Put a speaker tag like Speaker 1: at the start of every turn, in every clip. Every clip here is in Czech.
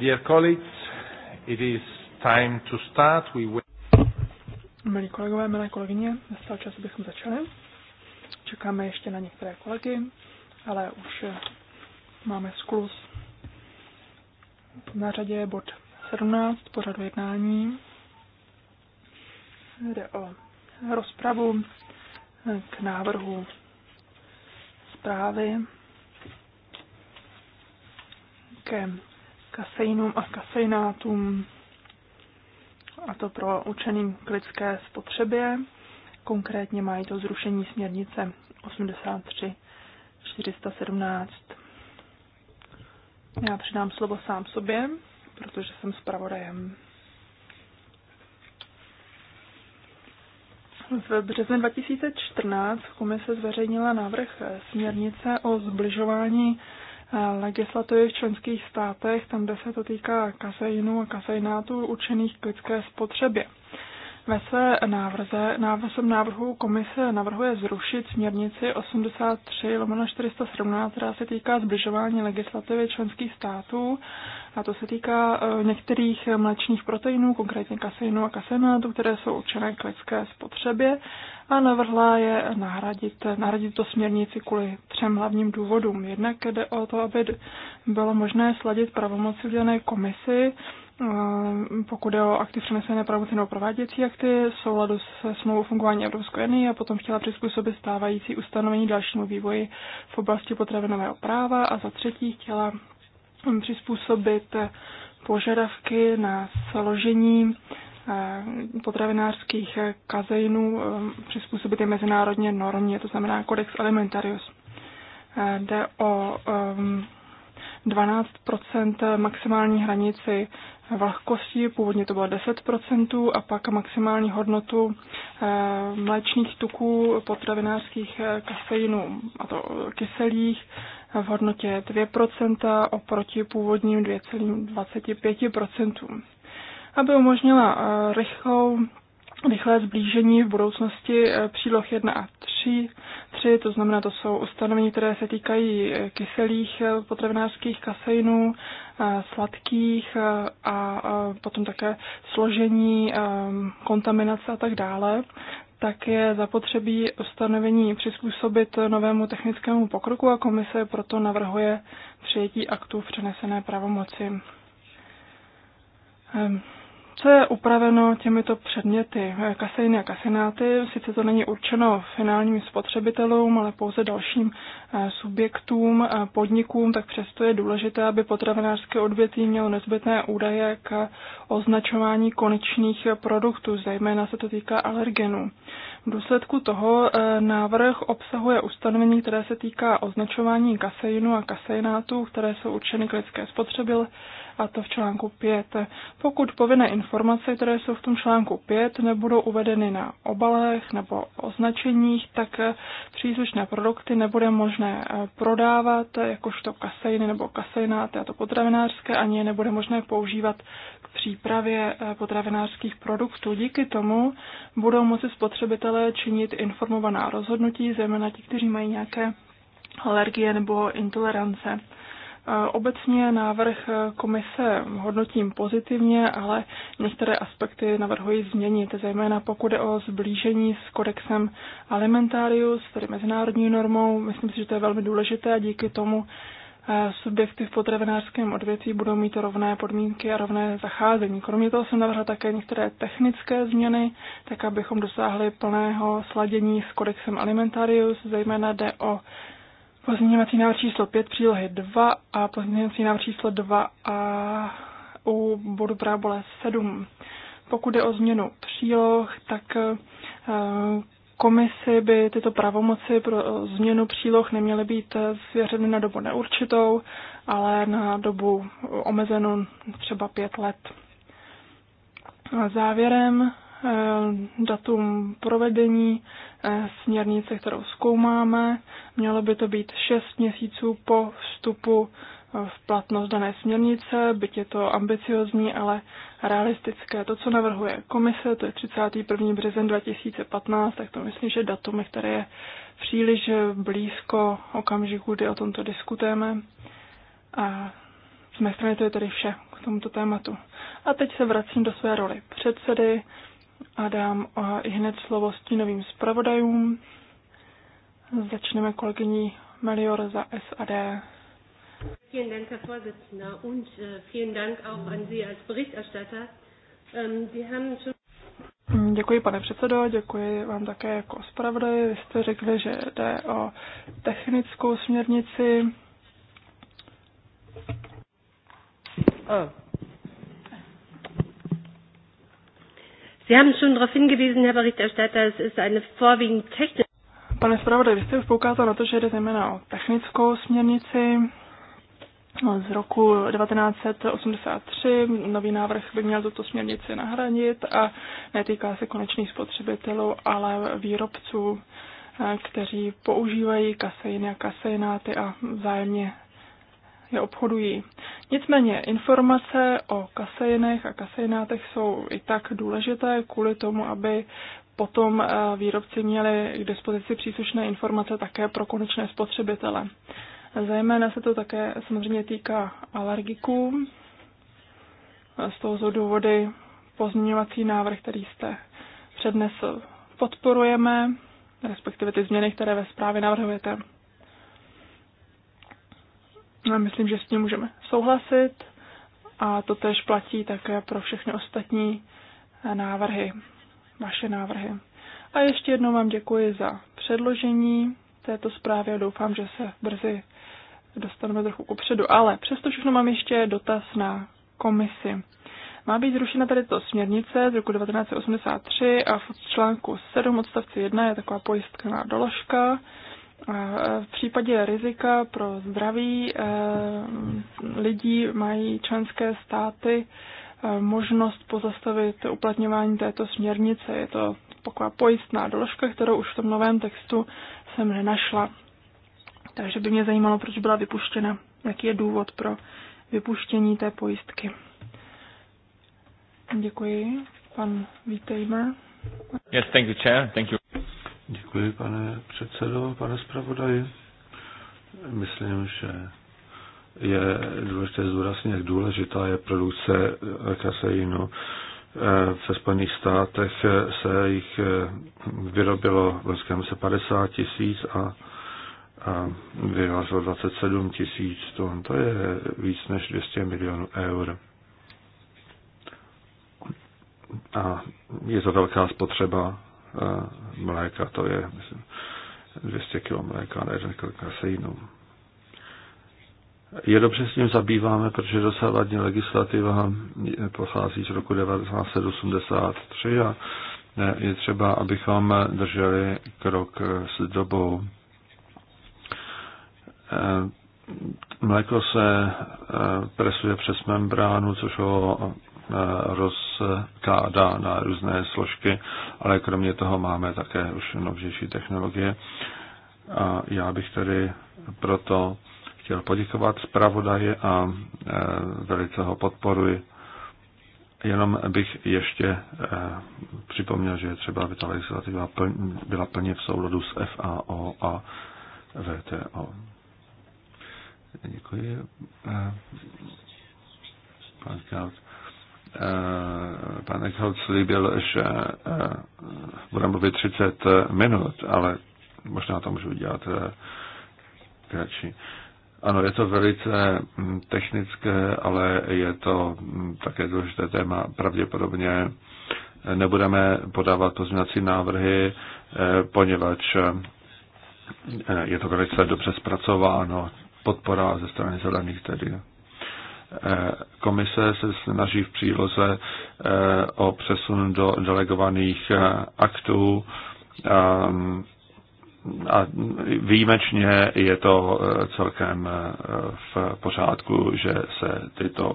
Speaker 1: Dear colleagues, it is time to start. We will...
Speaker 2: Milí kolegové, milé kolegyně, nastal čas, abychom začali. Čekáme ještě na některé kolegy, ale už eh, máme sklus. Na řadě je bod 17 pořadu jednání. Jde o rozpravu eh, k návrhu zprávy ke kaseinům a kaseinátům, a to pro učeným k lidské spotřebě. Konkrétně mají to zrušení směrnice 83 417. Já přidám slovo sám sobě, protože jsem zpravodajem. V březnu 2014 komise zveřejnila návrh směrnice o zbližování legislativy v členských státech, tam, kde se to týká kaseinu a kaseinátů určených k lidské spotřebě. Ve své návrze, návrhu návrhu komise navrhuje zrušit směrnici 83 lomeno 417, která se týká zbližování legislativy členských států a to se týká eh, některých mléčných proteinů, konkrétně kaseinu a kasenátu, které jsou určené k lidské spotřebě a navrhla je nahradit, nahradit to směrnici kvůli třem hlavním důvodům. Jednak jde o to, aby bylo možné sladit pravomoci udělené komisi Ehm, pokud je o akty přenesené pravomoci nebo prováděcí akty, souladu se smlouvou fungování Evropské unie a potom chtěla přizpůsobit stávající ustanovení dalšímu vývoji v oblasti potravinového práva a za třetí chtěla ehm, přizpůsobit požadavky na složení ehm, potravinářských kazeinů, přizpůsobit je mezinárodně normě, to znamená Codex Alimentarius. Eh, jde o 12 maximální hranici vlhkosti, původně to bylo 10%, a pak maximální hodnotu eh, mléčných tuků, potravinářských eh, kafeinů, a to eh, kyselých, v hodnotě 2% oproti původním 2,25%. Aby umožnila rychlou rychlé zblížení v budoucnosti příloh 1 a 3. 3 to znamená, to jsou ustanovení, které se týkají kyselých potravinářských kaseinů Eh, sladkých eh, a eh, potom také složení kontaminace a tak dále, tak je zapotřebí ustanovení přizpůsobit novému technickému pokroku a komise proto navrhuje přijetí aktů v přenesené pravomoci. Ehm, co je upraveno těmito předměty? kaseiny a kasenáty, sice to není určeno finálním spotřebitelům, ale pouze dalším eh, subjektům, eh, podnikům, tak přesto je důležité, aby potravinářské odvětví mělo nezbytné údaje k označování konečných produktů, zejména se to týká alergenů. V důsledku toho eh, návrh obsahuje ustanovení, které se týká označování kaseinu a kaseinátů, které jsou určeny k lidské spotřebitelům a to v článku 5. Pokud povinné informace, které jsou v tom článku 5, nebudou uvedeny na obalech nebo označeních, tak eh, příslušné produkty nebude možné eh, prodávat, eh, jakožto kasejny nebo kasejnáty, a to potravinářské, ani je nebude možné používat k přípravě potravinářských produktů. Díky tomu budou moci spotřebitelé činit informovaná rozhodnutí, zejména ti, kteří mají nějaké alergie nebo intolerance. Obecně návrh komise hodnotím pozitivně, ale některé aspekty navrhuji změnit, zejména pokud je o zblížení s kodexem alimentarius, tedy mezinárodní normou. Myslím si, že to je velmi důležité a díky tomu eh, subjekty v potravinářském odvětví budou mít rovné podmínky a rovné zacházení. Kromě toho jsem navrhla také některé technické změny, tak abychom dosáhli plného sladění s kodexem alimentarius, zejména jde o Pozměňovací návrh číslo 5 přílohy 2 a pozměňovací návrh číslo 2 a u bodu prábole 7. Pokud je o změnu příloh, tak eh, komisi by tyto pravomoci pro eh, změnu příloh neměly být eh, svěřeny na dobu neurčitou, ale na dobu omezenou třeba 5 let. A závěrem datum provedení Eh, směrnice, kterou zkoumáme. Mělo by to být 6 měsíců po vstupu eh, v platnost dané směrnice, byť je to ambiciozní, ale realistické. To, co navrhuje komise, to je 31. březen 2015, tak to myslím, že datum, které je příliš eh, blízko okamžiku, kdy o tomto diskutujeme. A z mé strany to je tedy vše k tomuto tématu. A teď se vracím do své roli předsedy a dám hned slovo stínovým zpravodajům. Začneme kolegyní Melior za SAD.
Speaker 3: Vielen Dank, Herr Vorsitzender, und äh, vielen Dank auch an Sie als Berichterstatter. Ähm, Sie haben schon
Speaker 2: Děkuji, pane předsedo, děkuji vám také jako zpravodaji. Vy jste řekli, že jde o technickou směrnici. Ah. Sie haben schon darauf hingewiesen, Herr Berichterstatter, es ist eine vorwiegend technische. Pane zpravodaj, vy jste už poukázal na to, že jde zejména o technickou směrnici z roku 1983. Nový návrh by měl tuto směrnici nahradit a netýká se konečných spotřebitelů, ale výrobců, eh, kteří používají kaseiny a kaseináty a vzájemně neobchodují. Nicméně informace o kaseinech a kaseinátech jsou i tak důležité kvůli tomu, aby potom eh, výrobci měli k dispozici příslušné informace také pro konečné spotřebitele. Zejména se to také samozřejmě týká alergiků. Z toho jsou důvody pozměňovací návrh, který jste přednesl, podporujeme, respektive ty změny, které ve zprávě navrhujete. No, myslím, že s tím můžeme souhlasit a to tež platí také pro všechny ostatní eh, návrhy, vaše návrhy. A ještě jednou vám děkuji za předložení této zprávy a doufám, že se brzy dostaneme trochu kupředu. Ale přesto všechno mám ještě dotaz na komisi. Má být zrušena tady to směrnice z roku 1983 a v článku 7 odstavci 1 je taková pojistná doložka, v případě rizika pro zdraví eh, lidí mají členské státy eh, možnost pozastavit uplatňování této směrnice. Je to taková pojistná doložka, kterou už v tom novém textu jsem nenašla. Takže by mě zajímalo, proč byla vypuštěna, jaký je důvod pro vypuštění té pojistky. Děkuji. Pan Vítejmer.
Speaker 1: Yes, thank you, Chair. Thank you. Děkuji, pane předsedo, pane zpravodaji. Myslím, že je důležité zdůraznit, jak důležitá je produkce kaseinu. Eh, ve Spojených státech se jich eh, vyrobilo v loňském se 50 tisíc a, a vyváželo 27 tisíc tun. To je víc než 200 milionů eur. A je to velká spotřeba mléka, to je myslím, 200 kg mléka na jeden kg kaseinu. Je dobře s tím zabýváme, protože dosávadní legislativa pochází z roku 1983. a e, je třeba, abychom drželi krok s dobou. E, mléko se e, presuje přes membránu, což ho Eh, rozkládá na různé složky, ale kromě toho máme také už novější technologie. A já bych tedy proto chtěl poděkovat zpravodaji a eh, velice ho podporuji. Jenom bych ještě eh, připomněl, že je třeba, aby ta legislativa byla plně v souladu s FAO a VTO. Děkuji. Pan Kalt. Eh, pan Eckhout slíbil, že eh, bude mluvit 30 minut, ale možná to můžu udělat eh, kratší. Ano, je to velice hm, technické, ale je to hm, také důležité téma. Pravděpodobně nebudeme podávat pozměnací návrhy, poněvadž je to velice dobře zpracováno. Podpora ze strany zelených tedy. Eh, komise se snaží v příloze eh, o přesun do delegovaných eh, aktů a výjimečně je to celkem v pořádku, že se tyto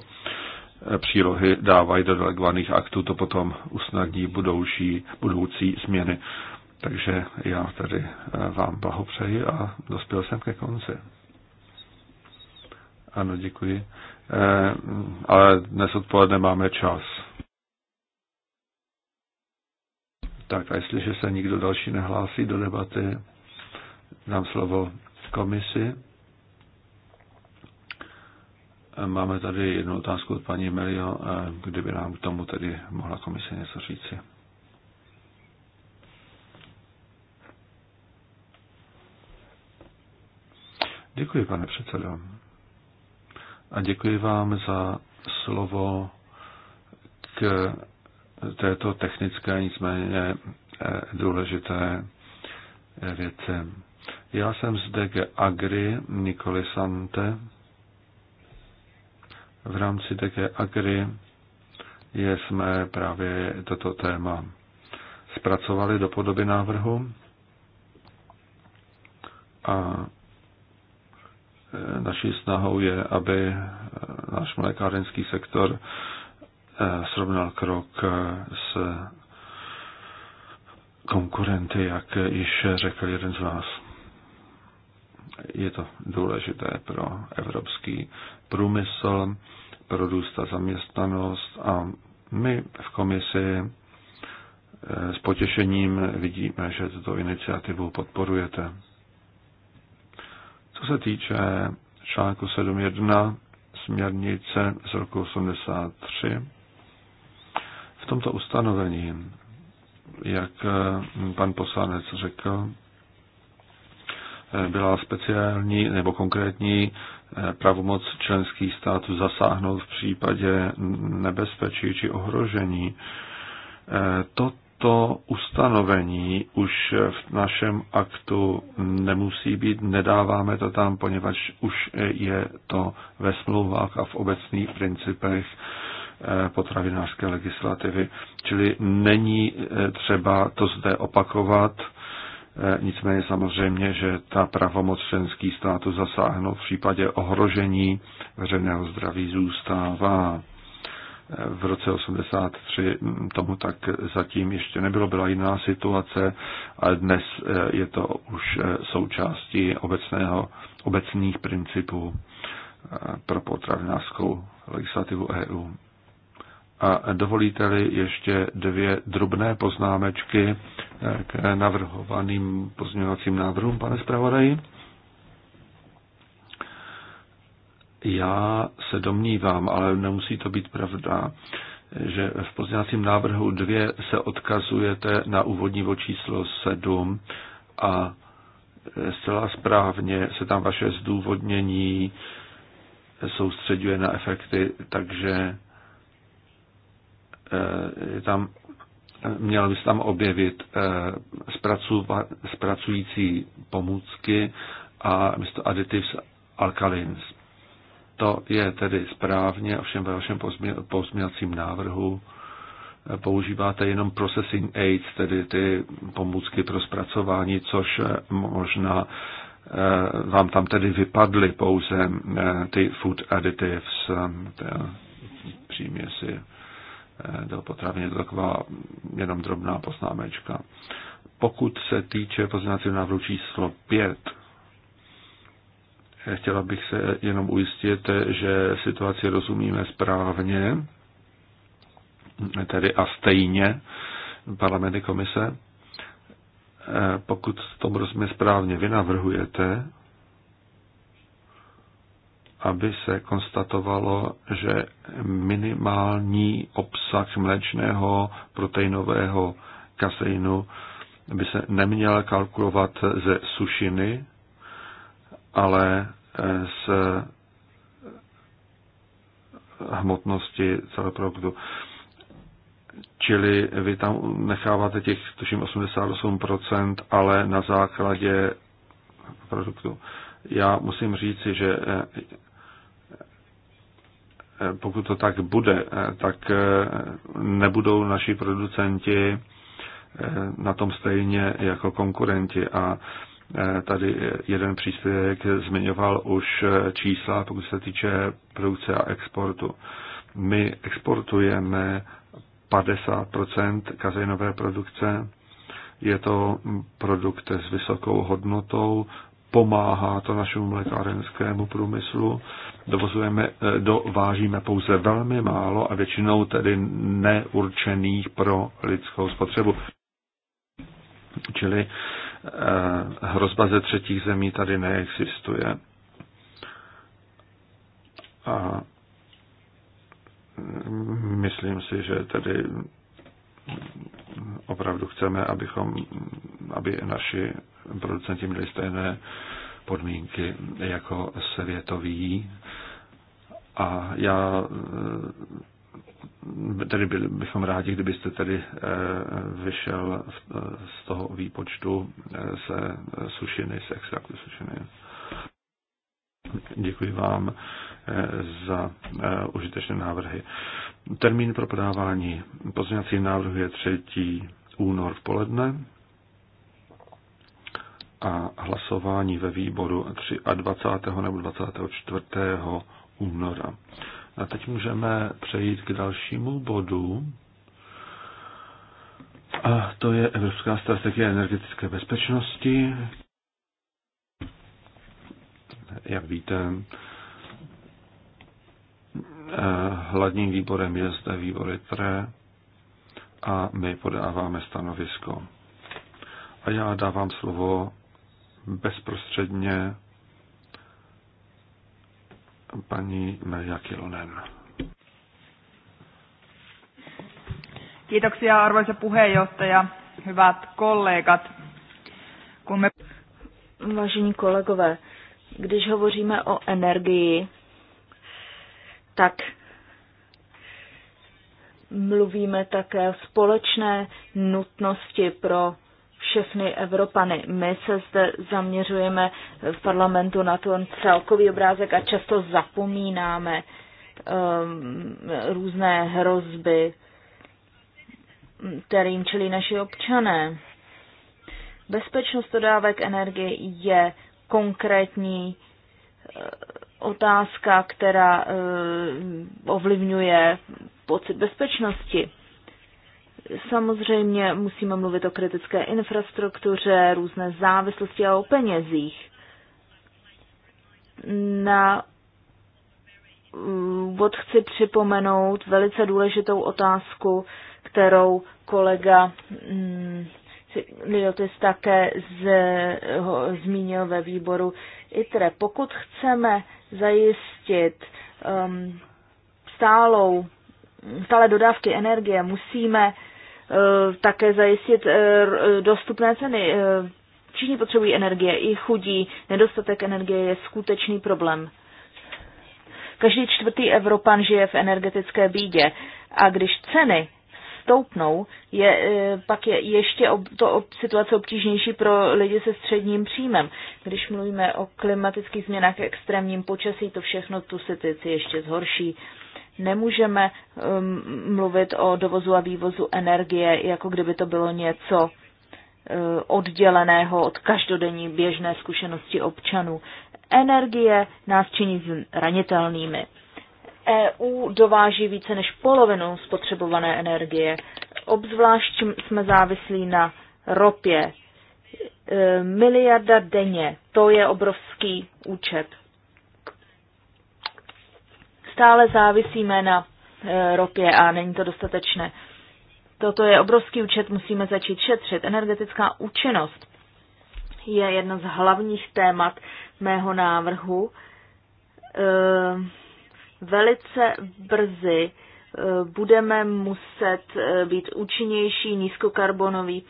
Speaker 1: přílohy dávají do delegovaných aktů, to potom usnadní budoucí, budoucí změny. Takže já tady vám blahopřeji a dospěl jsem ke konci. Ano, děkuji. Eh, ale dnes odpoledne máme čas. Tak a jestliže se nikdo další nehlásí do debaty, dám slovo komisi. Eh, máme tady jednu otázku od paní Melio, eh, kdyby nám k tomu tedy mohla komise něco říci. Děkuji, pane předsedo a děkuji vám za slovo k této technické, nicméně eh, důležité eh, věci. Já jsem z DG Agri Nikoli Sante. V rámci DG Agri je jsme právě toto téma zpracovali do podoby návrhu a naší snahou je, aby náš mlékárenský sektor eh, srovnal krok eh, s konkurenty, jak již řekl jeden z vás. Je to důležité pro evropský průmysl, pro růst a zaměstnanost a my v komisi eh, s potěšením vidíme, že tuto iniciativu podporujete. Co se týče článku 7.1 směrnice z roku 83, v tomto ustanovení, jak mm, pan poslanec řekl, eh, byla speciální nebo konkrétní eh, pravomoc členských států zasáhnout v případě nebezpečí či ohrožení. Eh, to to ustanovení už v našem aktu nemusí být, nedáváme to tam, poněvadž už je to ve smlouvách a v obecných principech eh, potravinářské legislativy. Čili není eh, třeba to zde opakovat, eh, nicméně samozřejmě, že ta pravomoc členský státu zasáhnout v případě ohrožení veřejného zdraví zůstává v roce 83 tomu tak zatím ještě nebylo, byla jiná situace, ale dnes eh, je to už eh, součástí obecného, obecných principů eh, pro potravinářskou legislativu EU. A dovolíte-li ještě dvě drobné poznámečky k navrhovaným pozměňovacím návrhům, pane zpravodaji? Já se domnívám, ale nemusí to být pravda, že v pozdějacím návrhu 2 se odkazujete na úvodní číslo 7 a e, zcela správně se tam vaše zdůvodnění e, soustředuje na efekty, takže e, je tam, měl by se tam objevit zpracující pomůcky a místo additives alkalins. To je tedy správně, ovšem ve vašem pozměňovacím návrhu eh, používáte jenom processing aids, tedy ty pomůcky pro zpracování, což eh, možná eh, vám tam tedy vypadly pouze ty food additives, příměsi do potravin, je to taková jenom drobná poznámečka. Pokud se týče pozměňovacího návrhu číslo 5, Chtěla bych se jenom ujistit, že situaci rozumíme správně, tedy a stejně parlamenty komise. Pokud to rozumíme správně, vy navrhujete, aby se konstatovalo, že minimální obsah mléčného proteinového kaseinu by se neměl kalkulovat ze sušiny, ale z hmotnosti celého produktu. Čili vy tam necháváte těch, tuším, 88%, ale na základě produktu. Já musím říci, že eh, pokud to tak bude, eh, tak eh, nebudou naši producenti na tom stejně jako konkurenti a Eh, tady jeden příspěvek zmiňoval už eh, čísla, pokud se týče produkce a exportu. My exportujeme 50 kazejnové produkce. Je to produkt s vysokou hodnotou, pomáhá to našemu mlékárenskému průmyslu. Dovozujeme, eh, dovážíme pouze velmi málo a většinou tedy neurčených pro lidskou spotřebu. Čili Eh, hrozba ze třetích zemí tady neexistuje. A myslím si, že tedy opravdu chceme, abychom, aby naši producenti měli stejné podmínky jako světoví. A já tedy byli, bychom rádi, kdybyste tedy eh, vyšel eh, z toho výpočtu eh, se sušiny, se extraktu sušiny. Děkuji vám za užitečné návrhy. Termín pro podávání pozměňovacích návrhů je 3. únor v poledne a hlasování ve výboru 23. nebo 24. února. A teď můžeme přejít k dalšímu bodu. A to je Evropská strategie energetické bezpečnosti. Jak víte, eh, hladním výborem je zde výbor ITRE a my podáváme stanovisko. A já dávám slovo bezprostředně paní Maria Kilonen.
Speaker 2: Kiitoksia arvoisa puheenjohtaja, hyvät kollegat. Kun me...
Speaker 3: Vážení kolegové, když hovoříme o energii, tak mluvíme také o společné nutnosti pro všechny Evropany. My se zde zaměřujeme v parlamentu na ten celkový obrázek a často zapomínáme um, různé hrozby, kterým čelí naši občané. Bezpečnost dodávek energie je konkrétní eh, otázka, která eh, ovlivňuje pocit bezpečnosti. Samozřejmě musíme mluvit o kritické infrastruktuře, různé závislosti a o penězích. Na bod chci připomenout velice důležitou otázku, kterou kolega mm, Liotis také z, ho zmínil ve výboru ITRE. Pokud chceme zajistit um, stálou, stále dodávky energie, musíme Eh, také zajistit eh, dostupné ceny. Eh, všichni potřebují energie, i chudí. Nedostatek energie je skutečný problém. Každý čtvrtý Evropan žije v energetické bídě a když ceny stoupnou, je, pak je ještě ob, to ob, situace obtížnější pro lidi se středním příjmem. Když mluvíme o klimatických změnách, extrémním počasí, to všechno tu situaci ještě zhorší. Uh, Nemůžeme um, mluvit o dovozu a vývozu energie, jako kdyby to bylo něco uh, odděleného od každodenní běžné zkušenosti občanů. Energie nás činí zranitelnými. EU dováží více než polovinu spotřebované energie. Obzvlášť jsme závislí na ropě. E, miliarda denně, to je obrovský účet stále závisíme na e, ropě a není to dostatečné. Toto je obrovský účet, musíme začít šetřit. Energetická účinnost je jedno z hlavních témat mého návrhu. E, velice brzy e, budeme muset být účinnější, nízkokarbonový.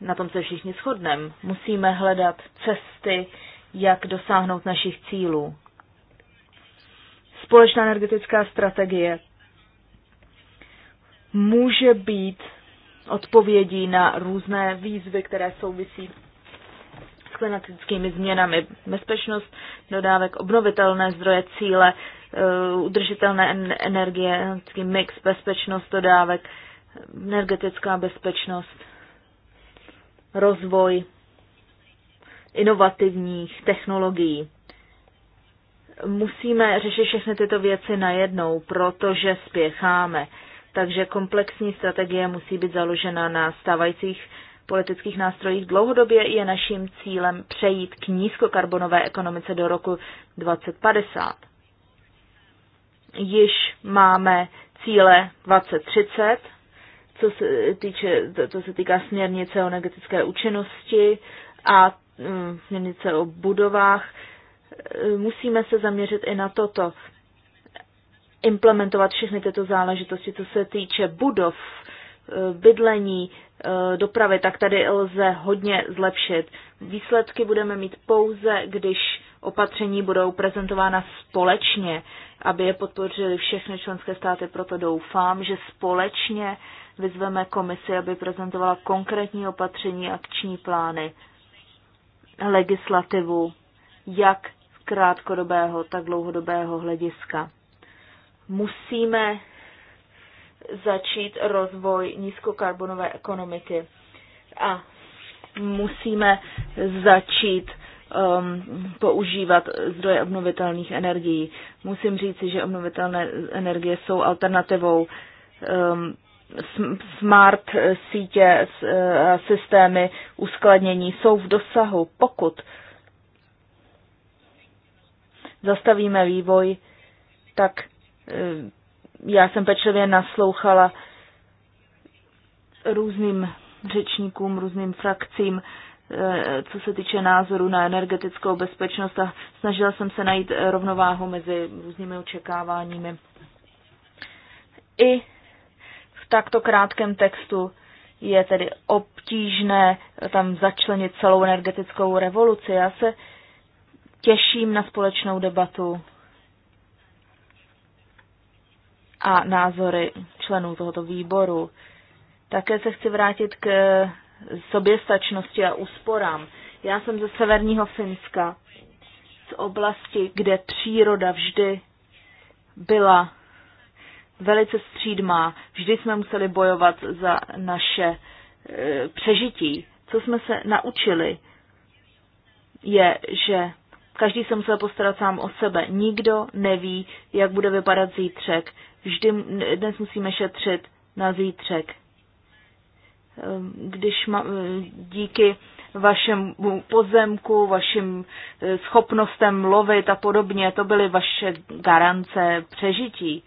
Speaker 3: Na tom se všichni shodneme. Musíme hledat cesty, jak dosáhnout našich cílů společná energetická strategie může být odpovědí na různé výzvy, které souvisí s klimatickými změnami. Bezpečnost dodávek, obnovitelné zdroje, cíle, eh, udržitelné energie, energetický mix, bezpečnost dodávek, energetická bezpečnost, rozvoj inovativních technologií musíme řešit všechny tyto věci najednou, protože spěcháme. Takže komplexní strategie musí být založena na stávajících politických nástrojích. Dlouhodobě je naším cílem přejít k nízkokarbonové ekonomice do roku 2050. Již máme cíle 2030, co se, týče, co se týká směrnice o energetické účinnosti a mm, směrnice o budovách. Eh, musíme se zaměřit i na toto. Implementovat všechny tyto záležitosti, co se týče budov, eh, bydlení, eh, dopravy, tak tady lze hodně zlepšit. Výsledky budeme mít pouze, když opatření budou prezentována společně, aby je podpořili všechny členské státy. Proto doufám, že společně vyzveme komisi, aby prezentovala konkrétní opatření, akční plány, legislativu, jak krátkodobého, tak dlouhodobého hlediska. Musíme začít rozvoj nízkokarbonové ekonomiky a musíme začít um, používat zdroje obnovitelných energií. Musím říci, že obnovitelné energie jsou alternativou um, smart sítě, uh, systémy uskladnění jsou v dosahu, pokud zastavíme vývoj, tak eh, já jsem pečlivě naslouchala různým řečníkům, různým frakcím, eh, co se týče názoru na energetickou bezpečnost a snažila jsem se najít rovnováhu mezi různými očekáváními. I v takto krátkém textu je tedy obtížné tam začlenit celou energetickou revoluci. Já se těším na společnou debatu a názory členů tohoto výboru. Také se chci vrátit k soběstačnosti a úsporám. Já jsem ze severního Finska, z oblasti, kde příroda vždy byla velice střídmá. Vždy jsme museli bojovat za naše e, přežití. Co jsme se naučili, je, že Každý se musel postarat sám o sebe. Nikdo neví, jak bude vypadat zítřek. Vždy dnes musíme šetřit na zítřek. Ehm, když ma, e, díky vašemu pozemku, vašim e, schopnostem lovit a podobně, to byly vaše garance přežití.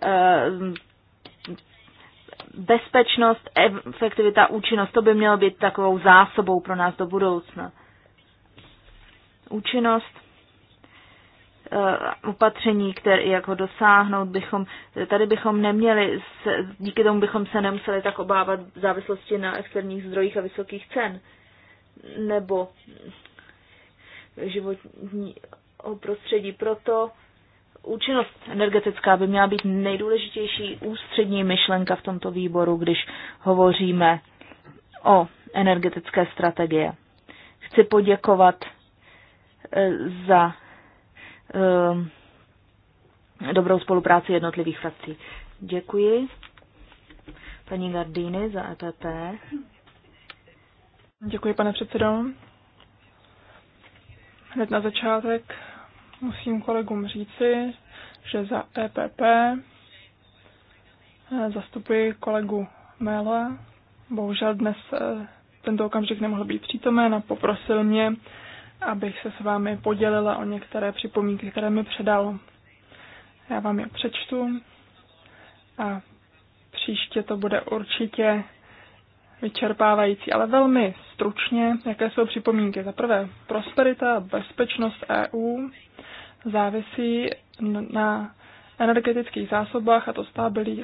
Speaker 3: Ehm, bezpečnost, efektivita, účinnost, to by mělo být takovou zásobou pro nás do budoucna účinnost eh, opatření, které jak ho dosáhnout, bychom, tady bychom neměli, se, díky tomu bychom se nemuseli tak obávat v závislosti na externích zdrojích a vysokých cen, nebo životního prostředí. Proto účinnost energetická by měla být nejdůležitější ústřední myšlenka v tomto výboru, když hovoříme o energetické strategie. Chci poděkovat za ehm, dobrou spolupráci jednotlivých frakcí. Děkuji paní Gardíny
Speaker 2: za EPP. Děkuji, pane předsedo. Hned na začátek musím kolegům říci, že za EPP eh, zastupuji kolegu Mela. Bohužel dnes eh, tento okamžik nemohl být přítomen a poprosil mě, abych se s vámi podělila o některé připomínky, které mi předal. Já vám je přečtu a příště to bude určitě vyčerpávající, ale velmi stručně, jaké jsou připomínky. Za prvé, prosperita, bezpečnost EU závisí na energetických zásobách, a to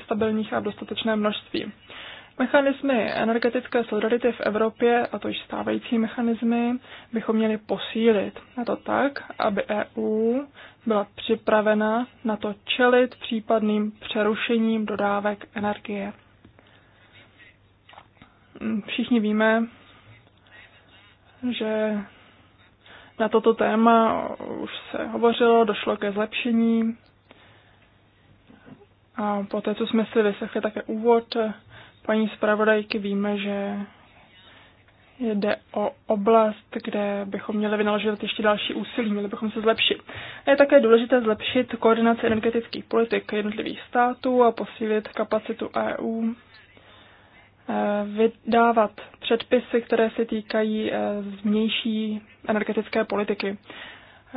Speaker 2: stabilních a v dostatečné množství. Mechanismy energetické solidarity v Evropě, a to již stávající mechanismy, bychom měli posílit. na to tak, aby EU byla připravena na to čelit případným přerušením dodávek energie. Všichni víme, že na toto téma už se hovořilo, došlo ke zlepšení. A poté, co jsme si vyslechli také úvod paní zpravodajky víme, že jde o oblast, kde bychom měli vynaložit ještě další úsilí, měli bychom se zlepšit. A je také důležité zlepšit koordinaci energetických politik jednotlivých států a posílit kapacitu EU, eh, vydávat předpisy, které se týkají eh, vnější energetické politiky.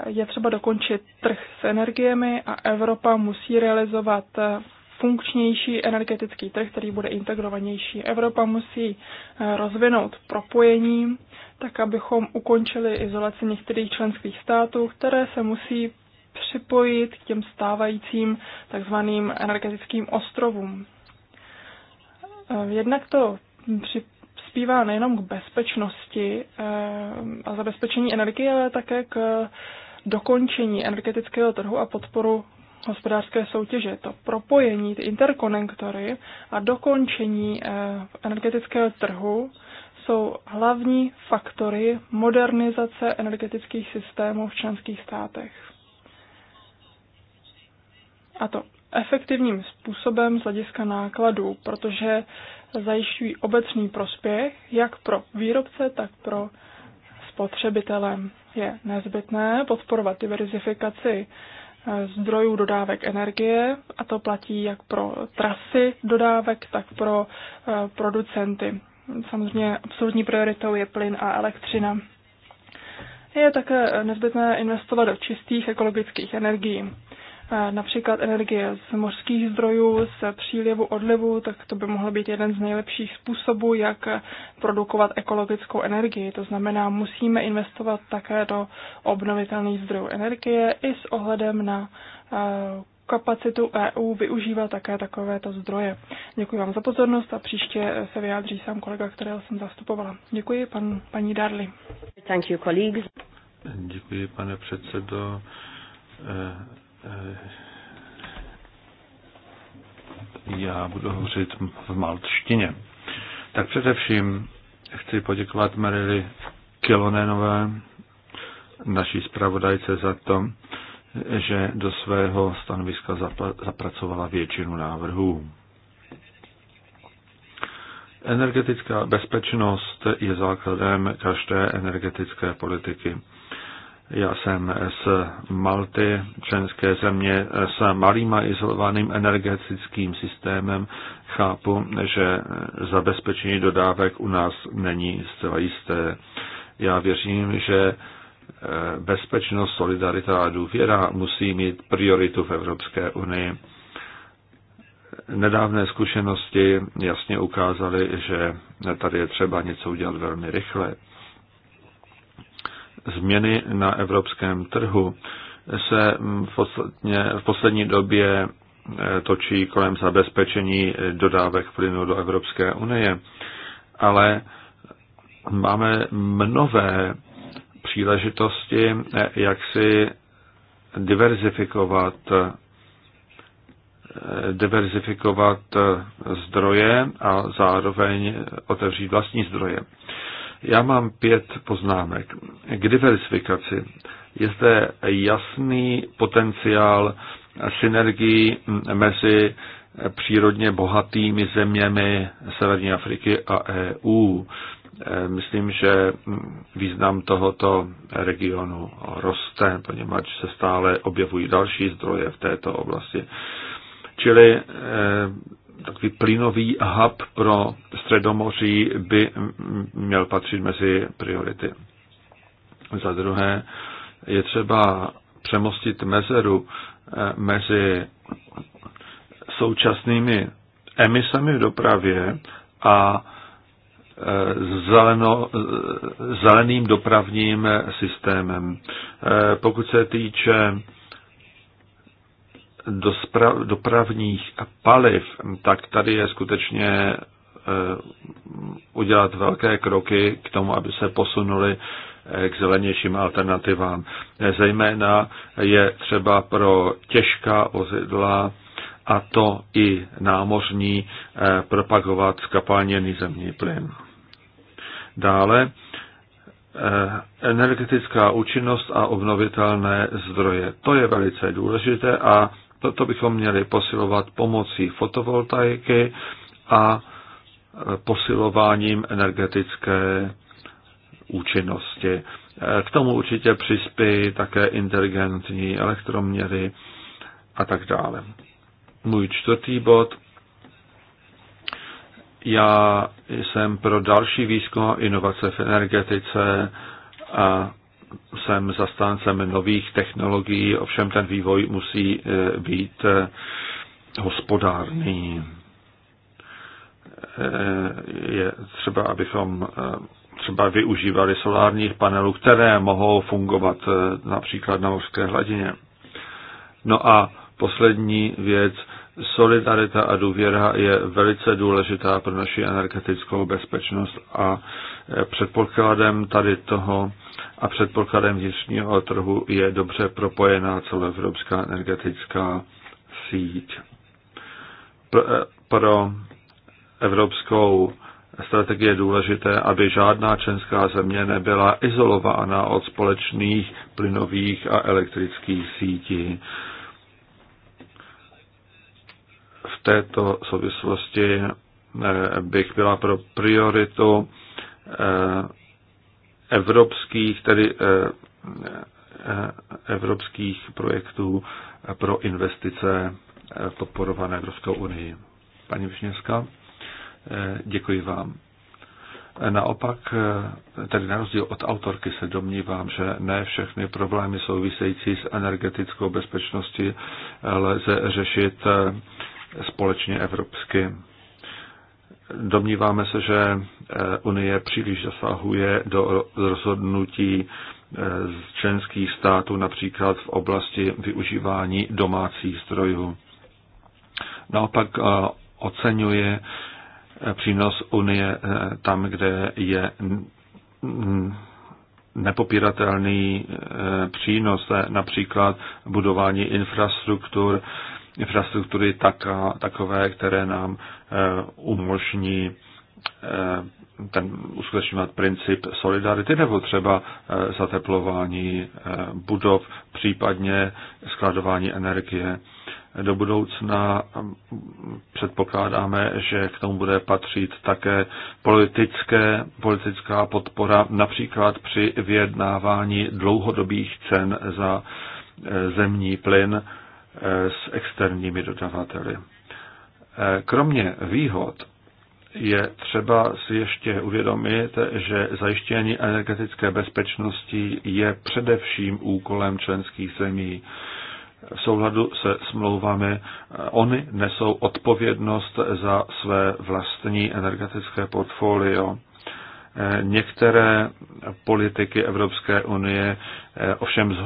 Speaker 2: Je třeba dokončit trh s energiemi a Evropa musí realizovat eh, funkčnější energetický trh, který bude integrovanější. Evropa musí eh, rozvinout propojení, tak abychom ukončili izolaci některých členských států, které se musí připojit k těm stávajícím takzvaným energetickým ostrovům. Eh, jednak to přispívá nejenom k bezpečnosti eh, a zabezpečení energie, ale také k dokončení energetického trhu a podporu hospodářské soutěže, to propojení, ty interkonektory a dokončení eh, energetického trhu jsou hlavní faktory modernizace energetických systémů v členských státech. A to efektivním způsobem z hlediska nákladů, protože zajišťují obecný prospěch jak pro výrobce, tak pro spotřebitele. Je nezbytné podporovat diverzifikaci zdrojů dodávek energie, a to platí jak pro trasy dodávek, tak pro eh, producenty. Samozřejmě absolutní prioritou je plyn a elektřina. Je také nezbytné investovat do čistých ekologických energií například energie z mořských zdrojů, z přílivu, odlivu, tak to by mohl být jeden z nejlepších způsobů, jak produkovat ekologickou energii. To znamená, musíme investovat také do obnovitelných zdrojů energie i s ohledem na kapacitu EU využívat také takovéto zdroje. Děkuji vám za pozornost a příště se vyjádří sám kolega, kterého jsem zastupovala. Děkuji, pan, paní Darli. Thank you, colleagues.
Speaker 1: Děkuji, pane předsedo. Eh, Eh, já budu hovořit v maltštině. Tak především chci poděkovat Marily Kilonenové, naší zpravodajce, za to, že do svého stanoviska zapracovala většinu návrhů. Energetická bezpečnost je základem každé energetické politiky. Já jsem z Malty, členské země, s malým a izolovaným energetickým systémem. Chápu, že zabezpečení dodávek u nás není zcela jisté. Já věřím, že eh, bezpečnost, solidarita a důvěra musí mít prioritu v Evropské unii. Nedávné zkušenosti jasně ukázaly, že tady je třeba něco udělat velmi rychle změny na evropském trhu se v, posledně, v poslední době eh, točí kolem zabezpečení dodávek plynu do Evropské unie, ale máme mnohé příležitosti, eh, jak si diverzifikovat eh, diverzifikovat zdroje a zároveň otevřít vlastní zdroje. Já mám pět poznámek. K diversifikaci. Je zde jasný potenciál synergii mezi přírodně bohatými zeměmi Severní Afriky a EU. Myslím, že význam tohoto regionu roste, poněvadž se stále objevují další zdroje v této oblasti. Čili eh, takový plynový hub pro Středomoří by měl patřit mezi priority. Za druhé, je třeba přemostit mezeru eh, mezi současnými emisemi v dopravě a eh, zeleno, eh, zeleným dopravním systémem. Pokud se týče dopravních paliv, tak tady je skutečně eh, udělat velké kroky k tomu, aby se posunuli eh, k zelenějším alternativám. Zejména je třeba pro těžká vozidla a to i námořní eh, propagovat skapalněný zemní plyn. Dále energetická účinnost a obnovitelné zdroje. To je velice důležité a Toto bychom měli posilovat pomocí fotovoltaiky a e, posilováním energetické účinnosti. E, k tomu určitě přispějí také inteligentní elektroměry a tak dále. Můj čtvrtý bod. Já jsem pro další výzkum a inovace v energetice a jsem zastáncem nových technologií, ovšem ten vývoj musí e, být e, hospodárný. E, je třeba, abychom třeba využívali solárních panelů, které mohou fungovat například na mořské hladině. No a poslední věc, solidarita a důvěra je velice důležitá pro naši energetickou bezpečnost a předpokladem tady toho a předpokladem vnitřního trhu je dobře propojená celoevropská energetická síť. Eh, pro evropskou strategii je důležité, aby žádná členská země nebyla izolována od společných plynových a elektrických sítí. V této souvislosti eh, bych byla pro prioritu Eh, evropských, tedy eh, eh, evropských projektů pro investice podporované Evropskou unii. Paní Višněvská, děkuji vám. Naopak, tedy na rozdíl od autorky se domnívám, že ne všechny problémy související s energetickou bezpečností lze řešit společně evropsky. Domníváme se, že eh, Unie příliš zasahuje do rozhodnutí eh, z členských států, například v oblasti využívání domácích zdrojů. Naopak eh, oceňuje přínos Unie tam, kde je nepopiratelný přínos, například budování infrastruktur, infrastruktury taká, takové, které nám eh, umožní eh, ten uskutečňovat princip solidarity nebo třeba eh, zateplování budov, případně skladování energie. Do budoucna mm, předpokládáme, že k tomu bude patřit také politické, politická podpora, například při vyjednávání dlouhodobých cen za zemní plyn, Eh, s externími dodavateli. Eh, kromě výhod je třeba si ještě uvědomit, že zajištění energetické bezpečnosti je především úkolem členských zemí. V souhladu se smlouvami eh, oni nesou odpovědnost za své vlastní energetické portfolio. Některé politiky Evropské unie ovšem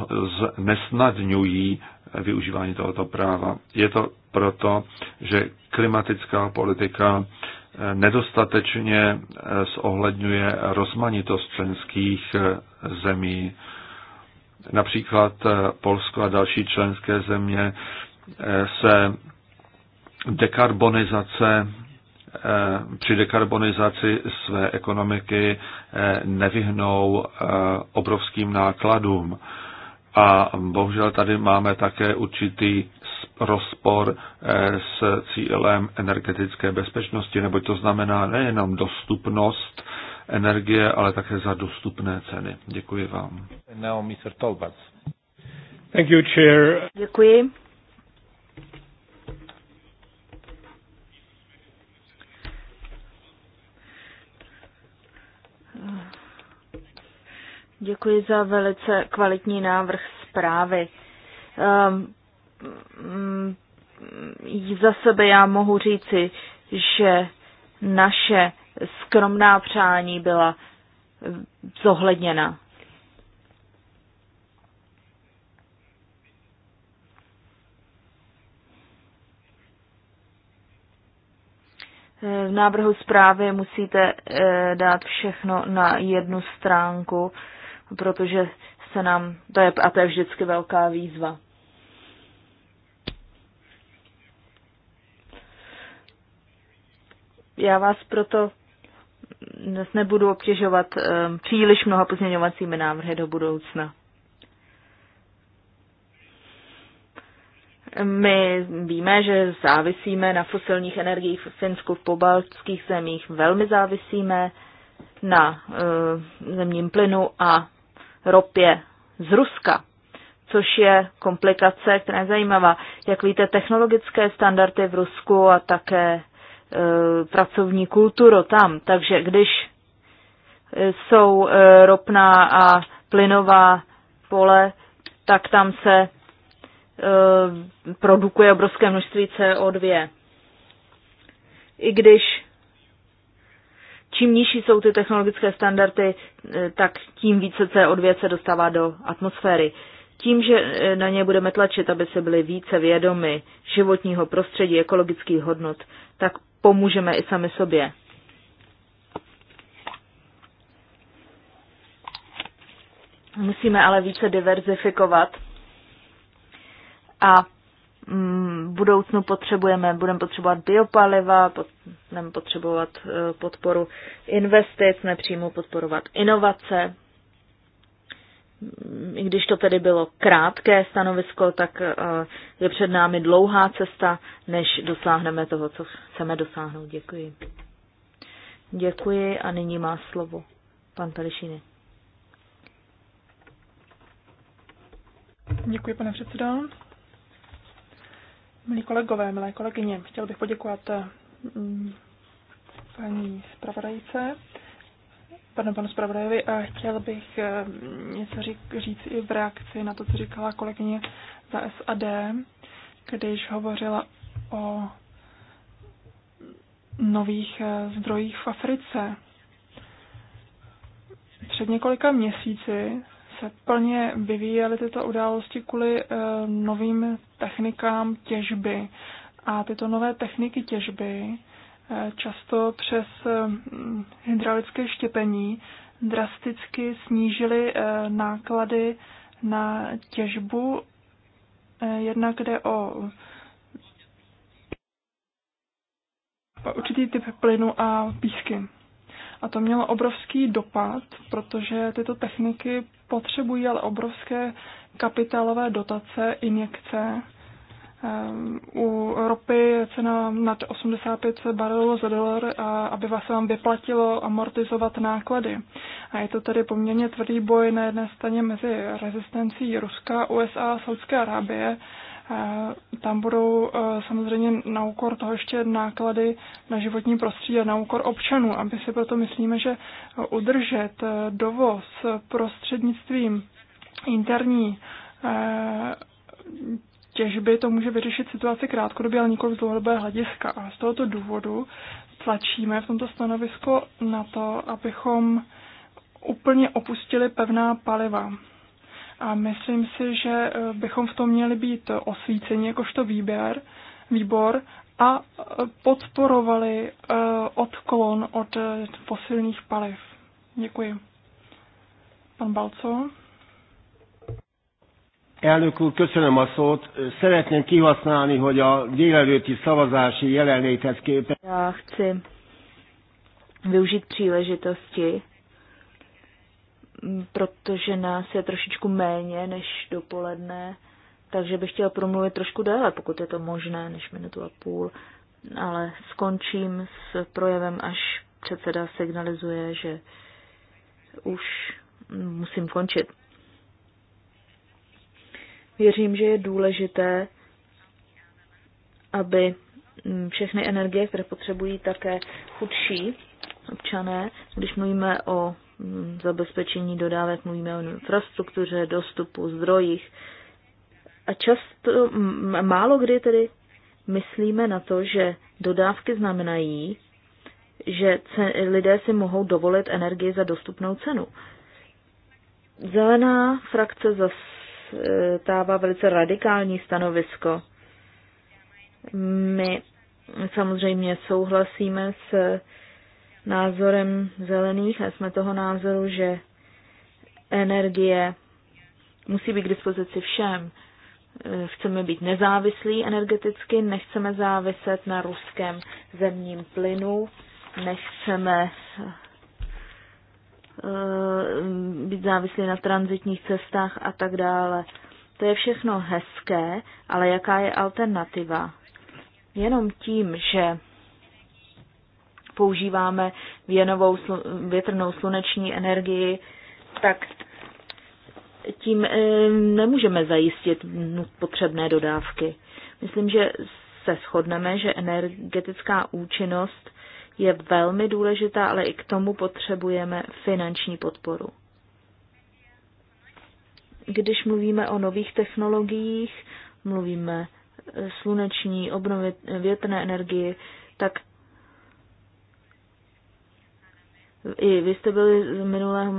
Speaker 1: nesnadňují využívání tohoto práva. Je to proto, že klimatická politika eh, nedostatečně eh, zohledňuje rozmanitost členských eh, zemí. Například Polsko a další členské země se dekarbonizace při dekarbonizaci své ekonomiky nevyhnou obrovským nákladům. A bohužel tady máme také určitý rozpor eh, s cílem energetické bezpečnosti, neboť to znamená nejenom dostupnost energie, ale také za dostupné ceny. Děkuji vám. Thank you, chair.
Speaker 3: Děkuji. Děkuji za velice kvalitní návrh zprávy. Ehm, mm, za sebe já mohu říci, že naše skromná přání byla zohledněna. V návrhu zprávy musíte eh, dát všechno na jednu stránku, protože se nám, to je, a to je vždycky velká výzva. Já vás proto dnes nebudu obtěžovat um, příliš mnoha pozměňovacími návrhy do budoucna. My víme, že závisíme na fosilních energiích v Finsku, v pobaltských zemích, velmi závisíme na uh, zemním plynu a ropě z Ruska, což je komplikace, která je zajímavá. Jak víte, technologické standardy v Rusku a také e, pracovní kulturu tam. Takže když e, jsou e, ropná a plynová pole, tak tam se e, produkuje obrovské množství CO2. I když čím nižší jsou ty technologické standardy, eh, tak tím více CO2 se dostává do atmosféry. Tím, že eh, na ně budeme tlačit, aby se byli více vědomy životního prostředí, ekologických hodnot, tak pomůžeme i sami sobě. Musíme ale více diverzifikovat a v budoucnu potřebujeme, budeme potřebovat biopaliva, budeme potřebovat eh, podporu investic, nepřímo podporovat inovace. I když to tedy bylo krátké stanovisko, tak eh, je před námi dlouhá cesta, než dosáhneme toho, co chceme dosáhnout. Děkuji. Děkuji a nyní má slovo pan Pelišiny.
Speaker 2: Děkuji, pane předsedo. Milí kolegové, milé kolegyně, chtěl bych poděkovat mm, paní zpravodajce, panu panu zpravodajovi a chtěl bych mm, něco řík, říct i v reakci na to, co říkala kolegyně za SAD, když hovořila o nových eh, zdrojích v Africe. Před několika měsíci se plně vyvíjely tyto události kvůli eh, novým technikám těžby. A tyto nové techniky těžby eh, často přes eh, hydraulické štěpení drasticky snížily náklady na těžbu. Jednak jde o určitý typ plynu a písky. A to mělo obrovský dopad, protože tyto techniky potřebují ale obrovské kapitálové dotace, injekce. Ehm, u ropy je cena nad 85 barelů za dolar, aby vás vám vyplatilo amortizovat náklady. A je to tedy poměrně tvrdý boj na jedné straně mezi rezistencí Ruska, USA a Saudské Arábie Eh, tam budou eh, samozřejmě na úkor toho ještě náklady na životní prostředí a na úkor občanů. my si proto myslíme, že eh, udržet dovoz prostřednictvím interní těžby to může vyřešit situaci krátkodobě, ale nikoli z dlouhodobého hlediska. A z tohoto důvodu tlačíme v tomto stanovisku na to, abychom úplně opustili pevná paliva. A myslím si, že eh, bychom v tom měli být osvíceni jakožto výběr, výbor a eh, podporovali eh, odklon od fosilních paliv. Děkuji. Pan Balco.
Speaker 3: Elnök úr, köszönöm a szót. Szeretném kihasználni, hogy a délelőtti szavazási jelenléthez képest. Já chci využít příležitosti protože nás je trošičku méně než dopoledne, takže bych chtěla promluvit trošku déle, pokud je to možné, než minutu a půl, ale skončím s projevem, až předseda signalizuje, že už musím končit. Věřím, že je důležité, aby všechny energie, které potřebují také chudší občané, když mluvíme o zabezpečení dodávek, mluvíme o infrastruktuře, dostupu, zdrojích. A často, málo kdy tedy myslíme na to, že dodávky znamenají, že lidé si mohou dovolit energii za dostupnou cenu. Zelená frakce zastává e, velice radikální stanovisko. My samozřejmě souhlasíme s názorem zelených a jsme toho názoru, že energie musí být k dispozici všem. Eh, chceme být nezávislí energeticky, nechceme záviset na ruském zemním plynu, nechceme eh, být závislí na transitních cestách a tak dále. To je všechno hezké, ale jaká je alternativa? Jenom tím, že používáme věnovou, větrnou sluneční energii, tak tím eh, nemůžeme zajistit potřebné dodávky. Myslím, že se shodneme, že energetická účinnost je velmi důležitá, ale i k tomu potřebujeme finanční podporu. Když mluvíme o nových technologiích, mluvíme eh, sluneční, obnovit eh, větrné energii, tak I vy jste byli z minulého,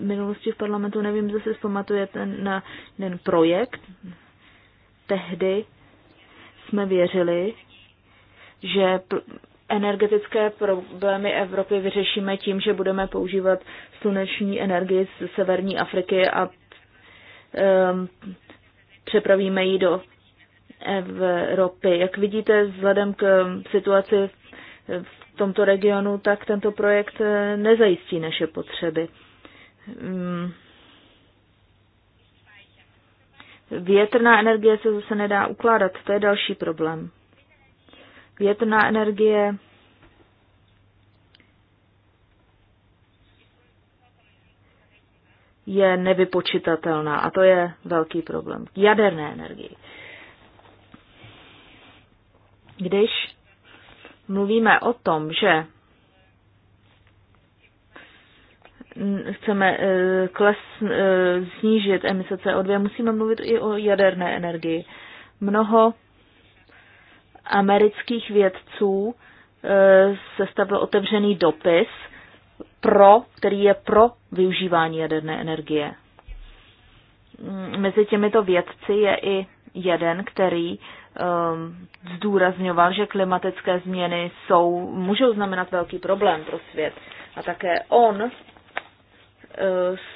Speaker 3: minulosti v parlamentu, nevím, zda si vzpamatujete na ten projekt. Tehdy jsme věřili, že energetické problémy Evropy vyřešíme tím, že budeme používat sluneční energii z severní Afriky a um, přepravíme ji do Evropy. Jak vidíte, vzhledem k situaci v tomto regionu, tak tento projekt eh, nezajistí naše potřeby. Hmm. Větrná energie se zase nedá ukládat, to je další problém. Větrná energie je nevypočitatelná a to je velký problém. Jaderné energii. Když mluvíme o tom, že chceme eh, kles, eh, snížit emise CO2, musíme mluvit i o jaderné energii. Mnoho amerických vědců eh, sestavil otevřený dopis, pro, který je pro využívání jaderné energie. Mm, mezi těmito vědci je i jeden, který Um, zdůrazňoval, že klimatické změny jsou, můžou znamenat velký problém pro svět. A také on uh,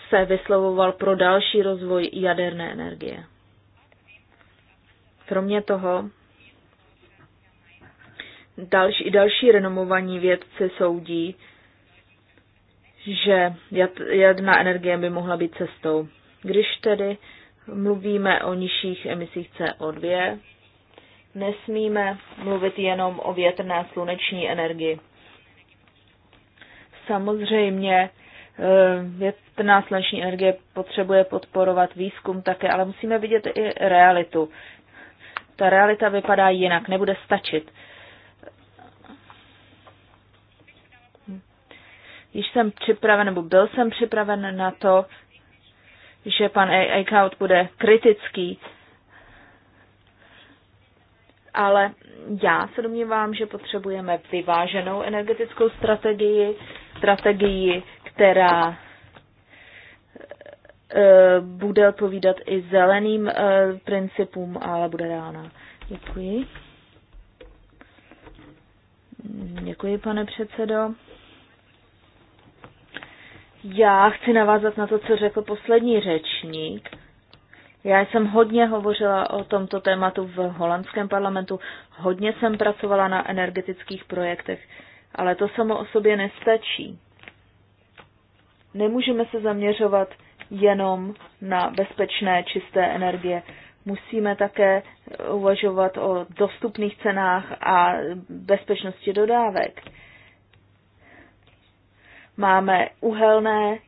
Speaker 3: se vyslovoval pro další rozvoj jaderné energie. Kromě toho, další, další renomovaní vědci soudí, že jaderná energie by mohla být cestou. Když tedy mluvíme o nižších emisích CO2, Nesmíme mluvit jenom o větrné sluneční energii. Samozřejmě eh, větrná sluneční energie potřebuje podporovat výzkum také, ale musíme vidět i realitu. Ta realita vypadá jinak, nebude stačit. Již jsem připraven, nebo byl jsem připraven na to, že pan Eichhout bude kritický ale já se domnívám, že potřebujeme vyváženou energetickou strategii, strategii, která eh, bude odpovídat i zeleným eh, principům, ale bude reálná. Děkuji. Děkuji, pane předsedo. Já chci navázat na to, co řekl poslední řečník já jsem hodně hovořila o tomto tématu v holandském parlamentu, hodně jsem pracovala na energetických projektech, ale to samo o sobě nestačí. Nemůžeme se zaměřovat jenom na bezpečné čisté energie. Musíme také uvažovat o dostupných cenách a bezpečnosti dodávek. Máme uhelné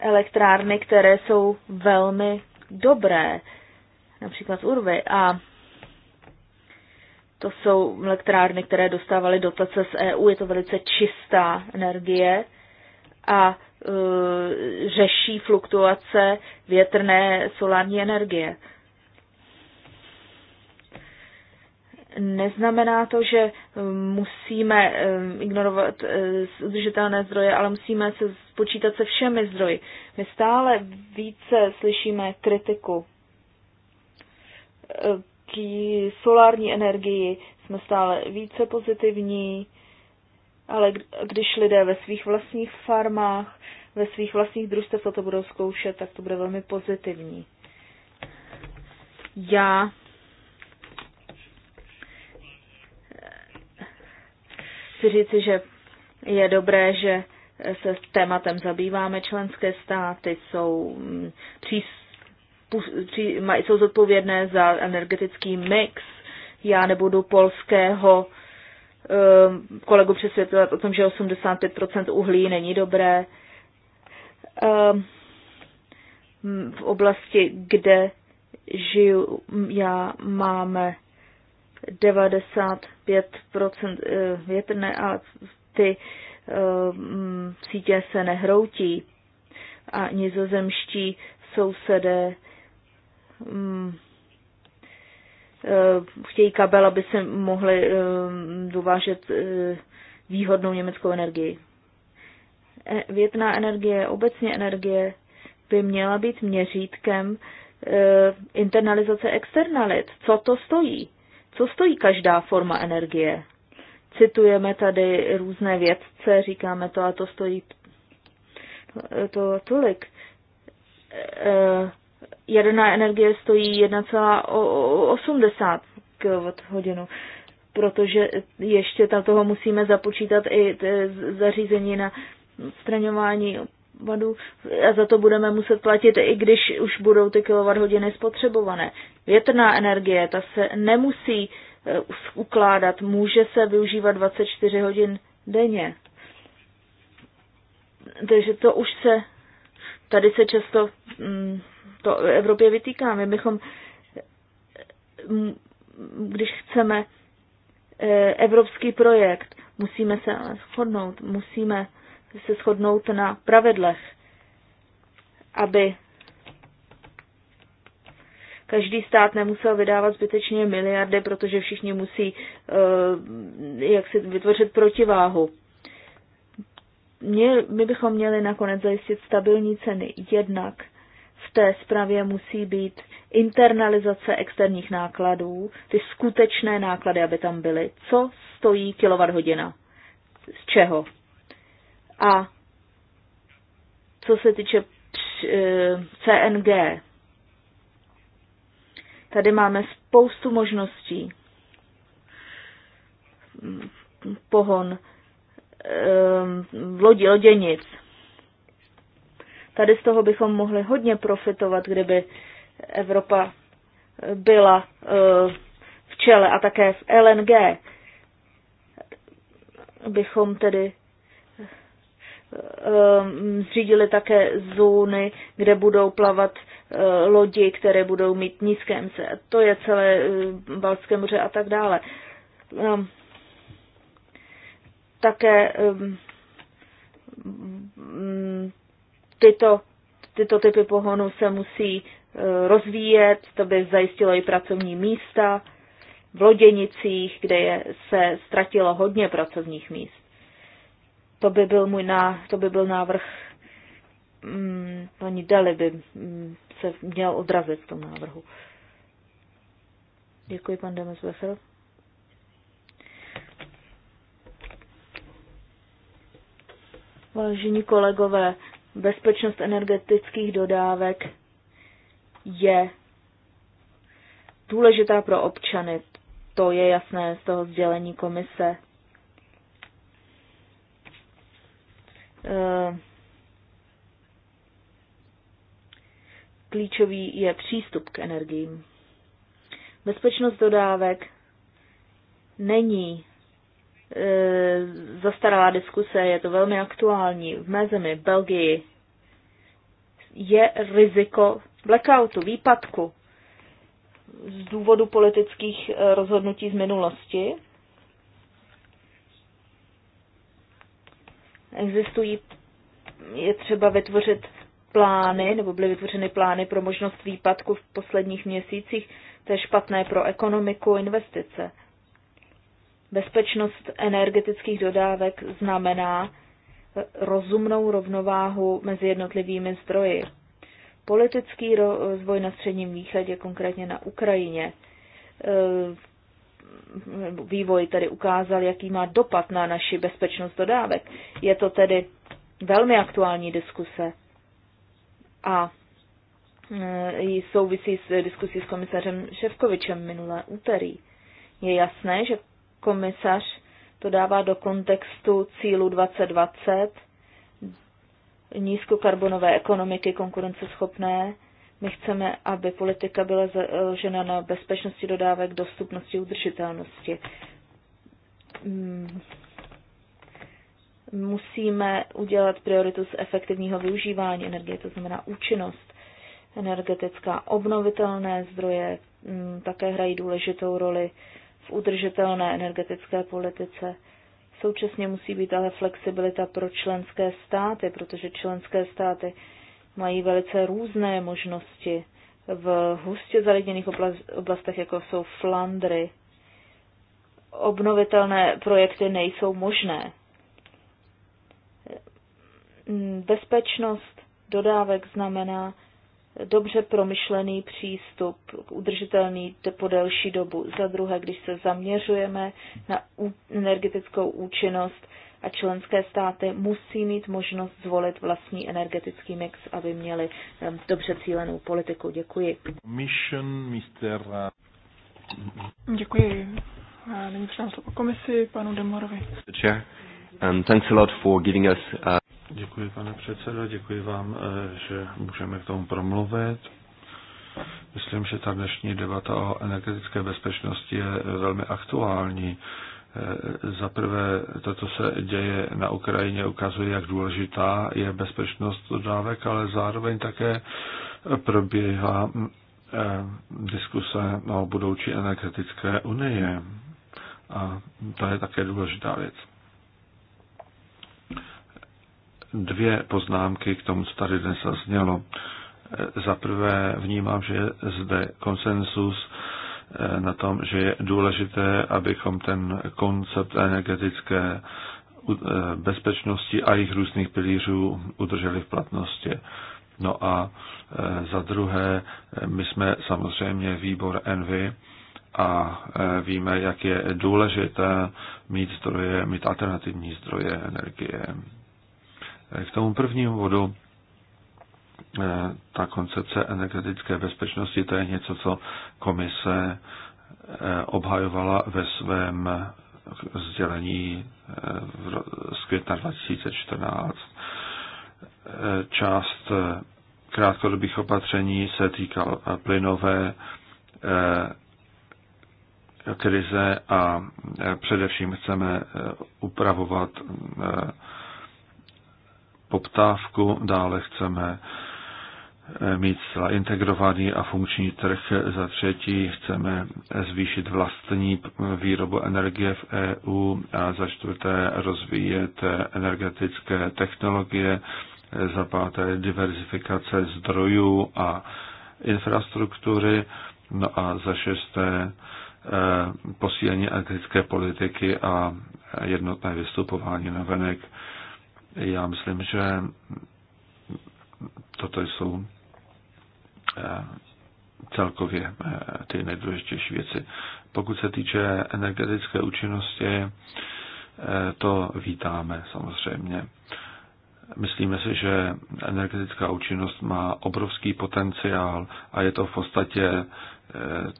Speaker 3: elektrárny, které jsou velmi dobré, například z Urvy. A to jsou elektrárny, které dostávaly dotace z EU, je to velice čistá energie a e, řeší fluktuace větrné solární energie. Neznamená to, že eh, musíme eh, ignorovat eh, udržitelné zdroje, ale musíme se počítat se všemi zdroji. My stále více slyšíme kritiku k solární energii, jsme stále více pozitivní, ale když lidé ve svých vlastních farmách, ve svých vlastních družstvech toto budou zkoušet, tak to bude velmi pozitivní. Já chci říci, že je dobré, že se s tématem zabýváme. Členské státy jsou, mm, přís, pří, maj, jsou zodpovědné za energetický mix. Já nebudu polského ehm, kolegu přesvětlovat o tom, že 85% uhlí není dobré. Ehm, v oblasti, kde žiju, já máme 95% eh, větrné a ty eh, mm, sítě se nehroutí. A nizozemští sousedé mm, eh, chtějí kabel, aby se mohli dovážet výhodnou německou energii. E, větrná energie, obecně energie, by měla být měřítkem internalizace externalit. Co to stojí? Co stojí každá forma energie? Citujeme tady různé vědce, říkáme to a to stojí to tolik. Eh, jaderná energie stojí 1,80 kWh, protože ještě tam toho musíme započítat i zařízení na straňování kilowatthodin a za to budeme muset platit, i když už budou ty kilowatthodiny spotřebované. Větrná energie, ta se nemusí e, ukládat, může se využívat 24 hodin denně. Takže to už se, tady se často mm, to v Evropě vytýká. My bychom, když chceme e, evropský projekt, musíme se shodnout, musíme se shodnout na pravidlech, aby každý stát nemusel vydávat zbytečně miliardy, protože všichni musí eh, jak si vytvořit protiváhu. Mě, my bychom měli nakonec zajistit stabilní ceny. Jednak v té zprávě musí být internalizace externích nákladů, ty skutečné náklady, aby tam byly. Co stojí kilowatt hodina? Z čeho? A co se týče eh, CNG, tady máme spoustu možností. Pohon eh, lodi, loděnic. Tady z toho bychom mohli hodně profitovat, kdyby Evropa byla eh, v čele a také v LNG bychom tedy Ehm, zřídili také zóny, kde budou plavat eh, lodi, které budou mít nízké emce. To je celé eh, Balské moře a tak dále. Ehm, také ehm, mm, tyto, tyto typy pohonu se musí eh, rozvíjet, to by zajistilo i pracovní místa v loděnicích, kde je, se ztratilo hodně pracovních míst. To by byl můj ná, to by byl návrh mm, paní Dali by mm, se měl odrazit v tom návrhu. Děkuji, pan Demes Becher. Vážení kolegové, bezpečnost energetických dodávek je důležitá pro občany. To je jasné z toho sdělení komise. Eh, klíčový je přístup k energiím. Bezpečnost dodávek není e, zastaralá diskuse, je to velmi aktuální. V mé zemi, v Belgii, je riziko blackoutu, výpadku z důvodu politických eh, rozhodnutí z minulosti, Existují, je třeba vytvořit plány, nebo byly vytvořeny plány pro možnost výpadku v posledních měsících. To je špatné pro ekonomiku, investice. Bezpečnost energetických dodávek znamená rozumnou rovnováhu mezi jednotlivými zdroji. Politický rozvoj na Středním východě, konkrétně na Ukrajině, vývoj tedy ukázal, jaký má dopad na naši bezpečnost dodávek. Je to tedy velmi aktuální diskuse a e, souvisí s diskusí s komisařem Ševkovičem minulé úterý. Je jasné, že komisař to dává do kontextu cílu 2020, nízkokarbonové ekonomiky konkurenceschopné my chceme, aby politika byla založena na bezpečnosti dodávek, dostupnosti, udržitelnosti. Mm. Musíme udělat prioritu z efektivního využívání energie, to znamená účinnost energetická. Obnovitelné zdroje mm, také hrají důležitou roli v udržitelné energetické politice. Současně musí být ale flexibilita pro členské státy, protože členské státy mají velice různé možnosti v hustě zalidněných oblastech, jako jsou Flandry. Obnovitelné projekty nejsou možné. Bezpečnost dodávek znamená dobře promyšlený přístup, udržitelný po delší dobu. Za druhé, když se zaměřujeme na energetickou účinnost, a členské státy musí mít možnost zvolit vlastní energetický mix, aby měli dobře cílenou
Speaker 2: politiku. Děkuji.
Speaker 1: Mission, Mr. Eh,
Speaker 2: děkuji. Nyní předám slovo komisi panu Demorovi.
Speaker 1: Um, thanks a lot for giving us, uh... Děkuji, pane předsedo, děkuji vám, eh, že můžeme k tomu promluvit. Myslím, že ta dnešní debata o energetické bezpečnosti je velmi aktuální. Eh, prvé, to, co se děje na Ukrajině, ukazuje, jak důležitá je bezpečnost dodávek, ale zároveň také probíhá eh, diskuse o budoucí energetické unie. A to je také důležitá věc. Dvě poznámky k tomu, co tady dnes zaznělo. Eh, za prvé vnímám, že je zde konsensus Eh, na tom, že je důležité, abychom ten koncept energetické eh, bezpečnosti a jejich různých pilířů udrželi v platnosti. No a eh, za druhé, my jsme samozřejmě výbor Envy a víme, jak je důležité mít zdroje, mít alternativní zdroje energie. K tomu prvnímu bodu Eh, ta koncepce energetické bezpečnosti, to je něco, co komise eh, obhajovala ve svém sdělení eh, z května 2014. Část krátkodobých opatření se týkal plynové krize a především chceme upravovat poptávku, dále chceme Eh, mít zcela integrovaný a funkční trh. Za třetí chceme zvýšit vlastní výrobu energie v EU a za čtvrté rozvíjet energetické technologie, za páté diverzifikace zdrojů a infrastruktury, no a za šesté eh, posílení energetické politiky a jednotné vystupování na venek. Já myslím, že toto jsou eh, celkově eh, ty nejdůležitější věci. Pokud se týče energetické účinnosti, eh, to vítáme samozřejmě. Myslíme si, že energetická účinnost má obrovský potenciál a je to v podstatě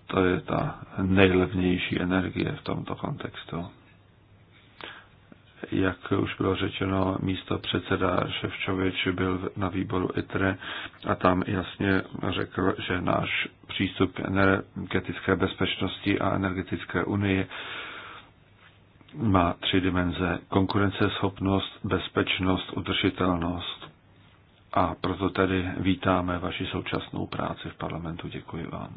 Speaker 1: to je ta nejlevnější energie v tomto kontextu jak už bylo řečeno, místo předseda Ševčovič byl na výboru ITRE a tam jasně řekl, že náš přístup energetické bezpečnosti a energetické unii má tři dimenze. Konkurenceschopnost, bezpečnost, udržitelnost. A proto tedy vítáme vaši současnou práci v parlamentu. Děkuji vám.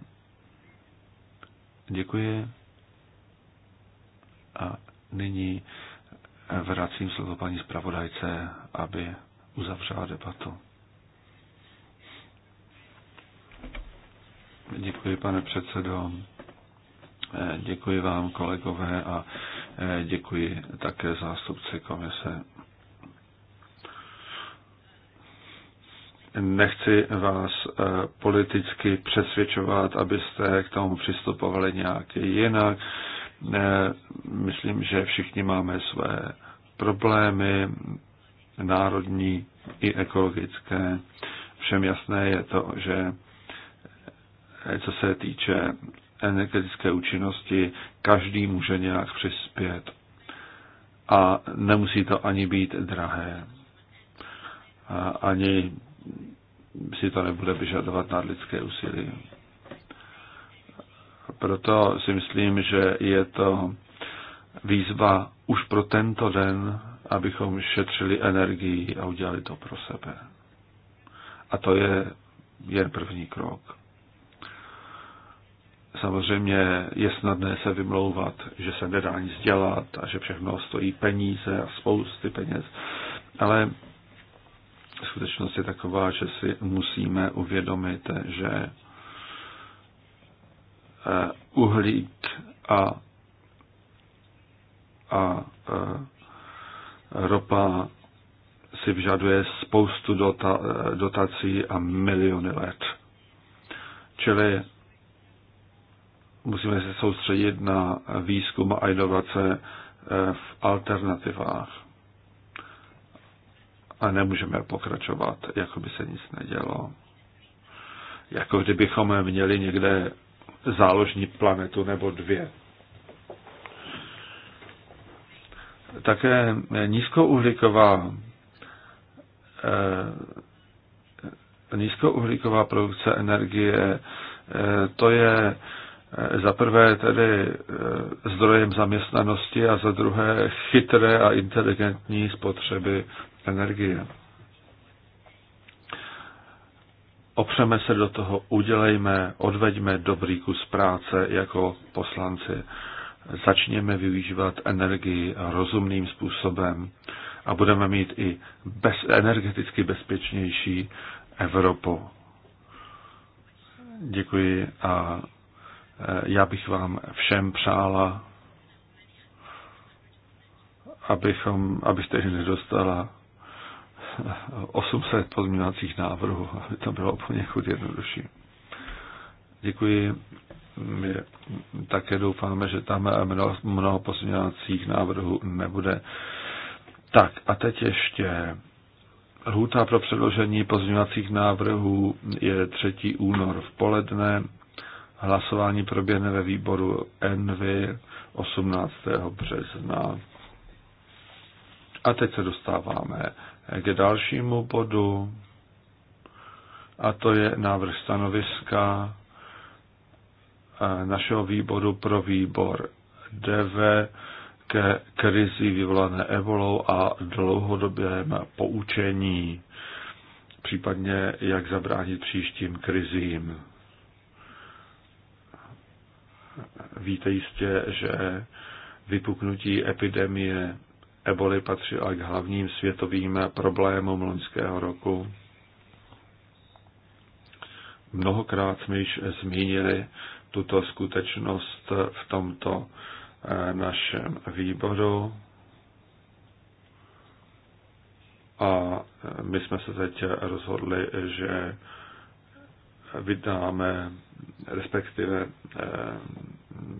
Speaker 1: Děkuji. A nyní vracím slovo paní zpravodajce, aby uzavřela debatu. Děkuji, pane předsedo. Děkuji vám, kolegové, a děkuji také zástupci komise. Nechci vás eh, politicky přesvědčovat, abyste k tomu přistupovali nějak jinak Myslím, že všichni máme své problémy národní i ekologické. Všem jasné je to, že eh, co se týče energetické účinnosti, každý může nějak přispět. A nemusí to ani být drahé. A ani si to nebude vyžadovat nad lidské úsilí. Proto si myslím, že je to výzva už pro tento den, abychom šetřili energii a udělali to pro sebe. A to je jen první krok. Samozřejmě je snadné se vymlouvat, že se nedá nic dělat a že všechno stojí peníze a spousty peněz, ale skutečnost je taková, že si musíme uvědomit, že Eh, uhlík a, a eh, ropa si vyžaduje spoustu dota, eh, dotací a miliony let. Čili musíme se soustředit na výzkum a inovace v alternativách. A nemůžeme pokračovat, jako by se nic nedělo. Jako kdybychom měli někde záložní planetu nebo dvě. Také nízkouhlíková eh, nízkouhlíková produkce energie, eh, to je eh, za prvé tedy zdrojem zaměstnanosti a za druhé chytré a inteligentní spotřeby energie. opřeme se do toho, udělejme, odveďme dobrý kus práce jako poslanci. Začněme využívat energii rozumným způsobem a budeme mít i bez, energeticky bezpečnější Evropu. Děkuji a eh, já bych vám všem přála, abychom, abyste ji nedostala 800 pozměňovacích návrhů, aby to bylo poněkud jednodušší. Děkuji. My také doufáme, že tam mnoho, mnoho pozměňovacích návrhů nebude. Tak a teď ještě Lhůta pro předložení pozměňovacích návrhů je 3. únor v poledne. Hlasování proběhne ve výboru ENVY 18. března. A teď se dostáváme k dalšímu bodu, a to je návrh stanoviska eh, našeho výboru pro výbor DV ke krizi vyvolané evolou a dlouhodobém poučení, případně jak zabránit příštím krizím. Víte jistě, že vypuknutí epidemie Eboli patřila k hlavním světovým problémům loňského roku. Mnohokrát jsme již zmínili tuto skutečnost v tomto eh, našem výboru. A eh, my jsme se teď rozhodli, že vydáme, respektive, eh,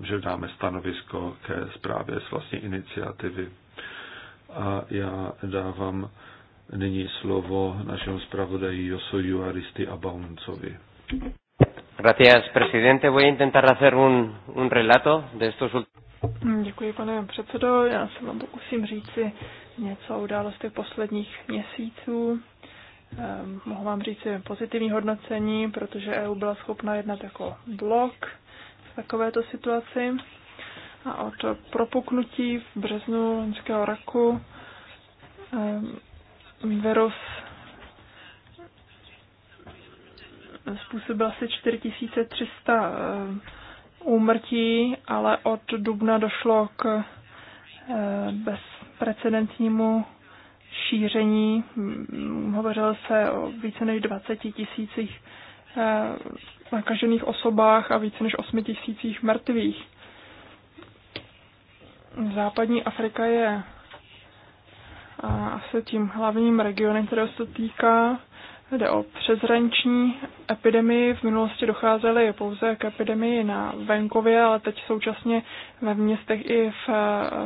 Speaker 1: že dáme stanovisko ke zprávě z vlastní iniciativy. A já dávám nyní slovo našemu zpravodaji Josoju Aristy a Bauncovi.
Speaker 2: Gracias, presidente. Voy a intentar hacer un, un relato de estos Děkuji, pane předsedo. Já se vám pokusím říci něco o událostech posledních měsíců. Eh, Mohu vám říci pozitivní hodnocení, protože EU byla schopna jednat jako blok v takovéto situaci. A od propuknutí v březnu loňského roku virus způsobil asi 4300 úmrtí, ale od dubna došlo k bezprecedentnímu šíření. Hovořilo se o více než 20 tisících nakažených osobách a více než 8 tisících mrtvých západní Afrika je asi tím hlavním regionem, kterého se týká. Jde o přezranční epidemii. V minulosti docházely pouze k epidemii na venkově, ale teď současně ve městech i v,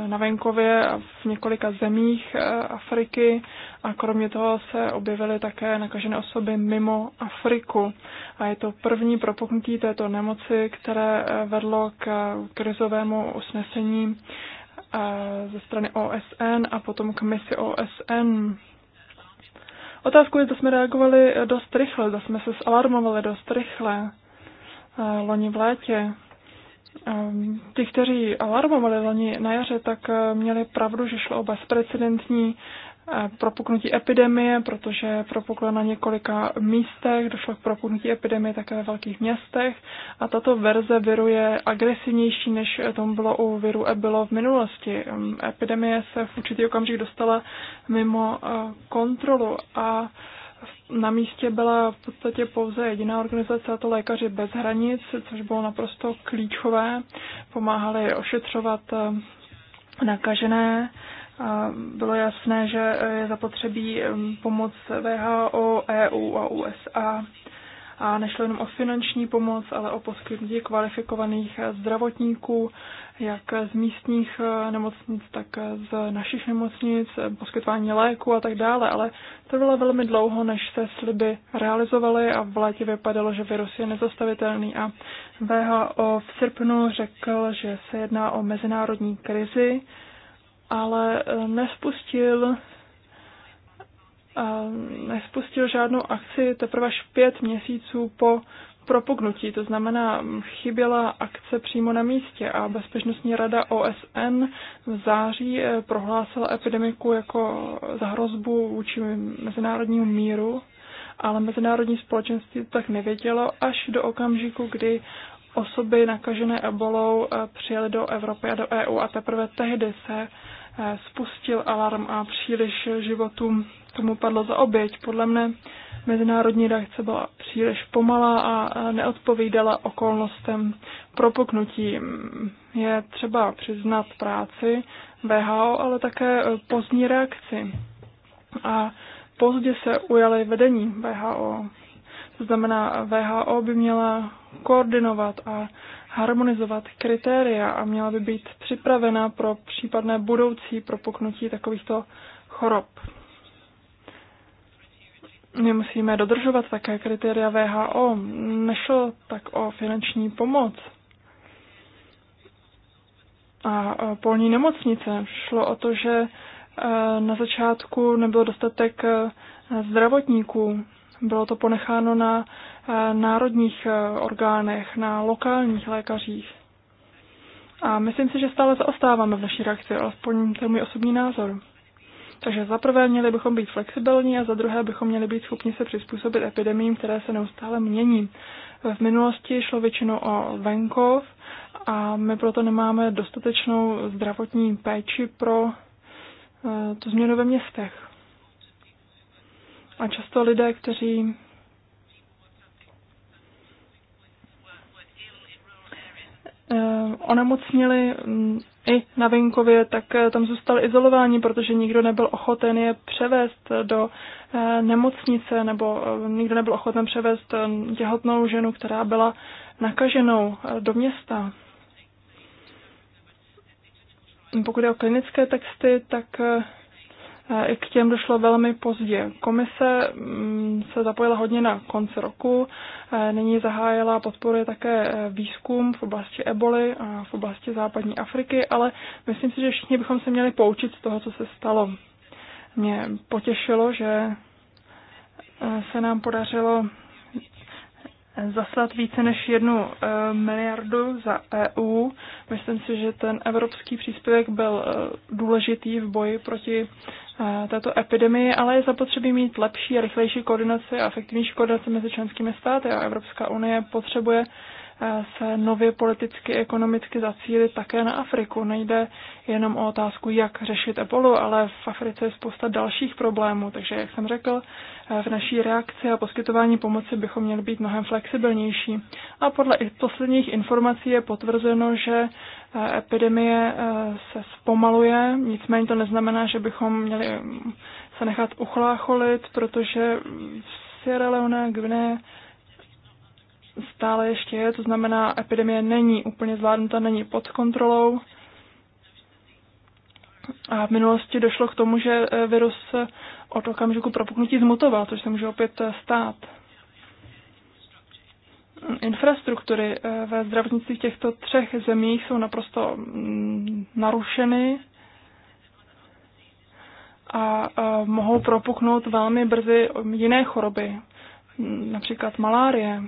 Speaker 2: na venkově a v několika zemích e, Afriky. A kromě toho se objevily také nakažené osoby mimo Afriku. A je to první propuknutí této nemoci, které e, vedlo k krizovému usnesení ze strany OSN a potom komisi OSN. Otázku je, zda jsme reagovali dost rychle, zda jsme se zalarmovali dost rychle eh, loni v létě. Ehm, ti, kteří alarmovali loni na jaře, tak eh, měli pravdu, že šlo o bezprecedentní Eh, propuknutí epidemie, protože propukla na několika místech, došlo k propuknutí epidemie také ve velkých městech a tato verze viru je agresivnější, než tomu bylo u viru bylo v minulosti. Epidemie se v určitý okamžik dostala mimo eh, kontrolu a na místě byla v podstatě pouze jediná organizace, a to Lékaři bez hranic, což bylo naprosto klíčové. Pomáhali ošetřovat eh, nakažené bylo jasné, že je zapotřebí um, pomoc VHO, EU a USA. A nešlo jenom o finanční pomoc, ale o poskytnutí kvalifikovaných zdravotníků, jak z místních eh, nemocnic, tak z našich nemocnic, eh, poskytování léku a tak dále. Ale to bylo velmi dlouho, než se sliby realizovaly a v létě vypadalo, že virus je nezastavitelný. A VHO v srpnu řekl, že se jedná o mezinárodní krizi, ale eh, nespustil eh, nespustil žádnou akci teprve až pět měsíců po propuknutí, to znamená chyběla akce přímo na místě a Bezpečnostní rada OSN v září eh, prohlásila epidemiku jako za hrozbu vůči mezinárodnímu míru, ale mezinárodní společenství tak nevědělo až do okamžiku, kdy osoby nakažené ebolou přijeli do Evropy a do EU a teprve tehdy se Eh, spustil alarm a příliš životu tomu padlo za oběť. Podle mne mezinárodní reakce byla příliš pomalá a eh, neodpovídala okolnostem propuknutí. Je třeba přiznat práci VHO, ale také eh, pozdní reakci. A pozdě se ujali vedení VHO. To znamená, VHO by měla koordinovat a harmonizovat kritéria a měla by být připravena pro případné budoucí propuknutí takovýchto chorob. My musíme dodržovat také kritéria VHO. Nešlo tak o finanční pomoc a polní nemocnice. Šlo o to, že e, na začátku nebyl dostatek e, zdravotníků bylo to ponecháno na eh, národních eh, orgánech, na lokálních lékařích. A myslím si, že stále zaostáváme v naší reakci, alespoň to je můj osobní názor. Takže za prvé měli bychom být flexibilní a za druhé bychom měli být schopni se přizpůsobit epidemím, které se neustále mění. V minulosti šlo většinou o venkov a my proto nemáme dostatečnou zdravotní péči pro eh, tu změnu ve městech. A často lidé, kteří eh, onemocnili mm, i na venkově, tak eh, tam zůstali izolováni, protože nikdo nebyl ochoten je převést do eh, nemocnice nebo nikdo nebyl ochoten převést těhotnou ženu, která byla nakaženou do města. Pokud je o klinické texty, tak Eh, k těm došlo velmi pozdě. Komise mm, se zapojila hodně na konci roku, eh, nyní zahájila a podporuje také eh, výzkum v oblasti eboli a v oblasti západní Afriky, ale myslím si, že všichni bychom se měli poučit z toho, co se stalo. Mě potěšilo, že se nám podařilo zaslat více než jednu eh, miliardu za EU. Myslím si, že ten evropský příspěvek byl eh, důležitý v boji proti eh, této epidemii, ale je zapotřebí mít lepší a rychlejší koordinaci a efektivnější koordinaci mezi členskými státy a Evropská unie potřebuje Eh, se nově politicky i ekonomicky zacílit také na Afriku. Nejde jenom o otázku, jak řešit ebolu, ale v Africe je spousta dalších problémů. Takže, jak jsem řekl, eh, v naší reakci a poskytování pomoci bychom měli být mnohem flexibilnější. A podle posledních informací je potvrzeno, že eh, epidemie se zpomaluje, nicméně to neznamená, že bychom měli mm, se nechat uchlácholit, protože v Sierra Leone, Gvineje, stále ještě je, to znamená, epidemie není úplně zvládnuta, není pod kontrolou. A v minulosti došlo k tomu, že eh, virus od okamžiku propuknutí zmutoval, což se může opět eh, stát. Infrastruktury eh, ve zdravotnictví v těchto třech zemích jsou naprosto mm, narušeny a mohou propuknout velmi brzy jiné choroby, mm, například malárie.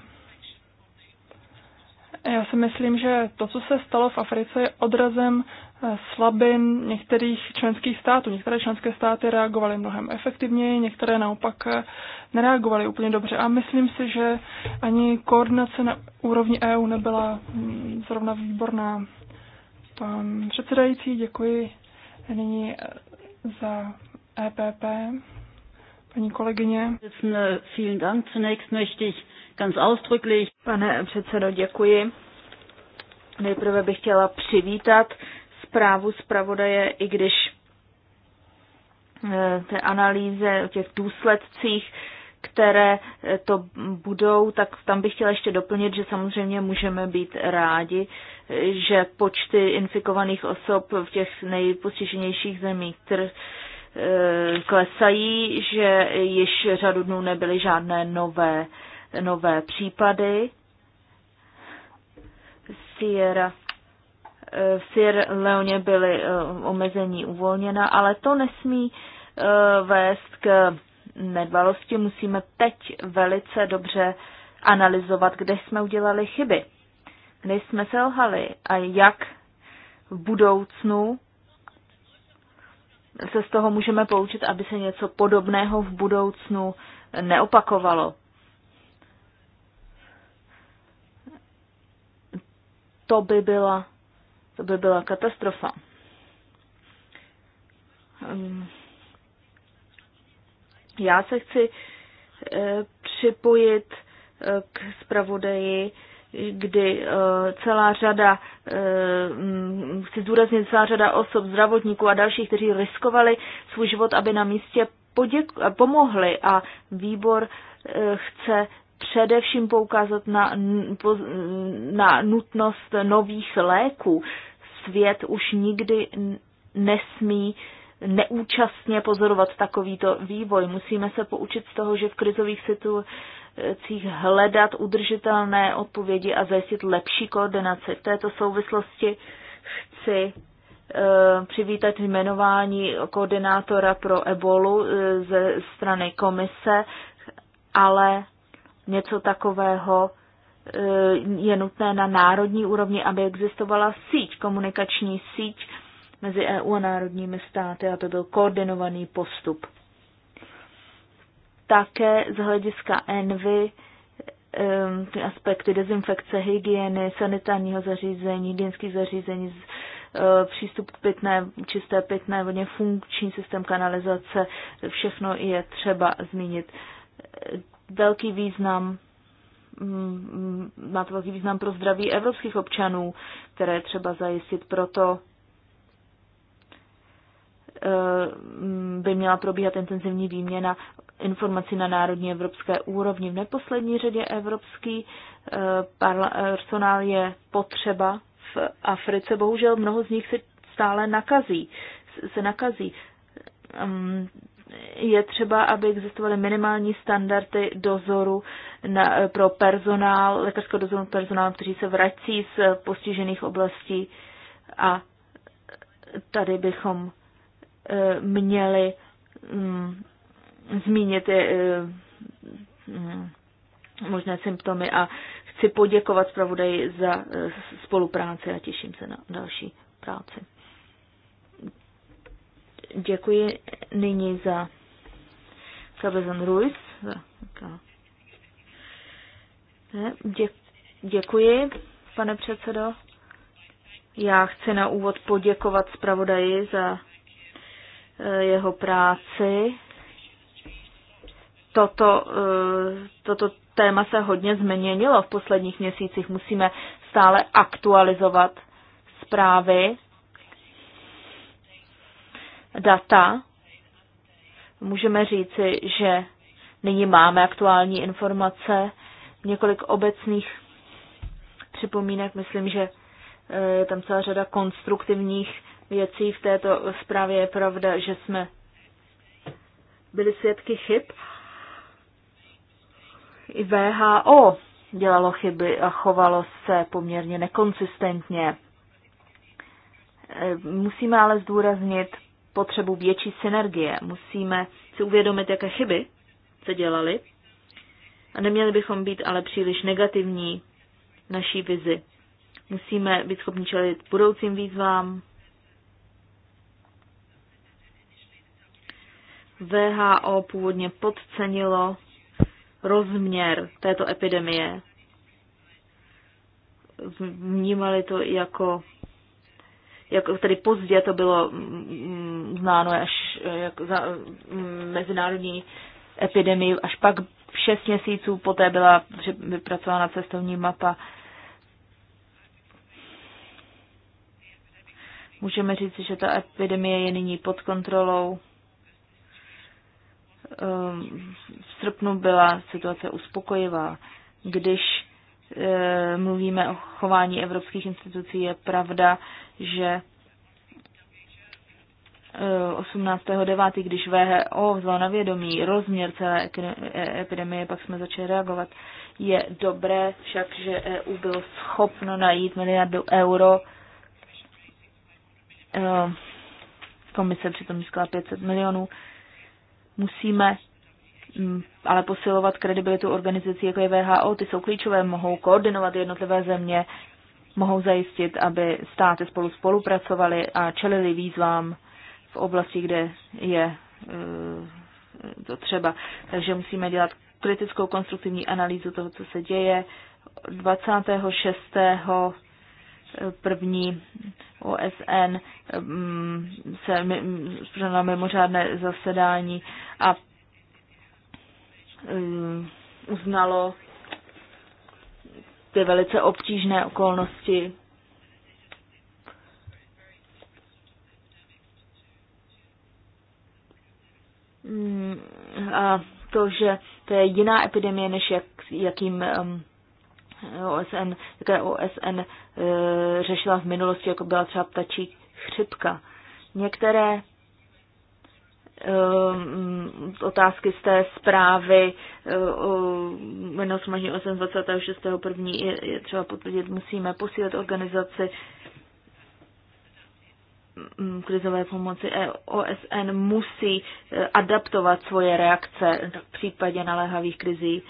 Speaker 2: Já si myslím, že to, co se stalo v Africe, je odrazem eh, slabin některých členských států. Některé členské státy reagovaly mnohem efektivněji, některé naopak eh, nereagovaly úplně dobře. A myslím si, že ani koordinace na úrovni EU nebyla mm, zrovna výborná. Pan předsedající, děkuji nyní eh, za EPP. Paní kolegyně.
Speaker 3: Vielen Dank. Zunächst möchte ich ganz ausdrücklich. Pane předsedo, děkuji. Nejprve bych chtěla přivítat zprávu zpravodaje, i když eh, té analýze o těch důsledcích, které eh, to budou, tak tam bych chtěla ještě doplnit, že samozřejmě můžeme být rádi, eh, že počty infikovaných osob v těch nejpostiženějších zemích klesají, že již řadu dnů nebyly žádné nové nové případy. Sierra, v eh, Sierra Leone byly eh, omezení uvolněna, ale to nesmí eh, vést k nedbalosti. Musíme teď velice dobře analyzovat, kde jsme udělali chyby, kde jsme selhali a jak v budoucnu se z toho můžeme poučit, aby se něco podobného v budoucnu neopakovalo. to by byla, to by byla katastrofa. Ehm, já se chci e, připojit e, k zpravodaji, kdy e, celá řada, chci zdůraznit, celá řada osob, zdravotníků a dalších, kteří riskovali svůj život, aby na místě poděk- pomohli a výbor chce především poukázat na, na nutnost nových léků. Svět už nikdy nesmí neúčastně pozorovat takovýto vývoj. Musíme se poučit z toho, že v krizových situacích hledat udržitelné odpovědi a zajistit lepší koordinaci. V této souvislosti chci eh, přivítat jmenování koordinátora pro ebolu eh, ze strany komise, ale něco takového eh, je nutné na národní úrovni, aby existovala síť, komunikační síť mezi EU a národními státy, a to byl koordinovaný postup. Také z hlediska envy eh, ty aspekty dezinfekce, hygieny, sanitárního zařízení, hygienických zařízení, eh, přístup k pitné, čisté pitné vodě, funkční systém kanalizace, všechno je třeba zmínit velký význam mm, má to velký význam pro zdraví evropských občanů, které třeba zajistit. Proto eh, by měla probíhat intenzivní výměna informací na národní evropské úrovni. V neposlední řadě evropský eh, personál je potřeba v Africe. Bohužel mnoho z nich se stále nakazí, se nakazí. Mm, je třeba, aby existovaly minimální standardy dozoru na, pro personál, lékařského dozoru personálu, kteří se vrací z postižených oblastí a tady bychom e, měli mm, zmínit e, mm, možné symptomy a chci poděkovat zpravodaji za e, spolupráci a těším se na další práci. Děkuji nyní za Cabezon Ruiz. Děkuji, pane předsedo. Já chci na úvod poděkovat zpravodaji za eh, jeho práci. Toto, eh, toto téma se hodně změnilo v posledních měsících. Musíme stále aktualizovat zprávy data, můžeme říci, že nyní máme aktuální informace, několik obecných připomínek. Myslím, že eh, je tam celá řada konstruktivních věcí v této zprávě. Je pravda, že jsme byli svědky chyb. I VHO dělalo chyby a chovalo se poměrně nekonsistentně. Eh, musíme ale zdůraznit, potřebu větší synergie. Musíme si uvědomit, jaké chyby se dělaly a neměli bychom být ale příliš negativní naší vizi. Musíme být schopni čelit budoucím výzvám. VHO původně podcenilo rozměr této epidemie. Vnímali to jako jak tedy pozdě to bylo mm, mm, znáno až jak za mm, mezinárodní epidemii, až pak šest měsíců poté byla vypracována cestovní mapa. Můžeme říct, že ta epidemie je nyní pod kontrolou. Ehm, v srpnu byla situace uspokojivá. Když ehm, mluvíme o chování evropských institucí, je pravda, že 18.9., eh, když VHO vzal na vědomí rozměr celé e- epidemie, pak jsme začali reagovat. Je dobré však, že EU bylo schopno najít miliardu euro. Eh, komise přitom získala 500 milionů. Musíme mm, ale posilovat kredibilitu organizací, jako je VHO, ty jsou klíčové, mohou koordinovat jednotlivé země, mohou zajistit, aby státy spolu spolupracovaly a čelili výzvám v oblasti, kde je eh, to třeba. Takže musíme dělat kritickou konstruktivní analýzu toho, co se děje. 26. Eh, první OSN mm, se mm, na mimořádné zasedání a eh, uznalo ty velice obtížné okolnosti. Mm, a to, že to je jiná epidemie, než jak, jakým um, OSN, jaké OSN uh, řešila v minulosti, jako byla třeba ptačí chřipka. Některé Ehm, otázky z té zprávy jméno 26. 26.1. Je, je třeba potvrdit, musíme posílit organizaci mm, krizové pomoci e, OSN musí eh, adaptovat svoje reakce v případě naléhavých krizí.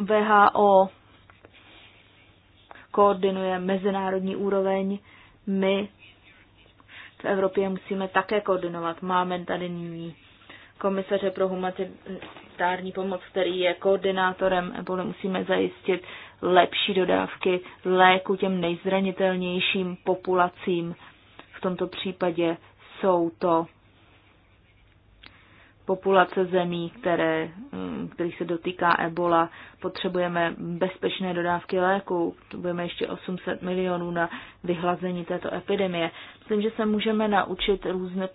Speaker 3: VHO koordinuje mezinárodní úroveň, my v Evropě musíme také koordinovat. Máme tady nyní komisaře pro humanitární pomoc, který je koordinátorem nebo musíme zajistit lepší dodávky léku těm nejzranitelnějším populacím. V tomto případě jsou to populace zemí, které, mm, který se dotýká ebola. Potřebujeme bezpečné dodávky léků, potřebujeme ještě 800 milionů na vyhlazení této epidemie. Myslím, že se můžeme naučit různé,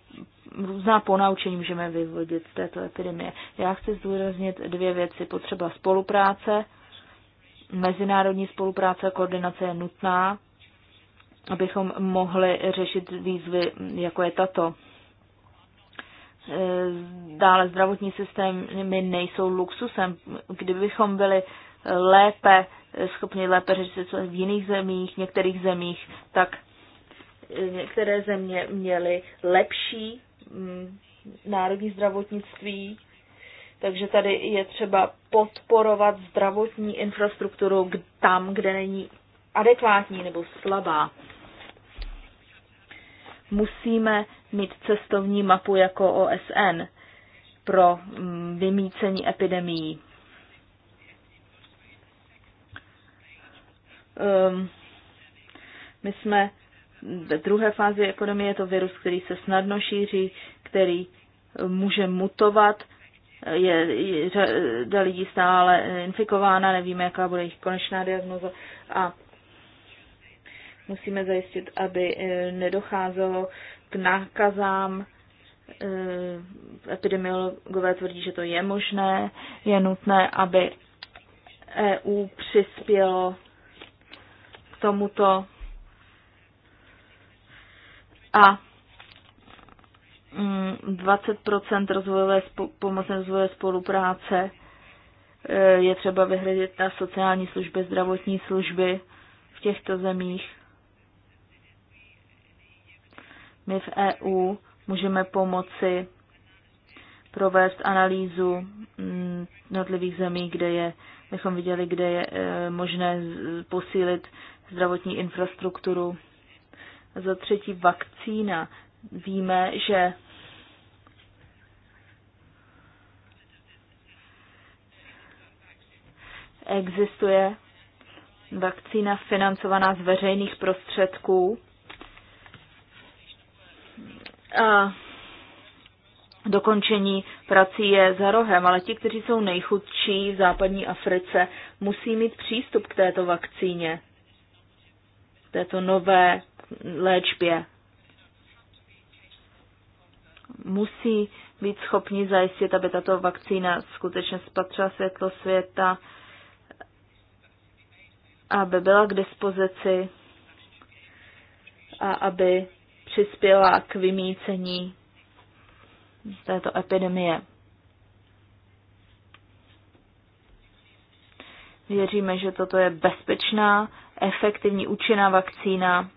Speaker 3: různá ponaučení můžeme vyvodit z této epidemie. Já chci zdůraznit dvě věci. Potřeba spolupráce, mezinárodní spolupráce a koordinace je nutná, abychom mohli řešit výzvy, jako je tato Eh, dále zdravotní systémy nejsou luxusem. Kdybychom byli lépe eh, schopni lépe řešit v jiných zemích, některých zemích, tak eh, některé země měly lepší mm, národní zdravotnictví, takže tady je třeba podporovat zdravotní infrastrukturu tam, kde není adekvátní nebo slabá. Musíme mít cestovní mapu jako OSN pro mm, vymícení epidemií. Um, my jsme ve druhé fázi ekonomie, je to virus, který se snadno šíří, který e, může mutovat, e, je, je řada lidí stále infikována, nevíme, jaká bude jejich konečná diagnoza a musíme zajistit, aby e, nedocházelo k nákazám. E, epidemiologové tvrdí, že to je možné. Je nutné, aby EU přispělo k tomuto a 20 mm, rozvojové pomoci rozvojové spolupráce e, je třeba vyhradit na sociální služby, zdravotní služby v těchto zemích. My v EU můžeme pomoci provést analýzu mm, jednotlivých zemí, kde je, bychom viděli, kde je e, možné posílit zdravotní infrastrukturu. A za třetí vakcína. Víme, že existuje vakcína financovaná z veřejných prostředků dokončení prací je za rohem, ale ti, kteří jsou nejchudší v západní Africe, musí mít přístup k této vakcíně, k této nové léčbě. Musí být schopni zajistit, aby tato vakcína skutečně spatřila světlo světa, aby byla k dispozici a aby přispěla k vymícení této epidemie. Věříme, že toto je bezpečná, efektivní, účinná vakcína.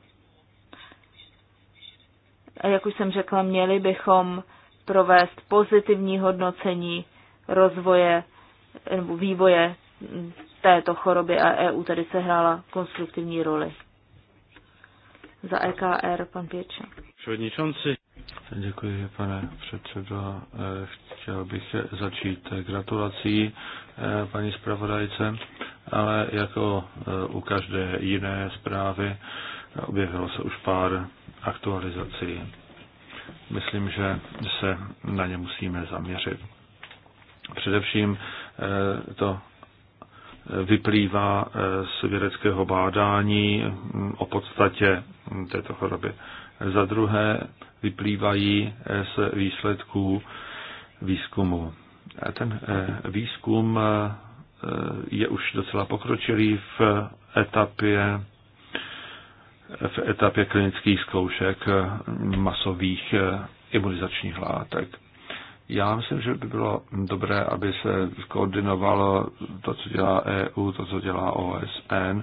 Speaker 3: A jak už jsem řekla, měli bychom provést pozitivní hodnocení rozvoje nebo vývoje této choroby a EU tady sehrála konstruktivní roli za EKR, pan Pěča.
Speaker 1: Předničonci. Děkuji, pane předsedo. Eh, chtěl bych začít gratulací eh, paní zpravodajce, ale jako eh, u každé jiné zprávy objevilo se už pár aktualizací. Myslím, že se na ně musíme zaměřit. Především to vyplývá eh, z vědeckého bádání mm, o podstatě této choroby. Za druhé vyplývají eh, z výsledků výzkumu. Ten eh, výzkum je už docela pokročilý v etapě v etapě klinických zkoušek masových imunizačních látek. Já myslím, že by bylo dobré, aby se koordinovalo to, co dělá EU, to, co dělá OSN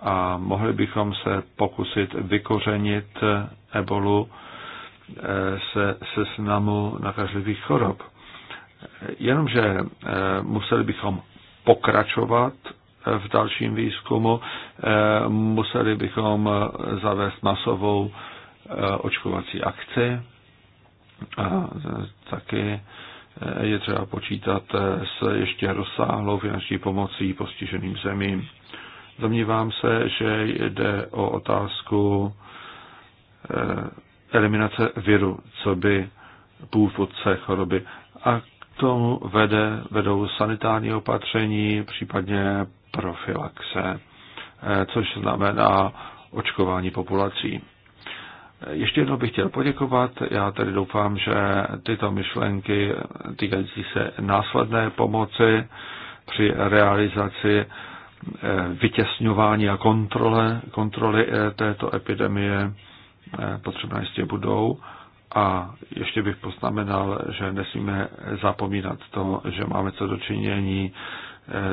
Speaker 1: a mohli bychom se pokusit vykořenit ebolu eh, se snamu nakažlivých chorob. Jenomže eh, museli bychom pokračovat v dalším výzkumu, eh, museli bychom zavést masovou očkovací akci, a e, taky e, je třeba počítat e, s ještě rozsáhlou finanční pomocí postiženým zemím. Domnívám se, že jde o otázku eliminace viru, co by původce choroby. A k tomu vede, vedou sanitární opatření, případně profilaxe, což znamená očkování populací. Ještě jednou bych chtěl poděkovat. Já tedy doufám, že tyto myšlenky týkající se následné pomoci při realizaci eh, vytěsňování a kontrole, kontroly eh, této epidemie eh, potřebné jistě budou. A ještě bych poznamenal, že nesmíme zapomínat to, že máme co dočinění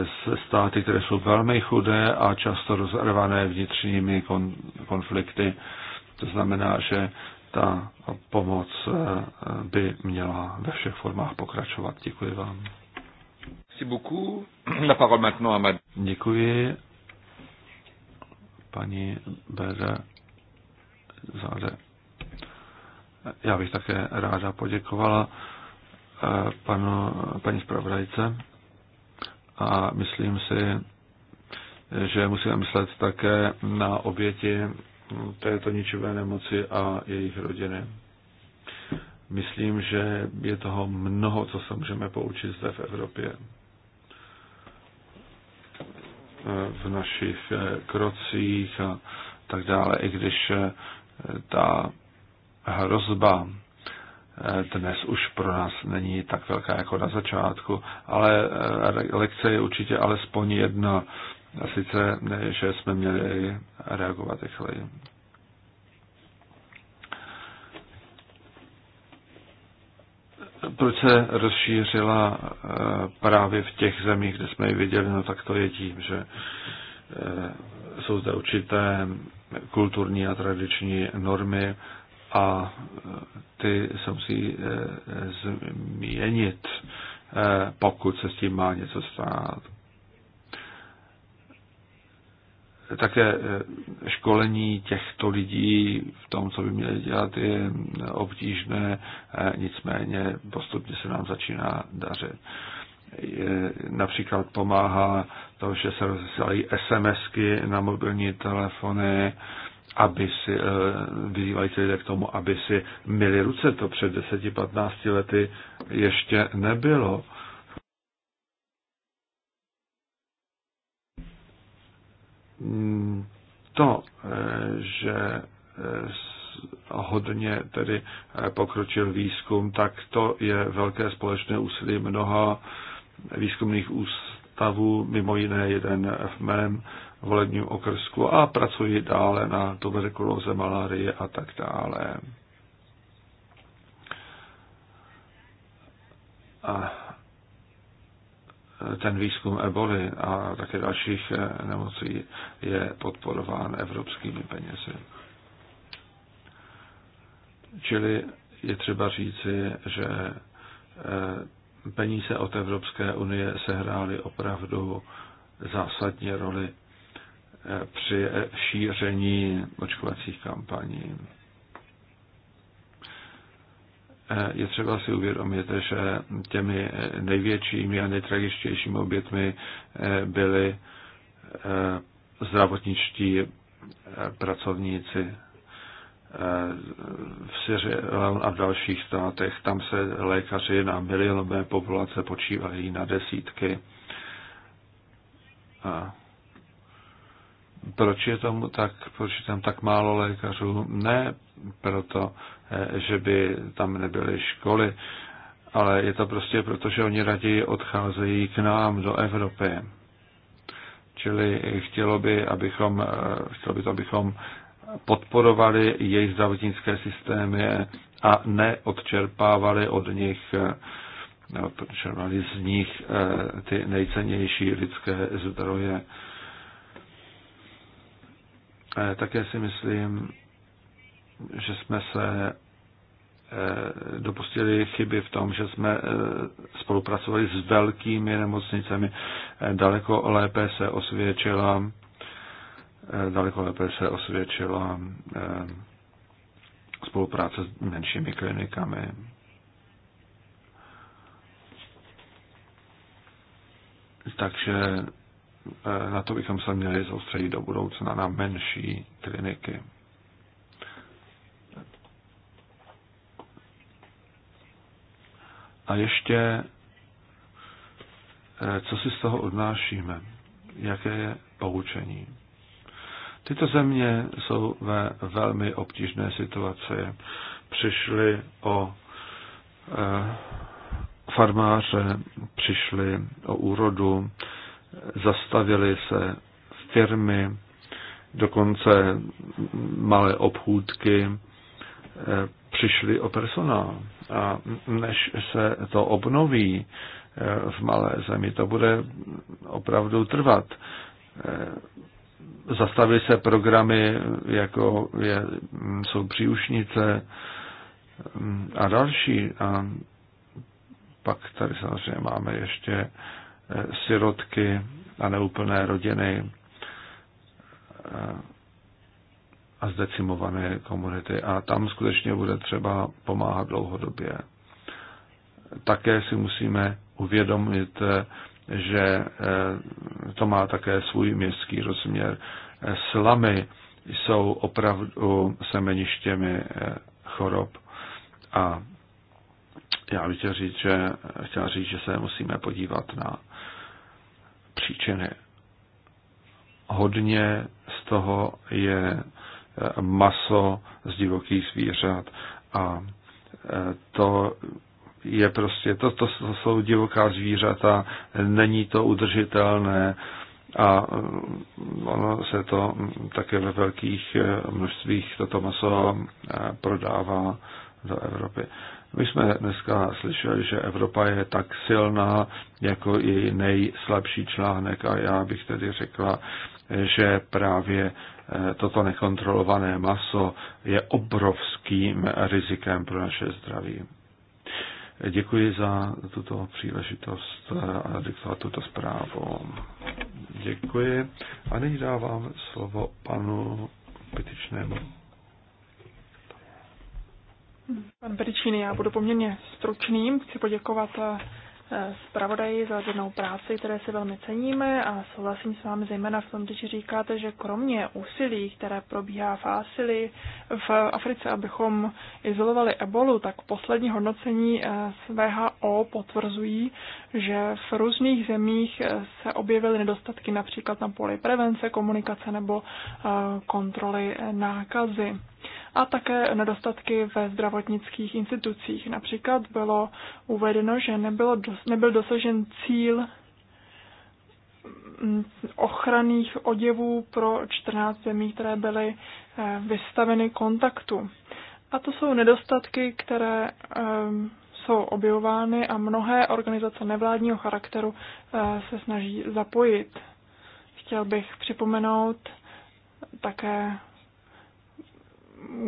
Speaker 1: s státy, které jsou velmi chudé a často rozervané vnitřními konflikty. To znamená, že ta pomoc eh, by měla ve všech formách pokračovat. Děkuji vám. Děkuji paní Bere Zade. Já bych také ráda poděkovala eh, panu, paní zpravodajce a myslím si, že musíme myslet také na oběti této ničivé nemoci a jejich rodiny. Myslím, že je toho mnoho, co se můžeme poučit zde v Evropě. V našich eh, krocích a tak dále, i když eh, ta hrozba eh, dnes už pro nás není tak velká jako na začátku, ale lekce je určitě alespoň jedna a sice, že jsme měli reagovat rychleji. Proč se rozšířila eh, právě v těch zemích, kde jsme ji viděli, no tak to je tím, že eh, jsou zde určité kulturní a tradiční normy a eh, ty se musí změnit, pokud se s tím má něco stát. také eh, školení těchto lidí v tom, co by měli dělat, je eh, obtížné, eh, nicméně postupně se nám začíná dařit. Například pomáhá to, že se rozesílají SMSky na mobilní telefony, aby si, vyzývají se lidé k tomu, aby si myli ruce. To před 10-15 lety ještě nebylo. Mm, to, eh, že eh, hodně tedy eh, pokročil výzkum, tak to je velké společné úsilí mnoha výzkumných ústavů, mimo jiné jeden v mém volebním okrsku a pracuji dále na tuberkulóze, malárie a tak dále. A ten výzkum eboli a také dalších eh, nemocí je podporován evropskými penězi. Čili je třeba říci, že eh, peníze od Evropské unie sehrály opravdu zásadní roli eh, při šíření očkovacích kampaní. Eh, je třeba si uvědomit, že těmi eh, největšími a nejtragičtějšími obětmi eh, byli zdravotničtí pracovníci v Syrii a v dalších státech. Tam se lékaři na milionové populace počívají na desítky. A proč je tomu tak, proč je tam tak málo lékařů? Ne proto, Eh, že by tam nebyly školy, ale je to prostě proto, že oni raději odcházejí k nám do Evropy. Čili chtělo by, abychom, eh, chtělo by to, abychom podporovali jejich zdravotnické systémy a neodčerpávali od nich, eh, neodčerpávali z nich ty nejcennější lidské zdroje. Také si myslím, že jsme se Eh, dopustili chyby v tom, že jsme eh, spolupracovali s velkými nemocnicemi. Eh, daleko lépe se osvědčila daleko lépe se osvědčila spolupráce s menšími klinikami. Takže na to bychom se měli soustředit do budoucna na menší kliniky. A ještě, eh, co si z toho odnášíme? Jaké je poučení? Tyto země jsou ve velmi obtížné situaci. Přišli o eh, farmáře, přišli o úrodu, zastavili se firmy, dokonce malé obchůdky, eh, přišli o personál. A než se to obnoví eh, v malé zemi, to bude opravdu trvat. Eh, Zastavili se programy, jako je, mm, jsou příušnice mm, a další. A pak tady samozřejmě máme ještě eh, sirotky a neúplné rodiny a zdecimované komunity. A tam skutečně bude třeba pomáhat dlouhodobě. Také si musíme uvědomit, že eh, to má také svůj městský rozměr. Slamy jsou opravdu semeništěmi eh, chorob a já bych chtěl říct, že, chtěl říct, že se musíme podívat na příčiny. Hodně z toho je maso z divokých zvířat a e, to je prostě, to, to, to jsou divoká zvířata, není to udržitelné a e, ono se to také ve velkých e, množstvích toto maso prodává do Evropy. My jsme dneska slyšeli, že Evropa je tak silná jako i nejslabší článek a já bych tedy řekla, že právě Eh, toto nekontrolované maso je obrovským rizikem pro naše zdraví. Eh, děkuji za tuto příležitost eh, a za tuto zprávu. Děkuji. A nyní dávám slovo panu Petičnému.
Speaker 2: Pan Petičný, já budu poměrně stručný. Chci poděkovat zpravodaji za jednou práci, které si velmi ceníme a souhlasím s vámi zejména v tom, když říkáte, že kromě úsilí, které probíhá v Asili v Africe, abychom izolovali ebolu, tak poslední hodnocení eh, z VHO potvrzují, že v různých zemích eh, se objevily nedostatky například na poli prevence, komunikace nebo eh, kontroly nákazy a také nedostatky ve zdravotnických institucích. Například bylo uvedeno, že nebylo dost nebyl dosažen cíl mm, ochranných oděvů pro 14 zemí, které byly eh, vystaveny kontaktu. A to jsou nedostatky, které ehm, jsou objevovány a mnohé organizace nevládního charakteru eh, se snaží zapojit. Chtěl bych připomenout také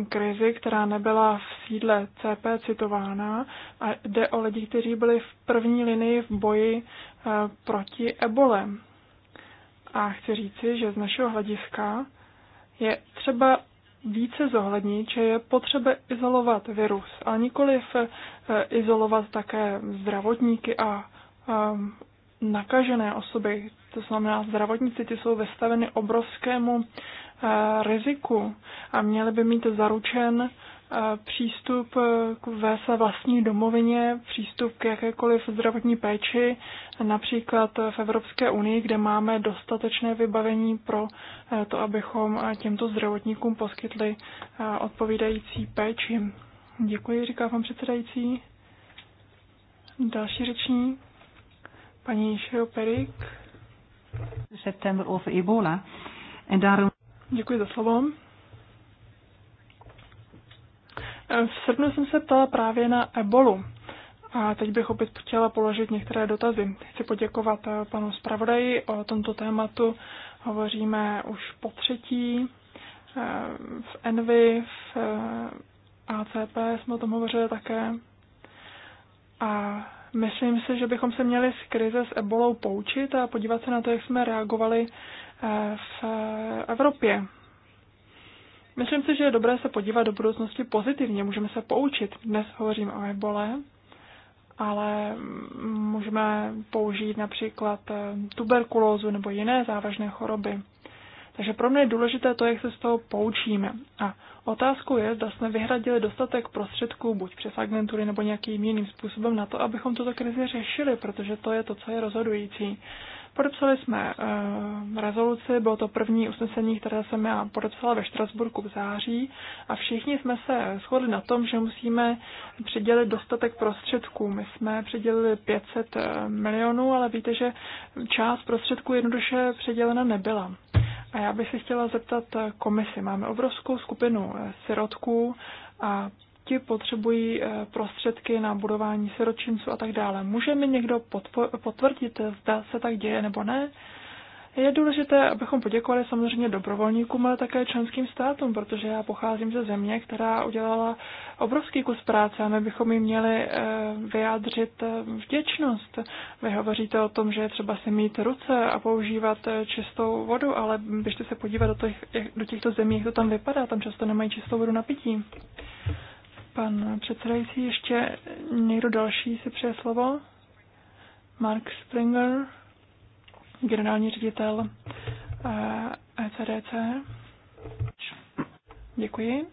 Speaker 2: krizi, která nebyla v sídle CP citována a jde o lidi, kteří byli v první linii v boji eh, proti ebole. A chci říci, že z našeho hlediska je třeba více zohlednit, že je potřeba izolovat virus, ale nikoliv eh, izolovat také zdravotníky a ehm, nakažené osoby. To znamená, zdravotníci ty jsou vystaveny obrovskému Eh, riziku a měli by mít zaručen eh, přístup eh, k ve své vlastní domovině, přístup k jakékoliv zdravotní péči, například v Evropské unii, kde máme dostatečné vybavení pro to, abychom těmto zdravotníkům poskytli odpovídající péči. Děkuji, říká pan předsedající. Další řeční, paní Šeoperik. September over Ebola. En daarom Děkuji za slovo. Eh, v srpnu jsem se ptala právě na ebolu. A teď bych opět chtěla položit některé dotazy. Chci poděkovat eh, panu zpravodaji. O tomto tématu hovoříme už po třetí. Eh, v Envy, v ACP jsme o tom hovořili také. A myslím si, že bychom se měli z krize s ebolou poučit a podívat se na to, jak jsme reagovali Eh, v Evropě. Myslím si, že je dobré se podívat do budoucnosti pozitivně, můžeme se poučit. Dnes hovořím o ebole, ale můžeme použít například eh, tuberkulózu nebo jiné závažné choroby. Takže pro mě je důležité to, jak se z toho poučíme. A otázkou je, zda jsme vyhradili dostatek prostředků, buď přes agentury nebo nějakým jiným způsobem na to, abychom tuto krizi řešili, protože to je to, co je rozhodující. Podepsali jsme uh, rezoluci, bylo to první usnesení, které jsem já podepsala ve Štrasburku v září a všichni jsme se shodli na tom, že musíme přidělit dostatek prostředků. My jsme přidělili 500 eh, milionů, ale víte, že část prostředků jednoduše přidělena nebyla. A já bych se chtěla zeptat eh, komisi. Máme obrovskou skupinu sirotků a ti potřebují eh, prostředky na budování siročinců a tak dále. Může mi někdo potvrdit, eh, zda se tak děje nebo ne? Je důležité, abychom poděkovali samozřejmě dobrovolníkům, ale také členským státům, protože já pocházím ze země, která udělala obrovský kus práce a my bychom jim měli eh, vyjádřit vděčnost. Vy hovoříte o tom, že je třeba si mít ruce a používat čistou vodu, ale běžte se podívat do, do těchto zemí, jak to tam vypadá, tam často nemají čistou vodu na pití. Pan předsedající, ještě někdo další si přeje slovo? Mark Springer, generální ředitel ECDC. Eh, e Děkuji.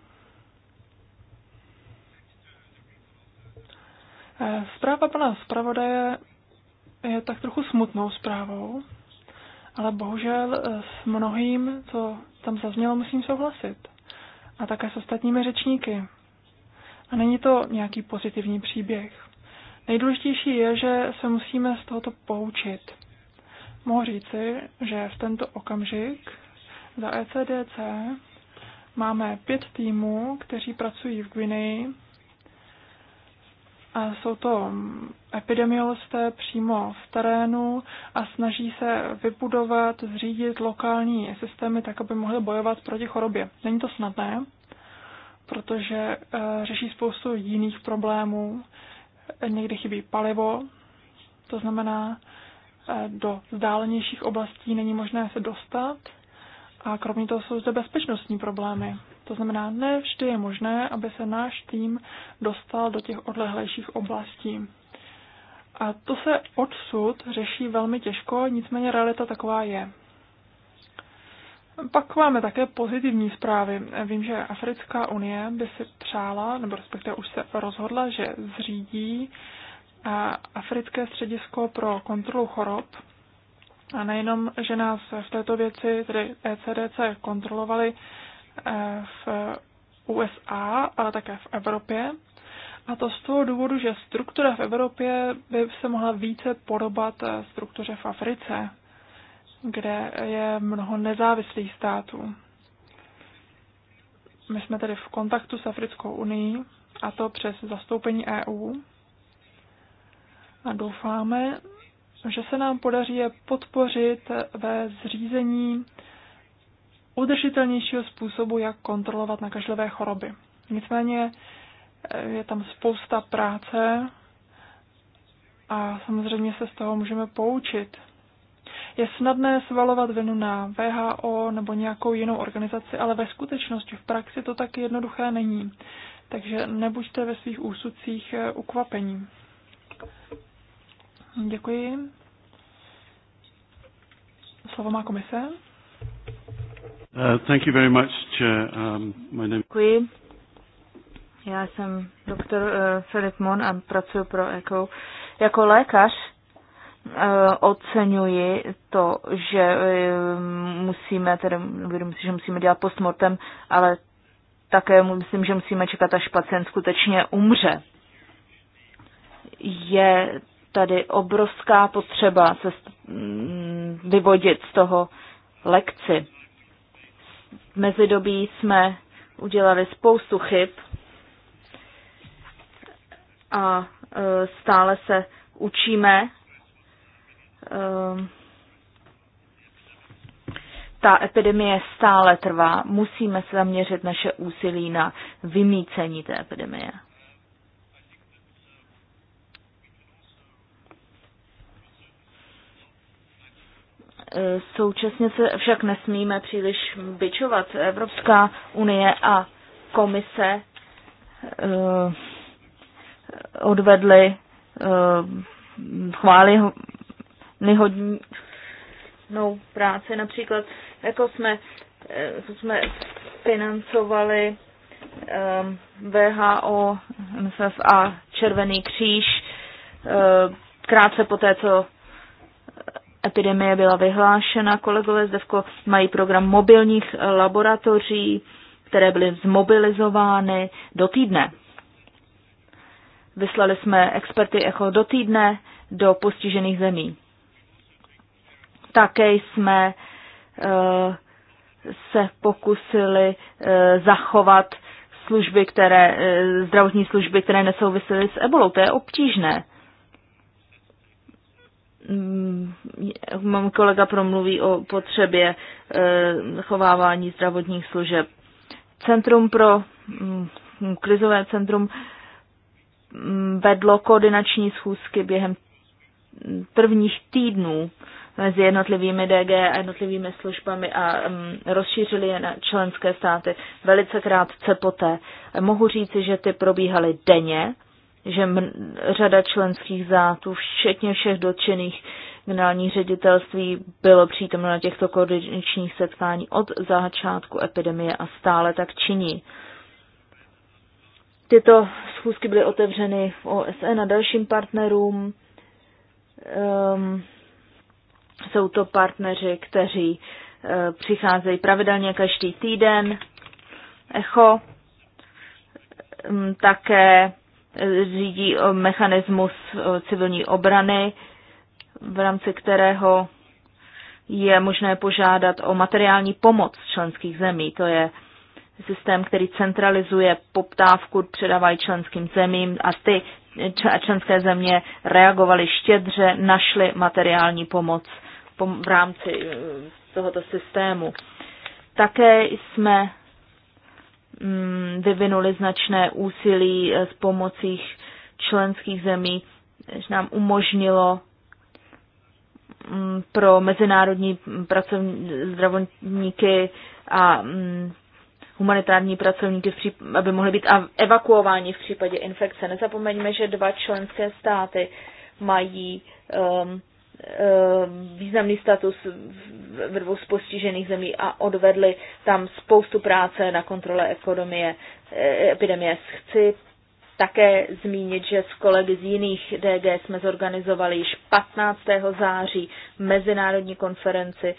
Speaker 2: Eh, zpráva pana zpravodaje je tak trochu smutnou zprávou, ale bohužel eh, s mnohým, co tam zaznělo, musím souhlasit. A také s ostatními řečníky. A není to nějaký pozitivní příběh. Nejdůležitější je, že se musíme z tohoto poučit. Mohu říci, že v tento okamžik za ECDC máme pět týmů, kteří pracují v Gvineji. A jsou to epidemiologové přímo v terénu a snaží se vybudovat, zřídit lokální systémy tak, aby mohli bojovat proti chorobě. Není to snadné, protože eh, řeší spoustu jiných problémů. Někdy chybí palivo, to znamená, eh, do vzdálenějších oblastí není možné se dostat. A kromě toho jsou zde bezpečnostní problémy. To znamená, ne vždy je možné, aby se náš tým dostal do těch odlehlejších oblastí. A to se odsud řeší velmi těžko, nicméně realita taková je. Pak máme také pozitivní zprávy. Vím, že Africká unie by si přála, nebo respektive už se rozhodla, že zřídí eh, Africké středisko pro kontrolu chorob. A nejenom, že nás v této věci, tedy ECDC, kontrolovali eh, v USA, ale také v Evropě. A to z toho důvodu, že struktura v Evropě by se mohla více podobat eh, struktuře v Africe kde je mnoho nezávislých států. My jsme tedy v kontaktu s Africkou unii a to přes zastoupení EU a doufáme, že se nám podaří je podpořit ve zřízení udržitelnějšího způsobu, jak kontrolovat nakažlivé choroby. Nicméně eh, je tam spousta práce a samozřejmě se z toho můžeme poučit. Je snadné svalovat vinu na VHO nebo nějakou jinou organizaci, ale ve skutečnosti v praxi to tak jednoduché není. Takže nebuďte ve svých úsudcích eh, ukvapení. Děkuji. Slovo má komise.
Speaker 1: Uh, thank you very much, Chair. Um, my name...
Speaker 3: Děkuji.
Speaker 2: Já jsem
Speaker 3: doktor uh, Filip Mon a pracuji pro ECO. Jako lékař Eh, oceňuji to, že eh, musíme, tedy uvědomím si, že musíme dělat postmortem, ale také myslím, že musíme čekat, až pacient skutečně umře. Je tady obrovská potřeba se mm, vyvodit z toho lekci. V mezidobí jsme udělali spoustu chyb a eh, stále se učíme Ehm, ta epidemie stále trvá. Musíme se zaměřit naše úsilí na vymícení té epidemie. Ehm, současně se však nesmíme příliš byčovat. Evropská unie a komise ehm, odvedly chvály nehodnou práci. Například jako jsme, eh, jsme financovali ehm, VHO, MSF a Červený kříž eh, krátce po té, co eh, epidemie byla vyhlášena. Kolegové z mají program mobilních laboratoří, které byly zmobilizovány do týdne. Vyslali jsme experty ECHO do týdne do postižených zemí. Také jsme eh, se pokusili eh, zachovat služby, které, eh, zdravotní služby, které nesouvisely s ebolou. To je obtížné. Mm, mám kolega promluví o potřebě chovávání zdravotních služeb. Centrum pro mm, krizové centrum mm, vedlo koordinační schůzky během prvních týdnů mezi jednotlivými DG a jednotlivými službami a um, rozšířili je na členské státy velice krátce poté. Mohu říci, že ty probíhaly denně, že řada členských zátů, včetně všech dotčených generálních ředitelství, bylo přítomno na těchto koordinačních setkání od začátku epidemie a stále tak činí. Tyto schůzky byly otevřeny v OSN a dalším partnerům. Um, jsou to partneři, kteří eh, přicházejí pravidelně každý týden. Echo mm, také eh, řídí eh, mechanismus civilní obrany, v rámci kterého je možné požádat o materiální pomoc členských zemí. To je systém, který centralizuje poptávku, předávají členským zemím a ty členské země reagovaly štědře, našly materiální pomoc v rámci eh, tohoto systému. Také jsme mm, vyvinuli značné úsilí eh, s pomocí členských zemí, že nám umožnilo mm, pro mezinárodní pracovní, zdravotníky a mm, humanitární pracovníky, aby mohli být evakuováni v případě infekce. Nezapomeňme, že dva členské státy mají um, Eh, významný status ve dvou z postižených zemí a odvedli tam spoustu práce na kontrole ekonomie, eh, epidemie. Chci také zmínit, že s kolegy z jiných DG jsme zorganizovali již 15. září mezinárodní konferenci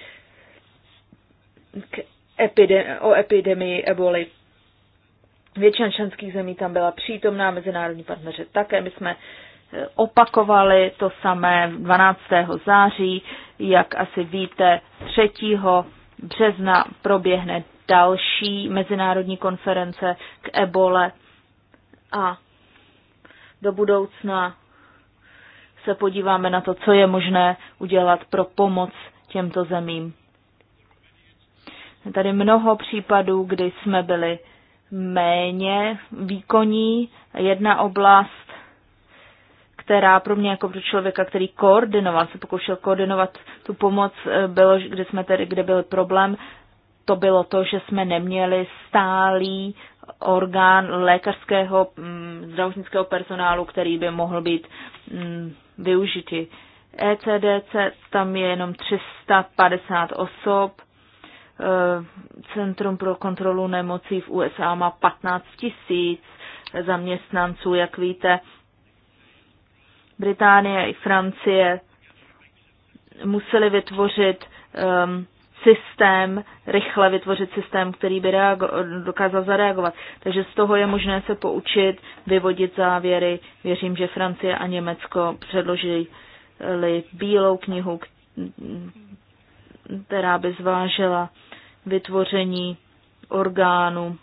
Speaker 3: k epidem- o epidemii eboli. Většina členských zemí tam byla přítomná, mezinárodní partneři také. My jsme uh, opakovali to samé 12. září. Jak asi víte, 3. března proběhne další mezinárodní konference k ebole a do budoucna se podíváme na to, co je možné udělat pro pomoc těmto zemím. Je tady mnoho případů, kdy jsme byli méně výkonní. Jedna oblast která pro mě jako pro člověka, který koordinoval, se pokoušel koordinovat tu pomoc, eh, bylo, kde, jsme tedy, kde byl problém, to bylo to, že jsme neměli stálý orgán lékařského mm, zdravotnického personálu, který by mohl být mm, využity. ECDC, tam je jenom 350 osob, eh, Centrum pro kontrolu nemocí v USA má 15 tisíc zaměstnanců, jak víte, Británie i Francie museli vytvořit um, systém, rychle vytvořit systém, který by reago- dokázal zareagovat. Takže z toho je možné se poučit, vyvodit závěry. Věřím, že Francie a Německo předložili bílou knihu, která by zvážela vytvoření orgánu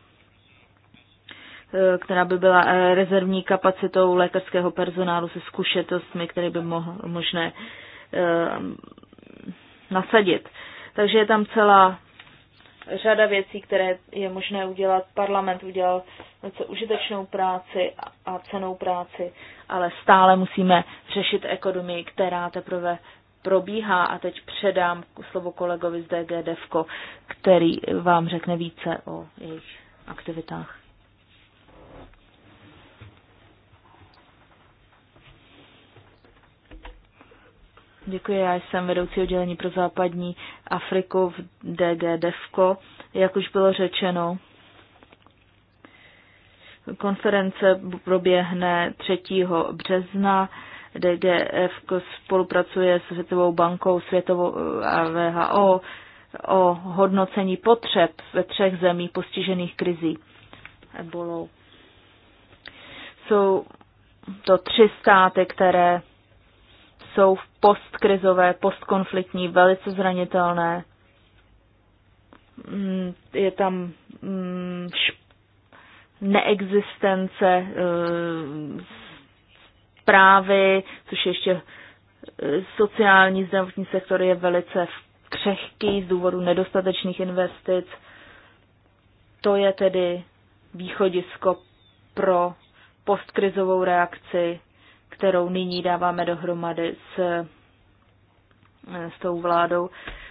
Speaker 3: Eh, která by byla eh, rezervní kapacitou lékařského personálu se zkušetostmi, které by mohlo možné eh, nasadit. Takže je tam celá řada věcí, které je možné udělat. Parlament udělal něco užitečnou práci a cenou práci, ale stále musíme řešit ekonomii, která teprve probíhá. A teď předám slovo kolegovi z DG Devko, který vám řekne více o jejich aktivitách. Děkuji, já jsem vedoucí oddělení pro západní Afriku v DG DEFCO. Jak už bylo řečeno, konference proběhne 3. března. DGF spolupracuje s Světovou bankou Světovou a VHO o hodnocení potřeb ve třech zemích postižených krizí ebolou. Jsou to tři státy, které jsou v postkrizové, postkonfliktní, velice zranitelné. Mm, je tam mm, neexistence eh, zprávy, což je ještě eh, sociální zdravotní sektor je velice křehký z důvodu nedostatečných investic. To je tedy východisko pro postkrizovou reakci kterou nyní dáváme dohromady s, s tou vládou,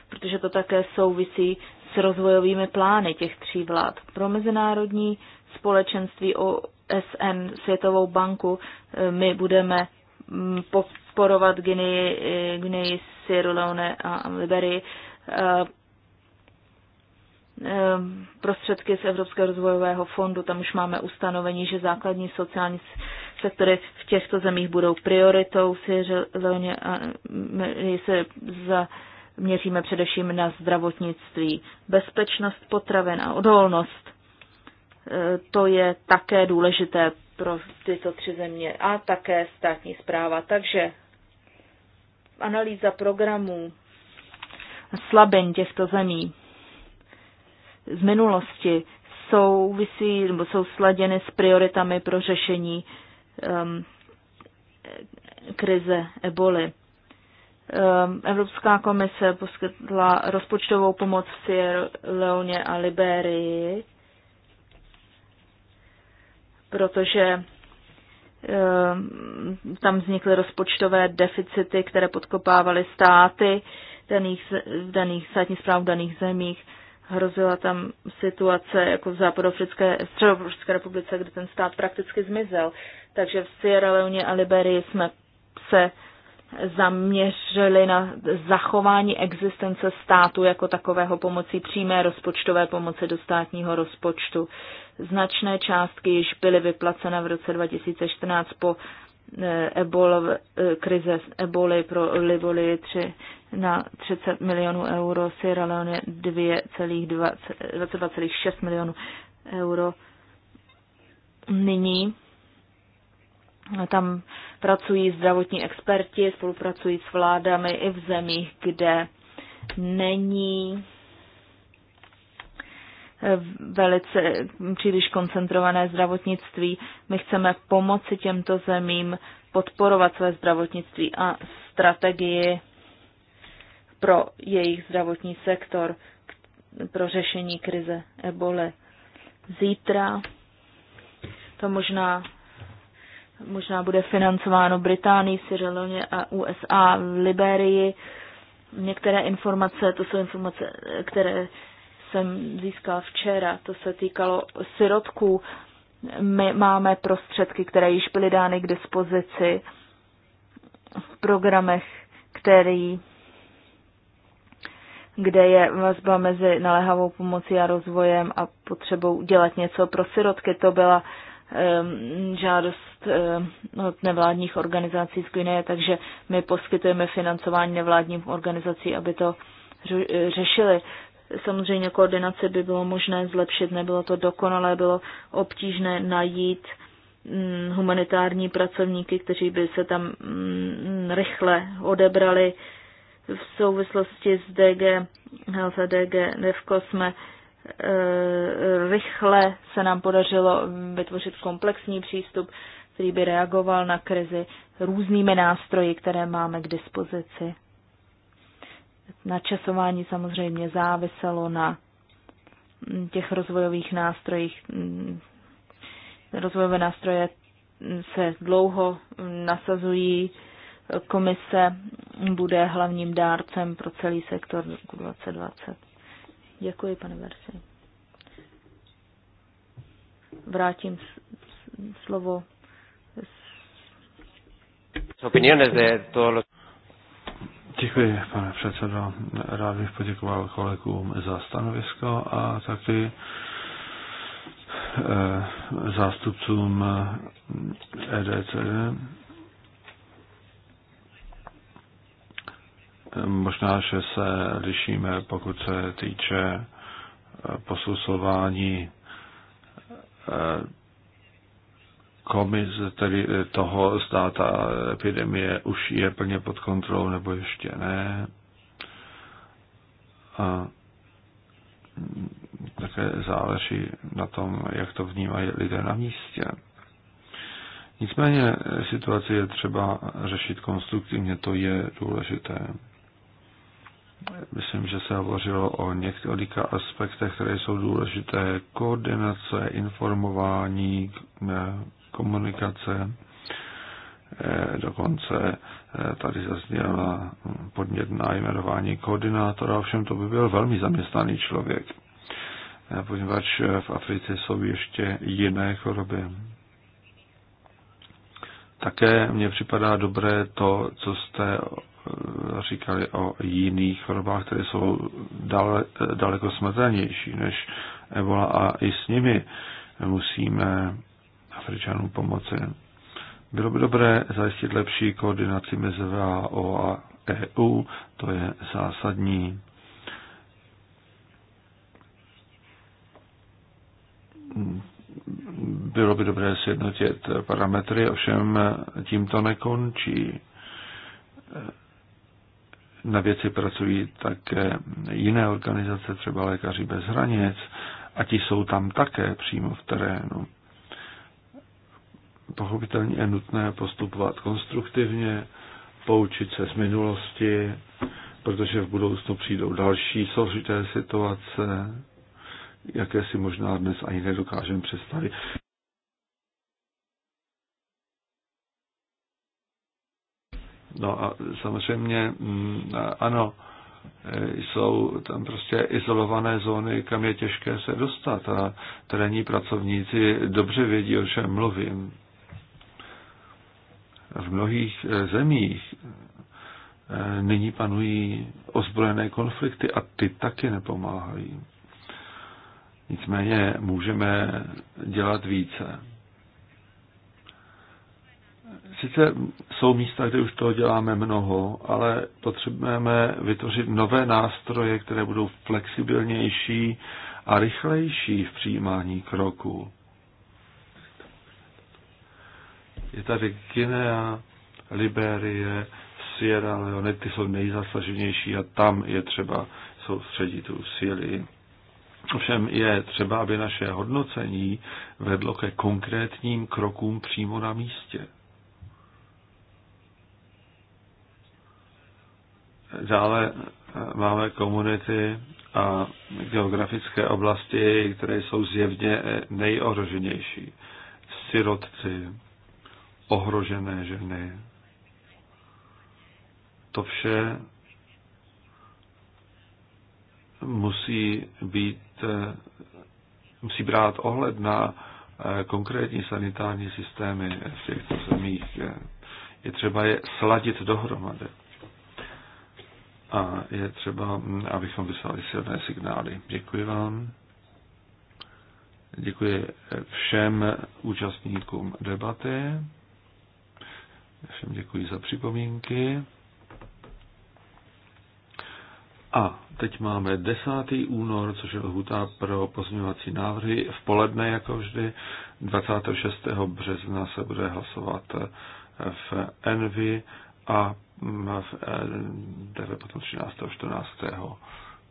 Speaker 3: protože to také souvisí s rozvojovými plány těch tří vlád. Pro mezinárodní společenství OSN, Světovou banku, eh, my budeme mm, podporovat Guinea eh, Guinea Sierra Leone a Liberii eh, Eh, prostředky z Evropského rozvojového fondu. Tam už máme ustanovení, že základní sociální sektory v těchto zemích budou prioritou. My se zaměříme především na zdravotnictví, bezpečnost potravin a odolnost. Eh, to je také důležité pro tyto tři země a také státní zpráva. Takže analýza programů slabin těchto zemí z minulosti souvisí nebo jsou sladěny s prioritami pro řešení um, krize eboli. Um, Evropská komise poskytla rozpočtovou pomoc v Sierra Leone a Liberii, protože um, tam vznikly rozpočtové deficity, které podkopávaly státy daných, daných státní zpráv v daných zemích hrozila tam situace jako v západoafrické, středoafrické republice, kde ten stát prakticky zmizel. Takže v Sierra Leone a Liberii jsme se zaměřili na zachování existence státu jako takového pomocí přímé rozpočtové pomoci do státního rozpočtu. Značné částky již byly vyplacena v roce 2014 po Ebola e, krize z eboli pro Liboli 3 na 30 milionů euro, Sierra Leone 22,6 milionů euro. Nyní tam pracují zdravotní experti, spolupracují s vládami i v zemích, kde není velice příliš koncentrované zdravotnictví. My chceme pomoci těmto zemím podporovat své zdravotnictví a strategii pro jejich zdravotní sektor pro řešení krize ebole. Zítra to možná, možná bude financováno Británií, Syriloně a USA v Liberii. Některé informace, to jsou informace, které jsem získal včera, to se týkalo syrotků. My máme prostředky, které již byly dány k dispozici v programech, který, kde je vazba mezi naléhavou pomocí a rozvojem a potřebou dělat něco pro syrotky. To byla um, žádost um, od nevládních organizací z Guineje, takže my poskytujeme financování nevládním organizací, aby to řešili. Samozřejmě koordinace by bylo možné zlepšit, nebylo to dokonalé, bylo obtížné najít mm, humanitární pracovníky, kteří by se tam mm, rychle odebrali. V souvislosti s DG Health DG Nevko jsme e, rychle se nám podařilo vytvořit komplexní přístup, který by reagoval na krizi různými nástroji, které máme k dispozici. Načasování samozřejmě záviselo na těch rozvojových nástrojích. Rozvojové nástroje se dlouho nasazují. Komise bude hlavním dárcem pro celý sektor roku 2020. Děkuji, pane Versi. Vrátím slovo.
Speaker 1: Opiniones de todos los... Děkuji, pane předsedo. Rád bych poděkoval kolegům za stanovisko a taky eh, zástupcům EDC. Eh, e Možná, že se lišíme, pokud se týče eh, posuzování komis tedy eh, toho státa epidemie už je plně pod kontrolou nebo ještě ne. A také záleží na tom, jak to vnímají lidé na místě. Nicméně eh, situaci je třeba řešit konstruktivně, to je důležité. Myslím, že se hovořilo o několika aspektech, které jsou důležité. Koordinace, informování, eh, komunikace. E, dokonce e, tady zazněla Podmětná jmenování koordinátora, ovšem to by byl velmi zaměstnaný člověk, e, poněvadž v Africe jsou ještě jiné choroby. Také mně připadá dobré to, co jste říkali o jiných chorobách, které jsou daleko smrtelnější než ebola a i s nimi musíme Afričanům pomoci. Bylo by dobré zajistit lepší koordinaci mezi VAO a EU, to je zásadní. Bylo by dobré sjednotit parametry, ovšem tím to nekončí. Na věci pracují také jiné organizace, třeba Lékaři bez hranic, a ti jsou tam také přímo v terénu pochopitelně je nutné postupovat konstruktivně, poučit se z minulosti, protože v budoucnu přijdou další složité situace, jaké si možná dnes ani nedokážeme představit. No a samozřejmě, mm, ano, e, jsou tam prostě izolované zóny, kam je těžké se dostat a terénní pracovníci dobře vědí, o čem mluvím v mnohých eh, zemích eh, nyní panují ozbrojené konflikty a ty taky nepomáhají. Nicméně můžeme dělat více. Sice jsou místa, kde už toho děláme mnoho, ale potřebujeme vytvořit nové nástroje, které budou flexibilnější a rychlejší v přijímání kroků. Je tady Guinea, Liberie, Sierra Leone, ty jsou nejzasaženější a tam je třeba soustředit tu síly. Ovšem je třeba, aby naše hodnocení vedlo ke konkrétním krokům přímo na místě. Dále eh, máme komunity a geografické oblasti, které jsou zjevně eh, nejohroženější. Sirotci, ohrožené ženy. To vše musí být, musí brát ohled na eh, konkrétní sanitární systémy v těchto zemích. Je třeba je sladit dohromady. A je třeba, abychom vyslali silné signály. Děkuji vám. Děkuji všem účastníkům debaty. Všem děkuji za připomínky. A teď máme 10. únor, což je lhuta pro pozměňovací návrhy. V poledne, jako vždy, 26. března se bude hlasovat v Envy a mm, v, eh, potom 13. 14.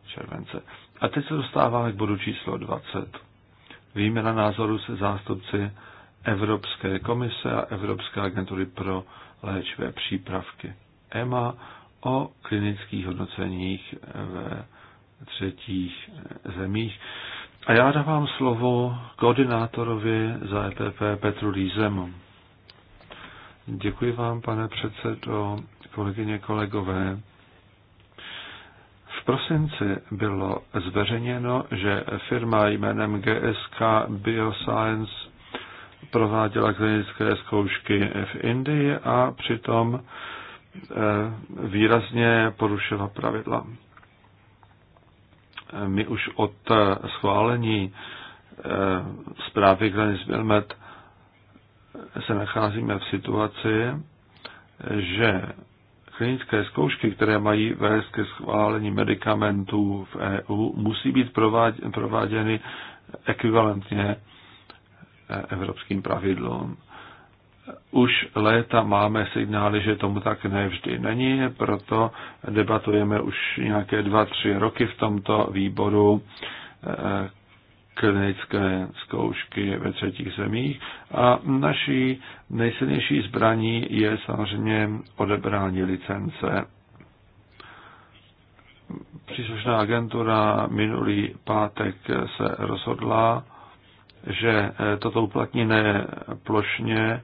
Speaker 1: července. A teď se dostáváme k bodu číslo 20. Výměna názoru se zástupci Evropské komise a Evropské agentury pro léčivé přípravky EMA o klinických hodnoceních ve třetích zemích. A já dávám slovo koordinátorovi za EPP Petru Lízemu. Děkuji vám, pane předsedo, kolegyně, kolegové. V prosinci bylo zveřejněno, že firma jménem GSK Bioscience prováděla klinické zkoušky v Indii a přitom eh, výrazně porušila pravidla. Eh, my už od eh, schválení zprávy Glenis Wilmet se nacházíme v situaci, že klinické zkoušky, které mají vést ke schválení medicamentů v EU, musí být prováděny ekvivalentně evropským pravidlům. Už léta máme signály, že tomu tak nevždy není, proto debatujeme už nějaké dva, tři roky v tomto výboru eh, klinické zkoušky ve třetích zemích a naší nejsilnější zbraní je samozřejmě odebrání licence. Příslušná agentura minulý pátek se rozhodla, že eh, toto uplatněné plošně eh,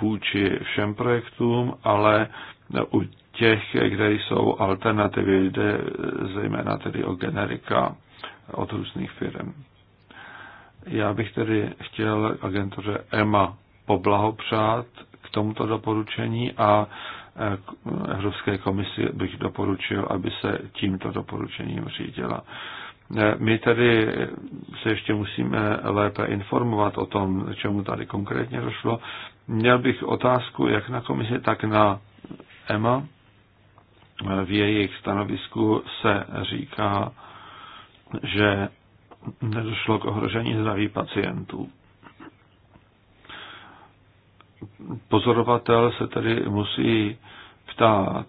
Speaker 1: vůči všem projektům, ale eh, u těch, kde jsou alternativy, jde zejména tedy o generika od různých firm. Já bych tedy chtěl agentuře EMA poblahopřát k tomuto doporučení a Evropské komisi bych doporučil, aby se tímto doporučením řídila. Eh, my tedy se ještě musíme lépe informovat o tom, čemu tady konkrétně došlo. Měl bych otázku jak na komisi, tak na EMA. Eh, v jejich stanovisku se říká, že nedošlo k ohrožení zdraví pacientů. Pozorovatel se tedy musí ptát,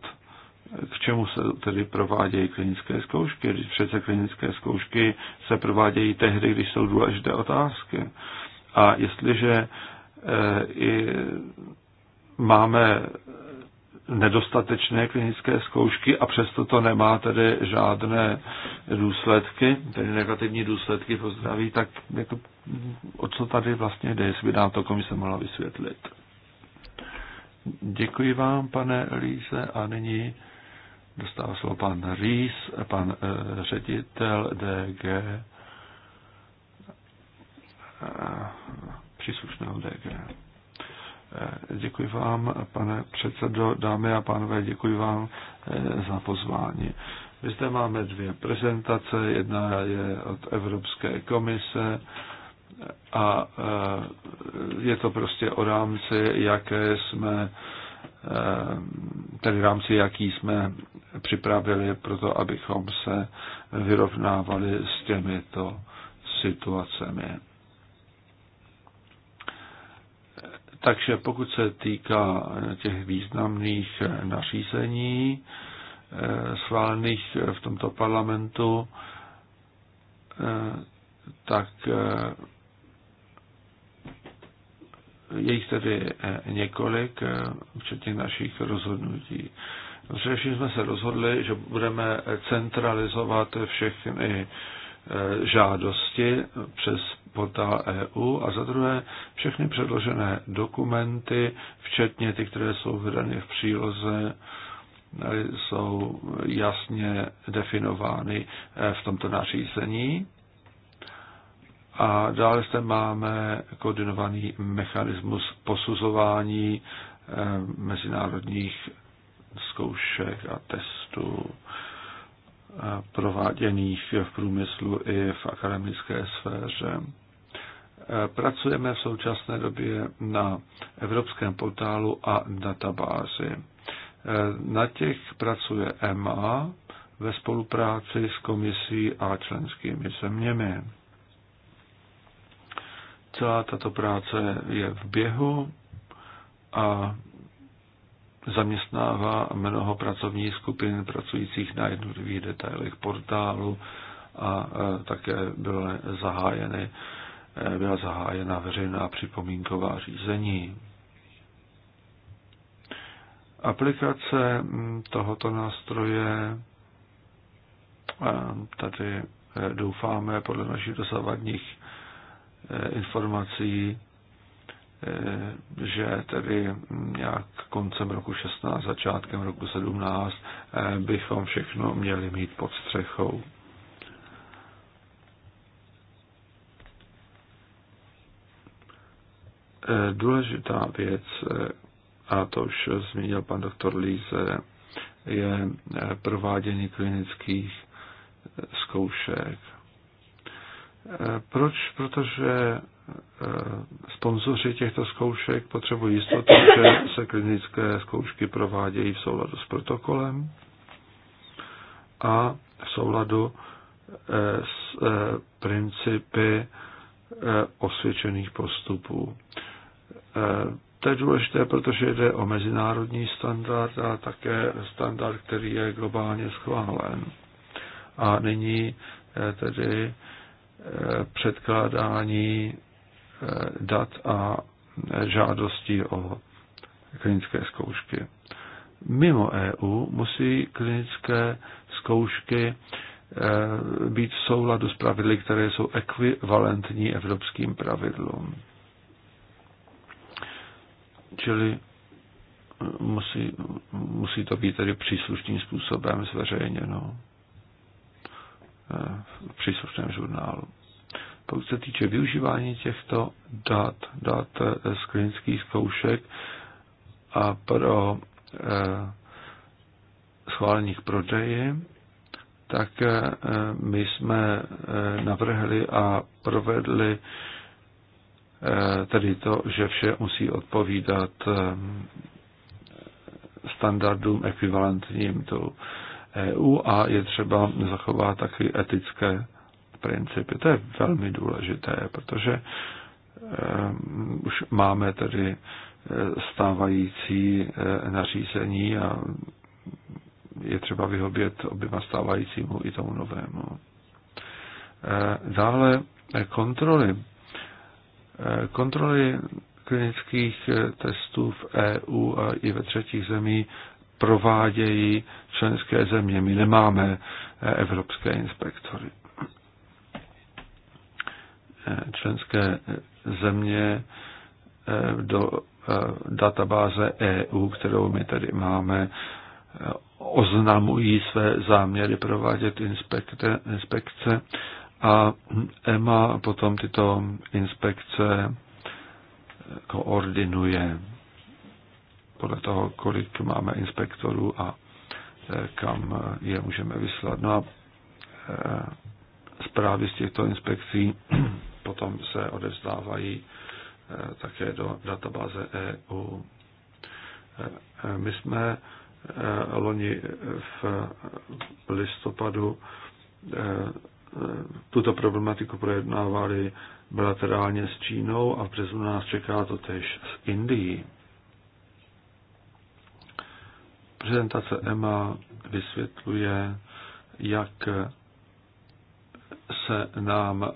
Speaker 1: k čemu se tedy provádějí klinické zkoušky. Když přece klinické zkoušky se provádějí tehdy, když jsou důležité otázky. A jestliže e, i máme nedostatečné klinické zkoušky a přesto to nemá tedy žádné důsledky, tedy negativní důsledky pro zdraví, tak jako, o co tady vlastně jde, jestli by nám to komise mohla vysvětlit. Děkuji vám, pane Líze, a nyní dostává slovo pan Rýs, pan eh, ředitel DG eh, příslušného DG. Eh, děkuji vám, pane předsedo, dámy a pánové, děkuji vám za pozvání. My zde máme dvě prezentace, jedna je od Evropské komise a je to prostě o rámci, jaké jsme Ehm, tedy v rámci, jaký jsme připravili pro to, abychom se vyrovnávali s těmito situacemi. Takže pokud se týká těch významných nařízení ehm, schválených v tomto parlamentu, ehm, tak je jich tedy eh, několik, eh, včetně našich rozhodnutí. Především jsme se rozhodli, že budeme centralizovat všechny eh, žádosti přes portál EU a za druhé všechny předložené dokumenty, včetně ty, které jsou vydané v příloze, jsou jasně definovány v tomto nařízení. A dále zde máme koordinovaný mechanismus posuzování eh, mezinárodních zkoušek a testů eh, prováděných v průmyslu i v akademické sféře. Eh, pracujeme v současné době na evropském portálu a databázi. Na těch pracuje EMA ve spolupráci s komisí a členskými zeměmi. Celá tato práce je v běhu a zaměstnává mnoho pracovních skupin pracujících na jednotlivých detailech portálu a e, také byla zahájena e, byla zahájena veřejná připomínková řízení. Aplikace tohoto nástroje e, tady doufáme podle našich dosavadních Eh, informací, eh, že tedy nějak koncem roku 16, začátkem roku 17 eh, bychom všechno měli mít pod střechou. Důležitá věc, a to už zmínil pan doktor Líze, je provádění klinických zkoušek proč? Protože eh, sponzoři těchto zkoušek potřebují jistotu, že se klinické zkoušky provádějí v souladu s protokolem a v souladu eh, s eh, principy osvědčených postupů. To je důležité, protože jde o mezinárodní standard a také standard, který je globálně schválen. A nyní tedy předkládání eh, dat a eh, žádostí o klinické zkoušky. Mimo EU musí klinické zkoušky eh, být v souladu s pravidly, které jsou ekvivalentní evropským pravidlům. Čili musí, musí to být tedy příslušným způsobem zveřejněno v příslušném žurnálu. Pokud se týče využívání těchto dat, dat z eh, klinických zkoušek a pro eh, schválení k prodeji, tak eh, my jsme navrhli a provedli tedy to, že vše musí odpovídat standardům ekvivalentním tu EU a je třeba zachovat taky etické principy. To je velmi důležité, protože e, už máme tedy e, stávající e, nařízení a je třeba vyhobět oběma stávajícímu i tomu novému. Dále kontroly. Kontroly klinických testů v EU a i ve třetích zemí provádějí členské země. My nemáme eh, evropské inspektory. Eh, členské eh, země do databáze EU, kterou my tady máme, oznamují své záměry provádět inspekte, inspekce a EMA potom tyto inspekce koordinuje podle toho, kolik máme inspektorů a eh, kam eh, je můžeme vyslat. No a eh, zprávy z těchto inspekcí potom se odevzdávají také do databáze EU. My jsme loni v listopadu tuto problematiku projednávali bilaterálně s Čínou a v březnu nás čeká to tež s Indií. Prezentace EMA vysvětluje, jak se nám eh,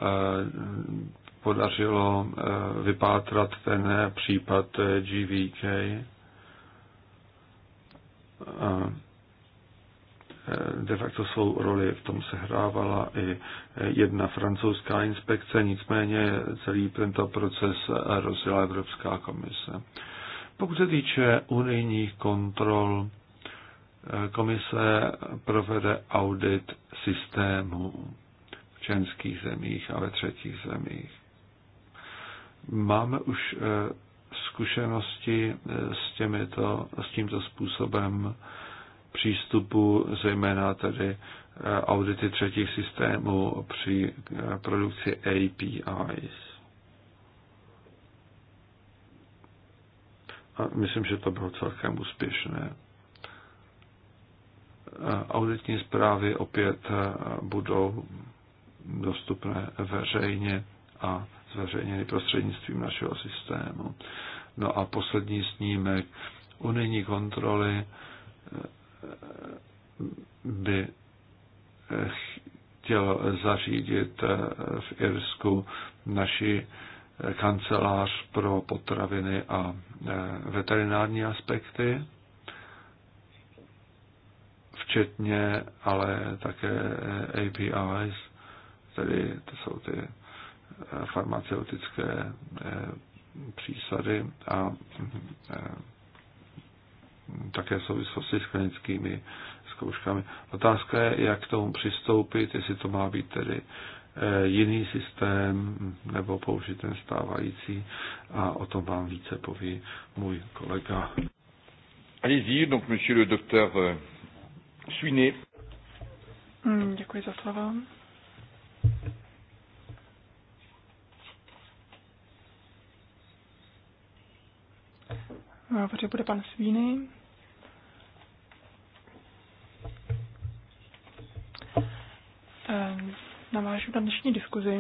Speaker 1: podařilo eh, vypátrat ten případ GVK. Eh, de facto svou roli v tom se hrávala i jedna francouzská inspekce, nicméně celý tento proces rozjela Evropská komise. Pokud se týče unijních kontrol, komise provede audit systému v členských zemích a ve třetích zemích. Máme už eh, zkušenosti eh, s, těmito, s tímto způsobem přístupu, zejména tedy eh, audity třetích systémů při produkci APIs. A myslím, že to bylo celkem úspěšné auditní zprávy opět eh, budou dostupné veřejně a zveřejněny prostřednictvím našeho systému. No a poslední snímek unijní kontroly eh, by eh, chtěl zařídit v Irsku naši kancelář pro potraviny a veterinární aspekty včetně ale také APIs, tedy to jsou ty eh, farmaceutické eh, přísady a eh, také souvislosti s klinickými zkouškami. Otázka je, jak k tomu přistoupit, jestli to má být tedy jiný systém nebo použít ten stávající a o tom vám více poví můj kolega. Allez-y, donc monsieur le docteur euh, Švíny.
Speaker 2: Mm, děkuji za slovo. Protože bude pan Svíny. Ehm, navážu na dnešní diskuzi.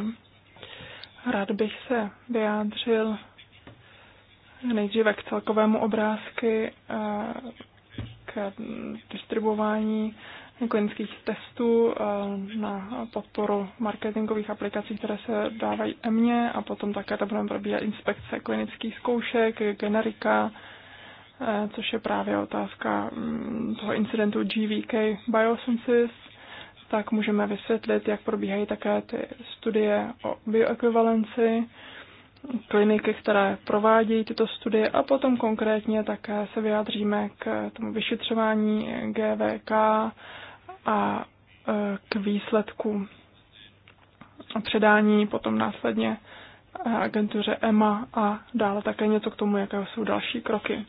Speaker 2: Rád bych se vyjádřil nejdříve k celkovému obrázky eh, Eh, distribuování klinických testů eh, na podporu marketingových aplikací, které se dávají EMně a potom také to budeme probíhat inspekce klinických zkoušek, generika, eh, což je právě otázka mm, toho incidentu GVK Biosynthesis, tak můžeme vysvětlit, jak probíhají také ty studie o bioekvivalenci, kliniky, které provádějí tyto studie a potom konkrétně také se vyjádříme k tomu vyšetřování GVK a e, k výsledku předání potom následně e, agentuře EMA a dále také něco k tomu, jaké jsou další kroky.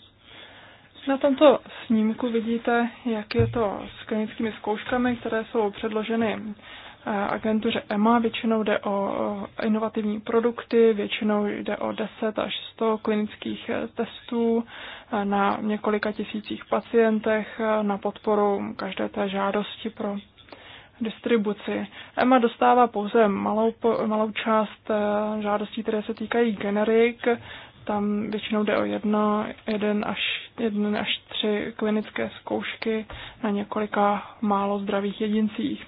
Speaker 2: Na tomto snímku vidíte, jak je to s klinickými zkouškami, které jsou předloženy Eh, agentuře EMA. Většinou jde o inovativní produkty, většinou jde o 10 až 100 klinických eh, testů eh, na několika tisících pacientech na podporu každé té žádosti pro distribuci. EMA dostává pouze malou, malou část žádostí, které se týkají generik. Tam většinou jde o jedno, jeden až, jeden až tři klinické zkoušky na několika málo zdravých jedincích.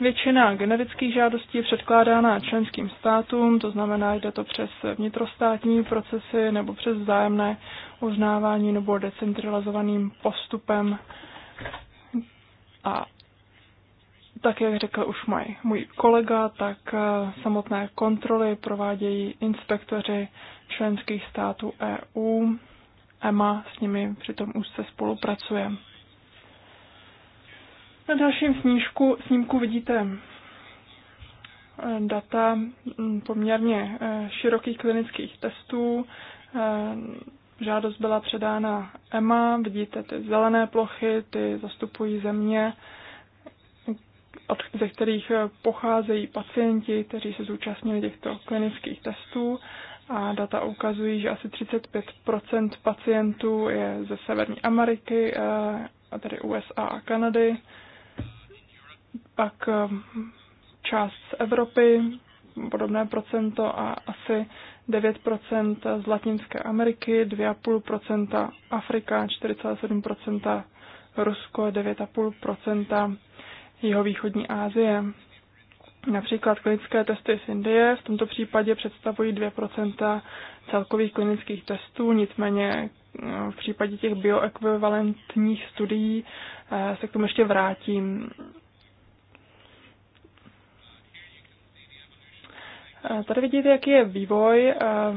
Speaker 2: Většina generických žádostí je předkládána členským státům, to znamená, jde to přes vnitrostátní procesy nebo přes vzájemné uznávání nebo decentralizovaným postupem. A tak, jak řekl už můj, můj kolega, tak eh, samotné kontroly provádějí inspektoři členských států EU. EMA s nimi přitom se spolupracuje. Na dalším snížku, snímku vidíte eh, data mm, poměrně eh, širokých klinických testů. Eh, žádost byla předána EMA, vidíte ty zelené plochy, ty zastupují země, od, ze kterých pocházejí pacienti, kteří se zúčastnili těchto klinických testů a data ukazují, že asi 35 pacientů je ze Severní Ameriky, a tedy USA a Kanady, pak eh, část z Evropy, podobné procento a asi 9% z Latinské Ameriky, 2,5% Afrika, 4,7% Rusko, 9,5% jihovýchodní Asie. Například klinické testy z Indie v tomto případě představují 2% celkových klinických testů, nicméně eh, v případě těch bioekvivalentních studií eh, se k tomu ještě vrátím. Tady vidíte, jaký je vývoj.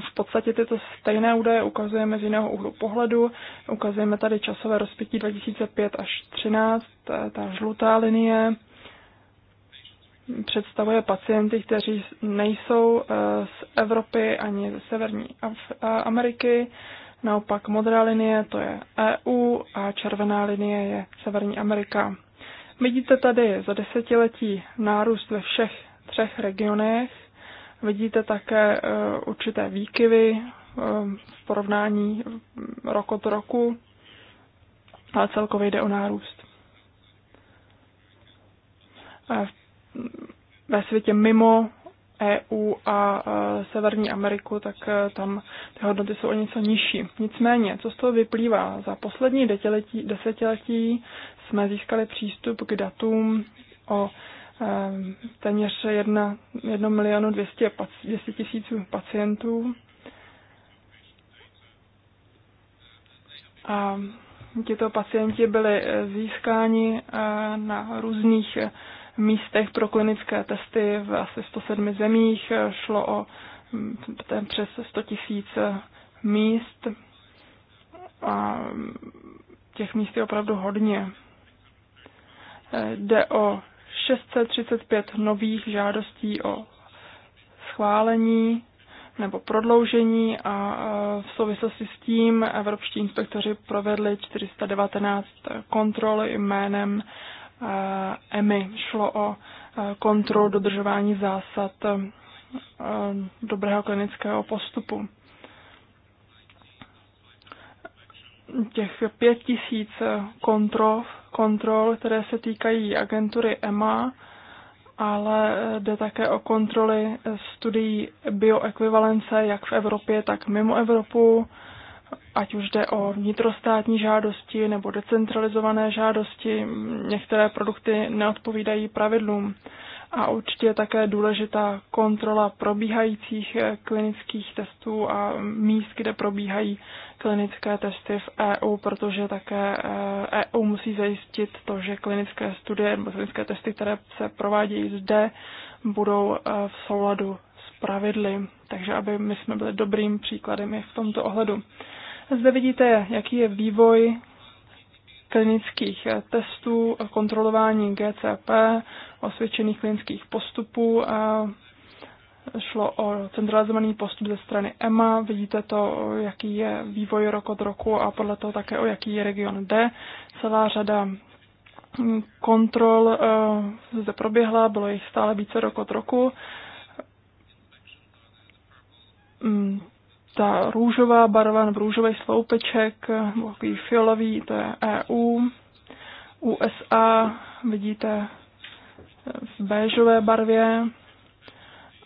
Speaker 2: V podstatě tyto stejné údaje ukazujeme z jiného úhlu pohledu. Ukazujeme tady časové rozpětí 2005 až 2013. Ta žlutá linie představuje pacienty, kteří nejsou eh, z Evropy ani ze Severní Ameriky. Naopak modrá linie to je EU a červená linie je Severní Amerika. Vidíte tady za desetiletí nárůst ve všech třech regionech Vidíte také eh, určité výkyvy eh, v porovnání rok od roku, ale celkově jde o nárůst. Eh, ve světě mimo EU a Severní Ameriku, tak tam ty hodnoty jsou o něco nižší. Nicméně, co z toho vyplývá? Za poslední desetiletí, desetiletí jsme získali přístup k datům o Ehm, téměř 1, milionu 200 tisíců pacientů. A tito pacienti byli eh, získáni eh, na různých eh, místech pro klinické testy v asi 107 zemích. Šlo o hm, přes 100 tisíc míst a hm, těch míst je opravdu hodně. Jde o 635 nových žádostí o schválení nebo prodloužení a v souvislosti s tím evropští inspektoři provedli 419 kontrol jménem eh, EMI. Šlo o eh, kontrolu dodržování zásad eh, dobrého klinického postupu. těch pět tisíc kontrol, kontrol, které se týkají agentury EMA, ale jde také o kontroly studií bioekvivalence jak v Evropě, tak mimo Evropu, ať už jde o vnitrostátní žádosti nebo decentralizované žádosti. Některé produkty neodpovídají pravidlům a určitě je také důležitá kontrola probíhajících eh, klinických testů a míst, kde probíhají klinické testy v EU, protože také EU eh, e musí zajistit to, že klinické studie nebo klinické testy, které se provádějí zde, budou eh, v souladu s pravidly. Takže aby my jsme byli dobrým příkladem i v tomto ohledu. Zde vidíte, jaký je vývoj klinických eh, testů, eh, kontrolování GCP, osvědčených klinických postupů. Eh, šlo o centralizovaný postup ze strany EMA. Vidíte to, jaký je vývoj rok od roku a podle toho také, o jaký region jde. Celá řada mm, kontrol zde proběhla, bylo jich stále více rok od roku mm, ta růžová barva nebo růžový sloupeček, nebo takový fialový, to je EU. USA vidíte v béžové barvě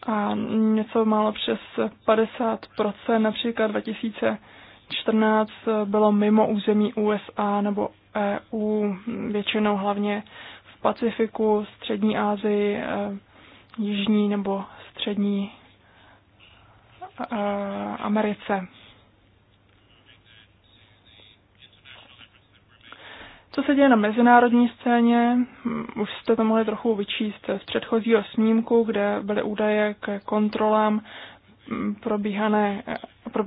Speaker 2: a něco málo přes 50%, například 2014 bylo mimo území USA nebo EU, většinou hlavně v Pacifiku, Střední Asii, eh, Jižní nebo Střední Eh, Americe. Co se děje na mezinárodní scéně, hm, už jste to mohli trochu vyčíst z předchozího snímku, kde byly údaje k kontrolám probíhané,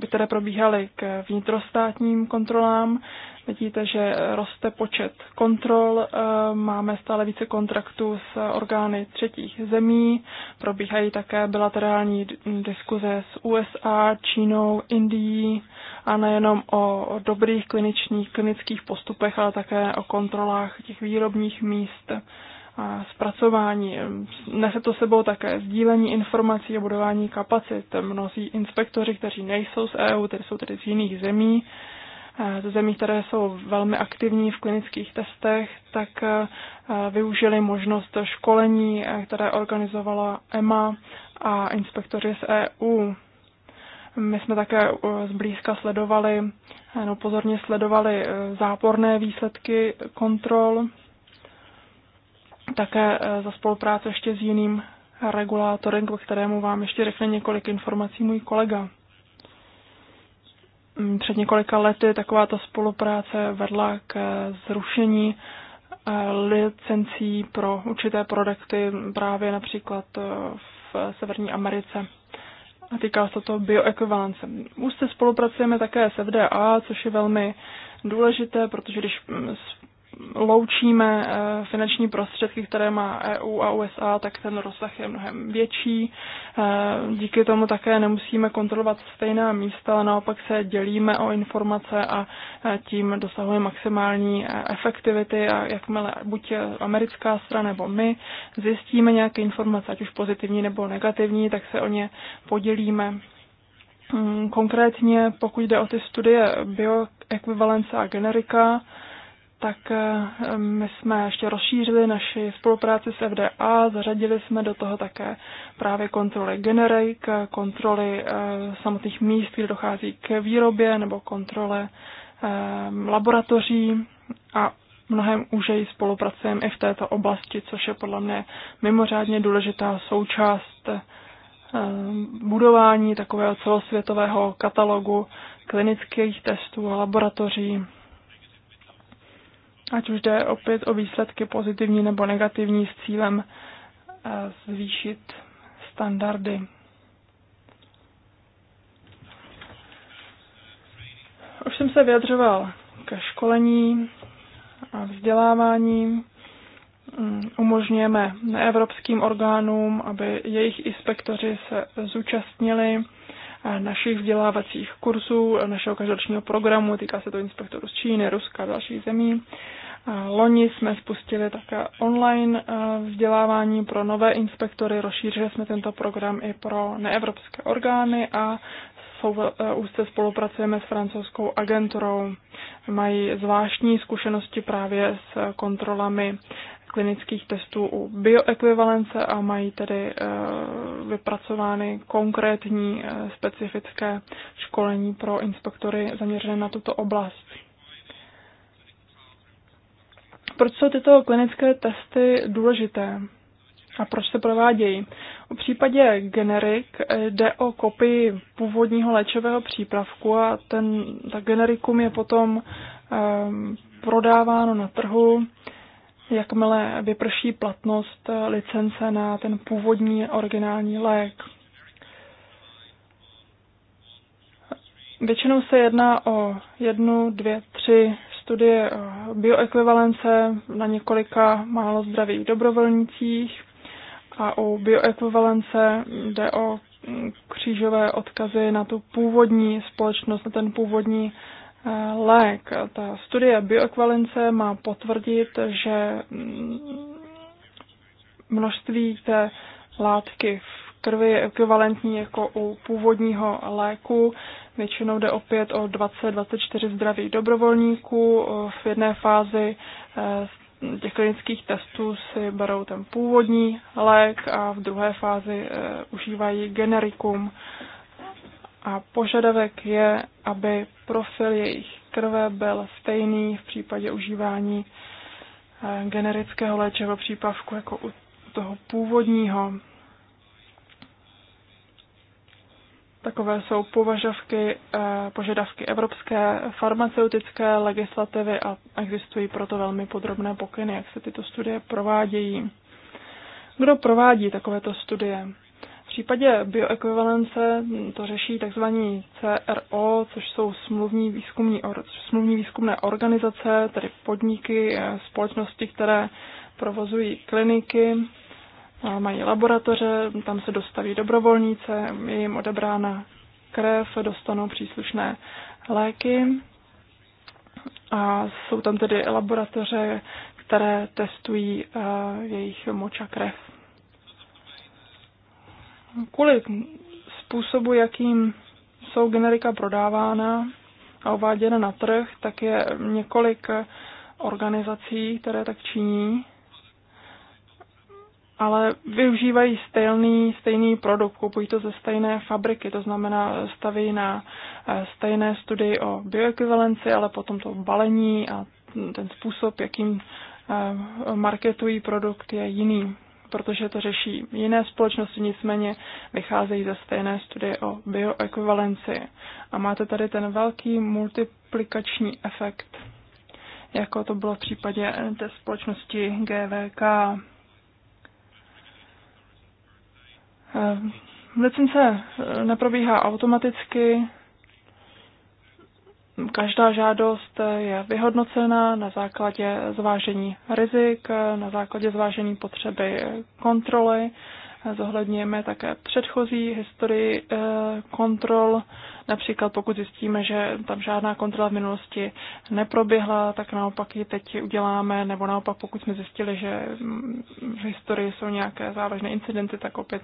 Speaker 2: které probíhaly k vnitrostátním kontrolám. Vidíte, že roste počet kontrol, eh, máme stále více kontraktů s orgány třetích zemí, probíhají také bilaterální diskuze s USA, Čínou, Indií a nejenom o dobrých kliničních, klinických postupech, ale také o kontrolách těch výrobních míst zpracování. Nese to sebou také sdílení informací a budování kapacit. Mnozí inspektoři, kteří nejsou z EU, tedy jsou tedy z jiných zemí, eh, ze zemí, které jsou velmi aktivní v klinických testech, tak eh, využili možnost školení, eh, které organizovala EMA a inspektoři z EU. My jsme také zblízka sledovali, no pozorně sledovali záporné výsledky kontrol také eh, za spolupráce ještě s jiným regulátorem, k kterému vám ještě řekne několik informací můj kolega. Mm, před několika lety takováto spolupráce vedla k eh, zrušení eh, licencí pro určité produkty právě například v Severní Americe. A týká se to bioekvivalence. Už se spolupracujeme také s FDA, což je velmi důležité, protože když mm, loučíme eh, finanční prostředky, které má EU a USA, tak ten rozsah je mnohem větší. Eh, díky tomu také nemusíme kontrolovat stejná místa, ale naopak se dělíme o informace a eh, tím dosahujeme maximální efektivity a jakmile buď americká strana nebo my zjistíme nějaké informace, ať už pozitivní nebo negativní, tak se o ně podělíme. Mm, konkrétně, pokud jde o ty studie bioekvivalence a generika, tak eh, my jsme ještě rozšířili naši spolupráci s FDA, zařadili jsme do toho také právě kontroly generik, kontroly eh, samotných míst, kde dochází k výrobě nebo kontrole eh, laboratoří a mnohem úžeji spolupracujeme i v této oblasti, což je podle mě mimořádně důležitá součást budování takového celosvětového katalogu klinických testů a laboratoří ať už jde opět o výsledky pozitivní nebo negativní s cílem eh, zvýšit standardy. Už jsem se vyjadřoval ke školení a vzdělávání. Mm, umožňujeme neevropským orgánům, aby jejich inspektoři se zúčastnili našich vzdělávacích kurzů, našeho každoročního programu, týká se to inspektorů z Číny, Ruska a dalších zemí. Loni jsme spustili také online eh, vzdělávání pro nové inspektory, rozšířili jsme tento program i pro neevropské orgány a eh, úzce spolupracujeme s francouzskou agenturou. Mají zvláštní zkušenosti právě s kontrolami klinických testů u bioekvivalence a mají tedy eh, vypracovány konkrétní eh, specifické školení pro inspektory zaměřené na tuto oblast. Proč jsou tyto klinické testy důležité a proč se provádějí? V případě generik eh, jde o kopii původního léčivého přípravku a ten, ta generikum je potom um, prodáváno na trhu jakmile vyprší platnost licence na ten původní originální lék. Většinou se jedná o jednu, dvě, tři studie bioekvivalence na několika málo zdravých dobrovolnicích a u bioekvivalence jde o křížové odkazy na tu původní společnost, na ten původní lék. Ta studie bioekvalence má potvrdit, že množství té látky v krvi je ekvivalentní jako u původního léku. Většinou jde opět o 20-24 zdravých dobrovolníků. V jedné fázi eh, těch klinických testů si berou ten původní lék a v druhé fázi eh, užívají generikum a požadavek je, aby profil jejich krve byl stejný v případě užívání eh, generického léčivého přípravku jako u toho původního. Takové jsou považavky, eh, požadavky evropské farmaceutické legislativy a existují proto velmi podrobné pokyny, jak se tyto studie provádějí. Kdo provádí takovéto studie? V případě bioekvivalence to řeší tzv. CRO, což jsou smluvní, výzkumní, smluvní výzkumné organizace, tedy podniky, eh, společnosti, které provozují kliniky, mají laboratoře, tam se dostaví dobrovolníce, je jim odebrána krev, dostanou příslušné léky. A jsou tam tedy laboratoře, které testují eh, jejich moč a krev kvůli způsobu, jakým jsou generika prodávána a uváděna na trh, tak je několik organizací, které tak činí, ale využívají stejný, stejný produkt, kupují to ze stejné fabriky, to znamená staví na eh, stejné studii o bioekvivalenci, ale potom to balení a ten způsob, jakým eh, marketují produkt, je jiný protože to řeší jiné společnosti, nicméně vycházejí ze stejné studie o bioekvivalenci. A máte tady ten velký multiplikační efekt, jako to bylo v případě té společnosti GVK. Eh, Licence eh, neprobíhá automaticky, Každá žádost je vyhodnocena na základě zvážení rizik, na základě zvážení potřeby kontroly Zohledňujeme také předchozí historii eh, kontrol, například pokud zjistíme, že tam žádná kontrola v minulosti neproběhla, tak naopak ji teď uděláme, nebo naopak pokud jsme zjistili, že mm, v historii jsou nějaké závažné incidenty, tak opět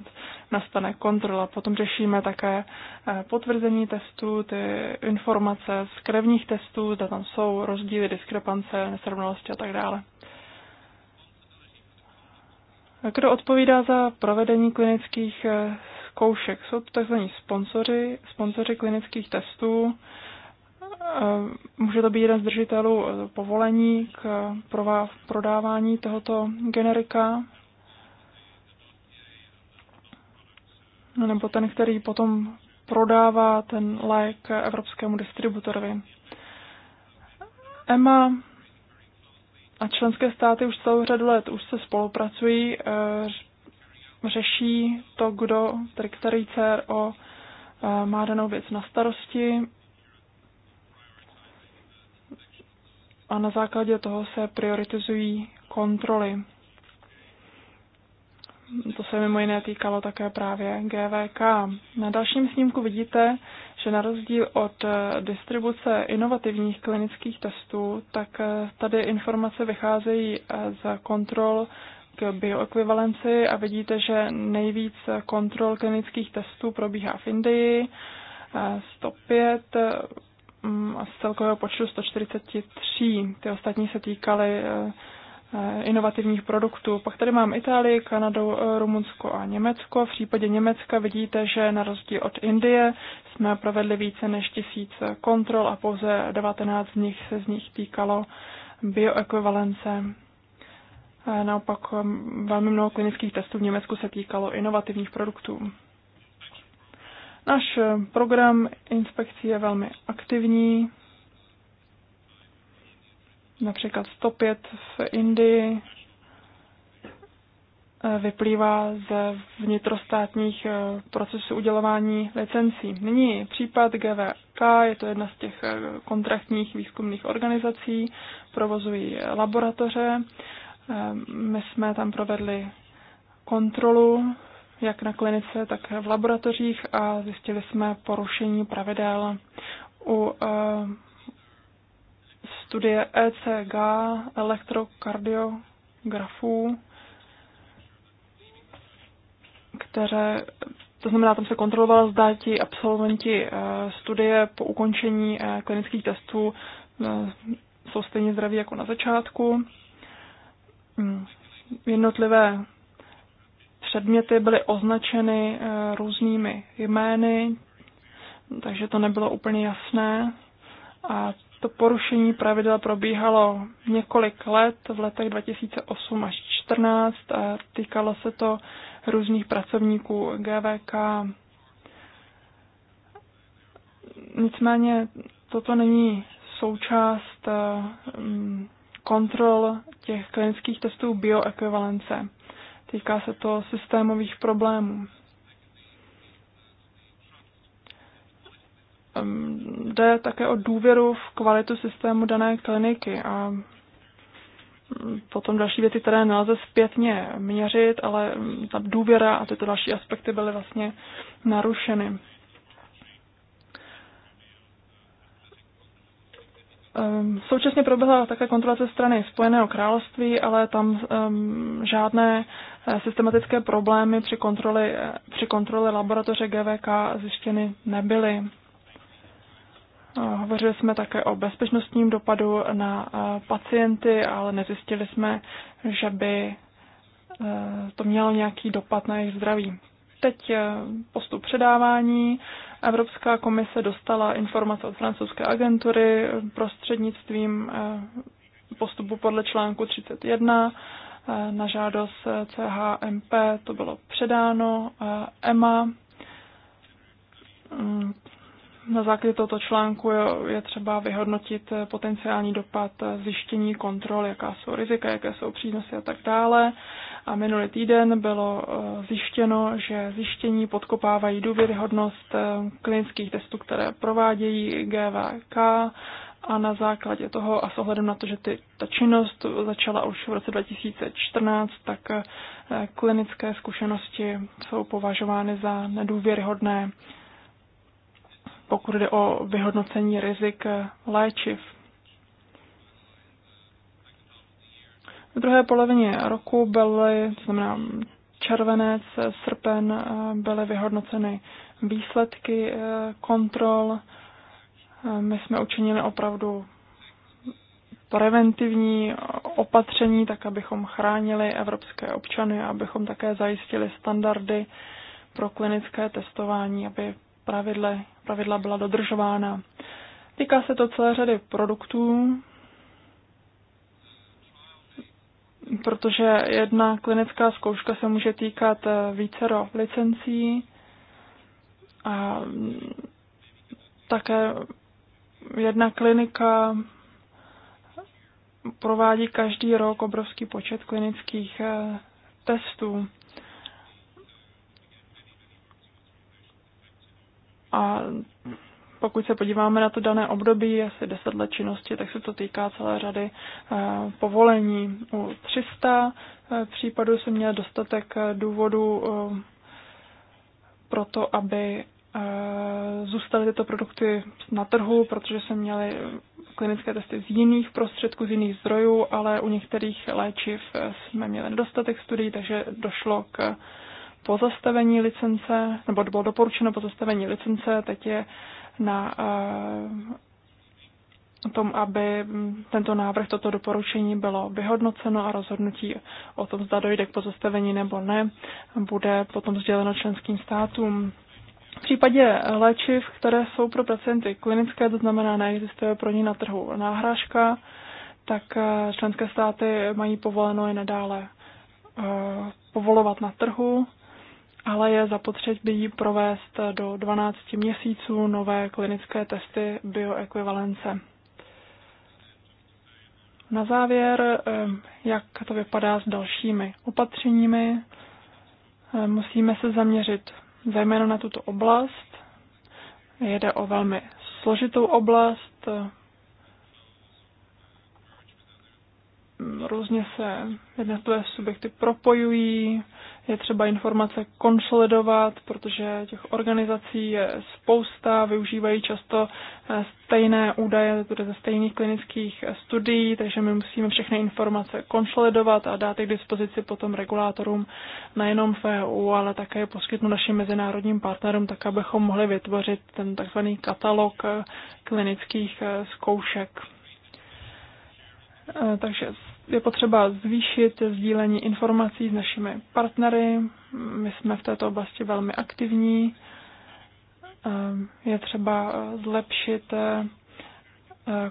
Speaker 2: nastane kontrola. Potom řešíme také eh, potvrzení testů, ty informace z krevních testů, zda tam jsou rozdíly, diskrepance, nesrovnalosti a tak dále. Kdo odpovídá za provedení klinických eh, zkoušek? Jsou to tzv. sponsoři, sponsoři klinických testů. Eh, může to být jeden z držitelů eh, povolení k prodávání tohoto generika, nebo ten, který potom prodává ten lék evropskému distributorovi. EMA a členské státy už celou řadu let už se spolupracují, eh, řeší to, kdo, tedy který CRO eh, má danou věc na starosti. A na základě toho se prioritizují kontroly to se mimo jiné týkalo také právě GVK. Na dalším snímku vidíte, že na rozdíl od eh, distribuce inovativních klinických testů, tak eh, tady informace vycházejí eh, z kontrol k bioekvivalenci a vidíte, že nejvíc kontrol klinických testů probíhá v Indii, 105 mm, z celkového počtu 143. Ty ostatní se týkaly Eh, inovativních produktů. Pak tady mám Itálii, Kanadu, eh, Rumunsko a Německo. V případě Německa vidíte, že na rozdíl od Indie jsme provedli více než tisíc kontrol a pouze 19 z nich se z nich týkalo bioekvivalence. Eh, naopak velmi mnoho klinických testů v Německu se týkalo inovativních produktů. Náš program inspekcí je velmi aktivní například 105 v Indii eh, vyplývá ze vnitrostátních eh, procesů udělování licencí. Nyní případ GVK, je to jedna z těch eh, kontraktních výzkumných organizací, provozují laboratoře. My jsme tam provedli kontrolu, jak na klinice, tak v laboratořích a zjistili jsme porušení pravidel u studie ECG, elektrokardiografů, které, to znamená, tam se kontrolovala, zda ti absolventi eh, studie po ukončení eh, klinických testů eh, jsou stejně zdraví jako na začátku. Hmm. Jednotlivé předměty byly označeny různými jmény, takže to nebylo úplně jasné. A to porušení pravidel probíhalo několik let, v letech 2008 až 2014 a týkalo se to různých pracovníků GVK. Nicméně toto není součást eh, mm, kontrol těch klinických testů bioekvivalence. Týká se to systémových problémů. jde také o důvěru v kvalitu systému dané kliniky a mm, potom další věci, které nelze zpětně měřit, ale mm, ta důvěra a tyto další aspekty byly vlastně narušeny. Současně proběhla také kontrola ze strany Spojeného království, ale tam um, žádné eh, systematické problémy při kontrole, eh, při kontrole laboratoře GVK zjištěny nebyly. Hovořili jsme také o bezpečnostním dopadu na eh, pacienty, ale nezjistili jsme, že by eh, to mělo nějaký dopad na jejich zdraví. Teď eh, postup předávání. Evropská komise dostala informace od francouzské agentury prostřednictvím postupu podle článku 31 na žádost CHMP to bylo předáno EMA e mm, na základě tohoto článku je třeba vyhodnotit eh, potenciální dopad eh, zjištění kontrol, jaká jsou rizika, jaké jsou přínosy a tak dále. A minulý týden bylo eh, zjištěno, že zjištění podkopávají důvěryhodnost klinických testů, které provádějí GVK a na základě toho a s ohledem na to, že ty, ta činnost začala už v roce 2014, tak klinické zkušenosti jsou považovány za nedůvěryhodné pokud jde o vyhodnocení rizik léčiv. V druhé polovině roku byly, to znamená červenec, srpen, eh, byly vyhodnoceny výsledky eh, kontrol. Eh, my jsme učinili opravdu preventivní opatření, tak abychom chránili evropské občany a abychom také zajistili standardy pro klinické testování, aby pravidle pravidla byla dodržována. Týká se to celé řady produktů, protože jedna klinická zkouška se může týkat eh, vícero licencí a mm, také jedna klinika provádí každý rok obrovský počet klinických eh, testů. A pokud se podíváme na to dané období, asi 10 let činnosti, tak se to týká celé řady eh, povolení. U 300 eh, případů jsem měl dostatek eh, důvodů pro to, aby zůstaly tyto produkty na trhu, protože se měly klinické testy z jiných prostředků, z jiných zdrojů, ale u některých léčiv jsme měli nedostatek studií, takže došlo k pozastavení licence, nebo bylo doporučeno pozastavení licence, teď je na eh, tom, aby tento návrh, toto doporučení bylo vyhodnoceno a rozhodnutí o tom, zda dojde k pozastavení nebo ne, bude potom sděleno členským státům. V případě léčiv, které jsou pro pacienty klinické, to znamená neexistuje pro ně na trhu náhražka, tak eh, členské státy mají povoleno i nadále eh, povolovat na trhu ale je zapotřebí provést do 12 měsíců nové klinické testy bioekvivalence. Na závěr, eh, jak to vypadá s dalšími opatřeními, eh, musíme se zaměřit zejména na tuto oblast. Jede o velmi složitou oblast, eh, různě se jednotlivé subjekty propojují, je třeba informace konsolidovat, protože těch organizací je spousta, využívají často eh, stejné údaje tedy ze stejných klinických eh, studií, takže my musíme všechny informace konsolidovat a dát je k dispozici potom regulátorům nejenom v EU, ale také poskytnout našim mezinárodním partnerům, tak abychom mohli vytvořit ten takzvaný katalog eh, klinických zkoušek. Takže je potřeba zvýšit sdílení informací s našimi partnery. My jsme v této oblasti velmi aktivní. Ehm, je třeba zlepšit eh,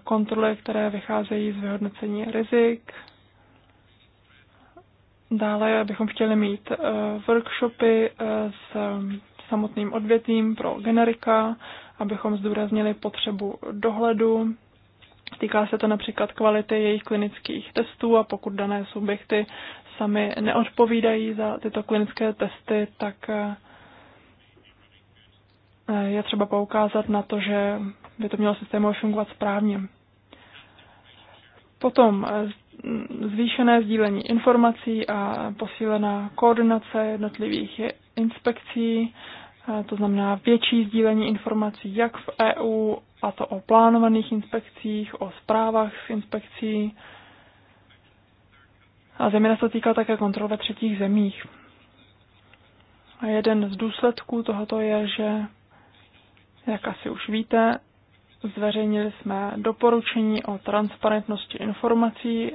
Speaker 2: kontroly, které vycházejí z vyhodnocení rizik. Dále bychom chtěli mít eh, workshopy eh, s samotným odvětvím pro generika, abychom zdůraznili potřebu dohledu Týká se to například kvality jejich klinických testů a pokud dané subjekty sami neodpovídají za tyto klinické testy, tak eh, eh, je třeba poukázat na to, že by to mělo systémově fungovat správně. Potom eh, mm, zvýšené sdílení informací a posílená koordinace jednotlivých inspekcí to znamená větší sdílení informací jak v EU, a to o plánovaných inspekcích, o zprávách z inspekcí, a zejména se týká také kontrol ve třetích zemích. A jeden z důsledků tohoto je, že, jak asi už víte, zveřejnili jsme doporučení o transparentnosti informací,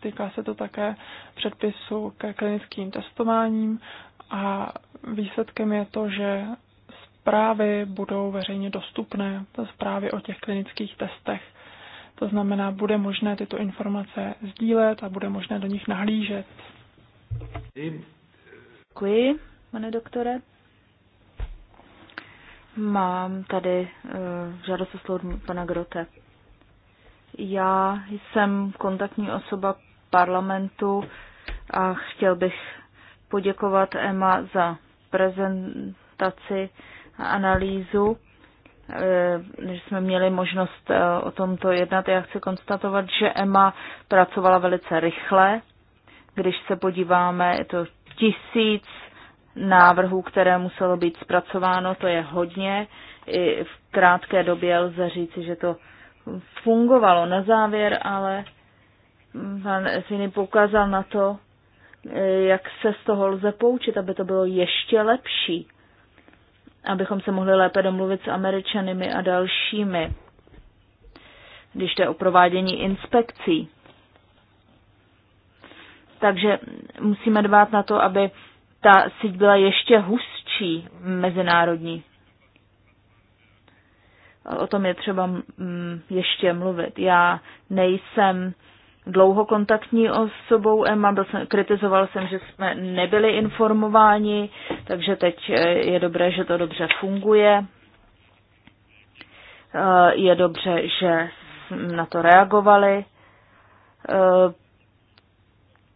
Speaker 2: týká se to také předpisu ke klinickým testováním a Výsledkem je to, že zprávy budou veřejně dostupné, zprávy o těch klinických testech. To znamená, bude možné tyto informace sdílet a bude možné do nich nahlížet. Děkuji, pane doktore.
Speaker 3: Mám tady uh, žádost o slovo pana Grote. Já jsem kontaktní osoba parlamentu a chtěl bych poděkovat Emma za prezentaci a analýzu, eh, že jsme měli možnost eh, o tomto jednat. Já chci konstatovat, že EMA pracovala velice rychle. Když se podíváme, je to tisíc návrhů, které muselo být zpracováno, to je hodně. I v krátké době lze říci, že to fungovalo. Na závěr ale pan Sviny poukázal na to, Eh, jak se z toho lze poučit, aby to bylo ještě lepší, abychom se mohli lépe domluvit s Američanými a dalšími, když jde o provádění inspekcí. Takže musíme dbát na to, aby ta síť byla ještě hustší mezinárodní. O tom je třeba mm, ještě mluvit. Já nejsem dlouho kontaktní osobou Emma byl jsem, kritizoval jsem, že jsme nebyli informováni, takže teď eh, je dobré, že to dobře funguje. Eh, je dobře, že na to reagovali. Eh,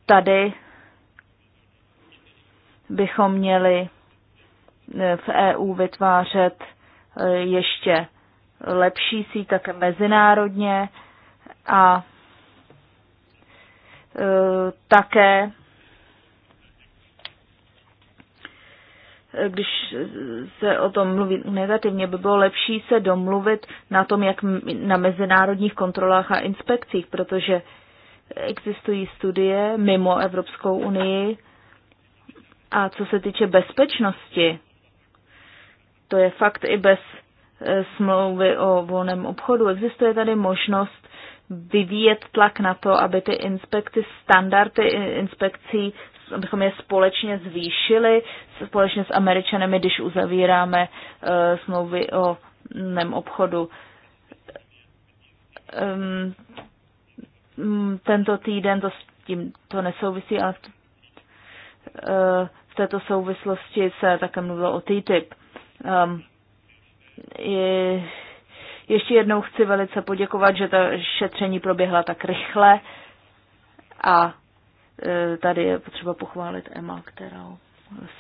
Speaker 3: tady bychom měli v EU vytvářet ještě lepší síť také mezinárodně a Eh, také eh, když se o tom mluví negativně, by bylo lepší se domluvit na tom, jak na mezinárodních kontrolách a inspekcích, protože existují studie mimo Evropskou unii a co se týče bezpečnosti, to je fakt i bez eh, smlouvy o volném obchodu. Existuje tady možnost vyvíjet tlak na to, aby ty inspekci, standardy inspekcí, abychom je společně zvýšili, společně s Američanemi, když uzavíráme uh, smlouvy o nem obchodu. Um, tento týden to s tím to nesouvisí, ale v, uh, v této souvislosti se také mluvilo o TTIP. Um, ehm, je, ještě jednou chci velice poděkovat, že to šetření proběhla tak rychle a e, tady je potřeba pochválit Emma, která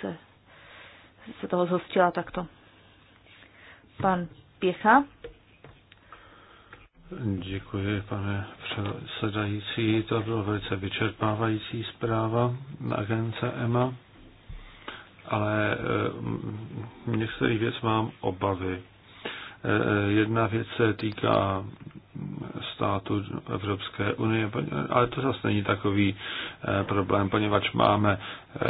Speaker 3: se, se toho zhostila takto. Pan Pěcha.
Speaker 1: Děkuji, pane předsedající. To byla velice vyčerpávající zpráva na agence EMA, ale v e, některých věc mám obavy. Jedna věc se týká státu Evropské unie, ale to zase není takový eh, problém, poněvadž máme eh,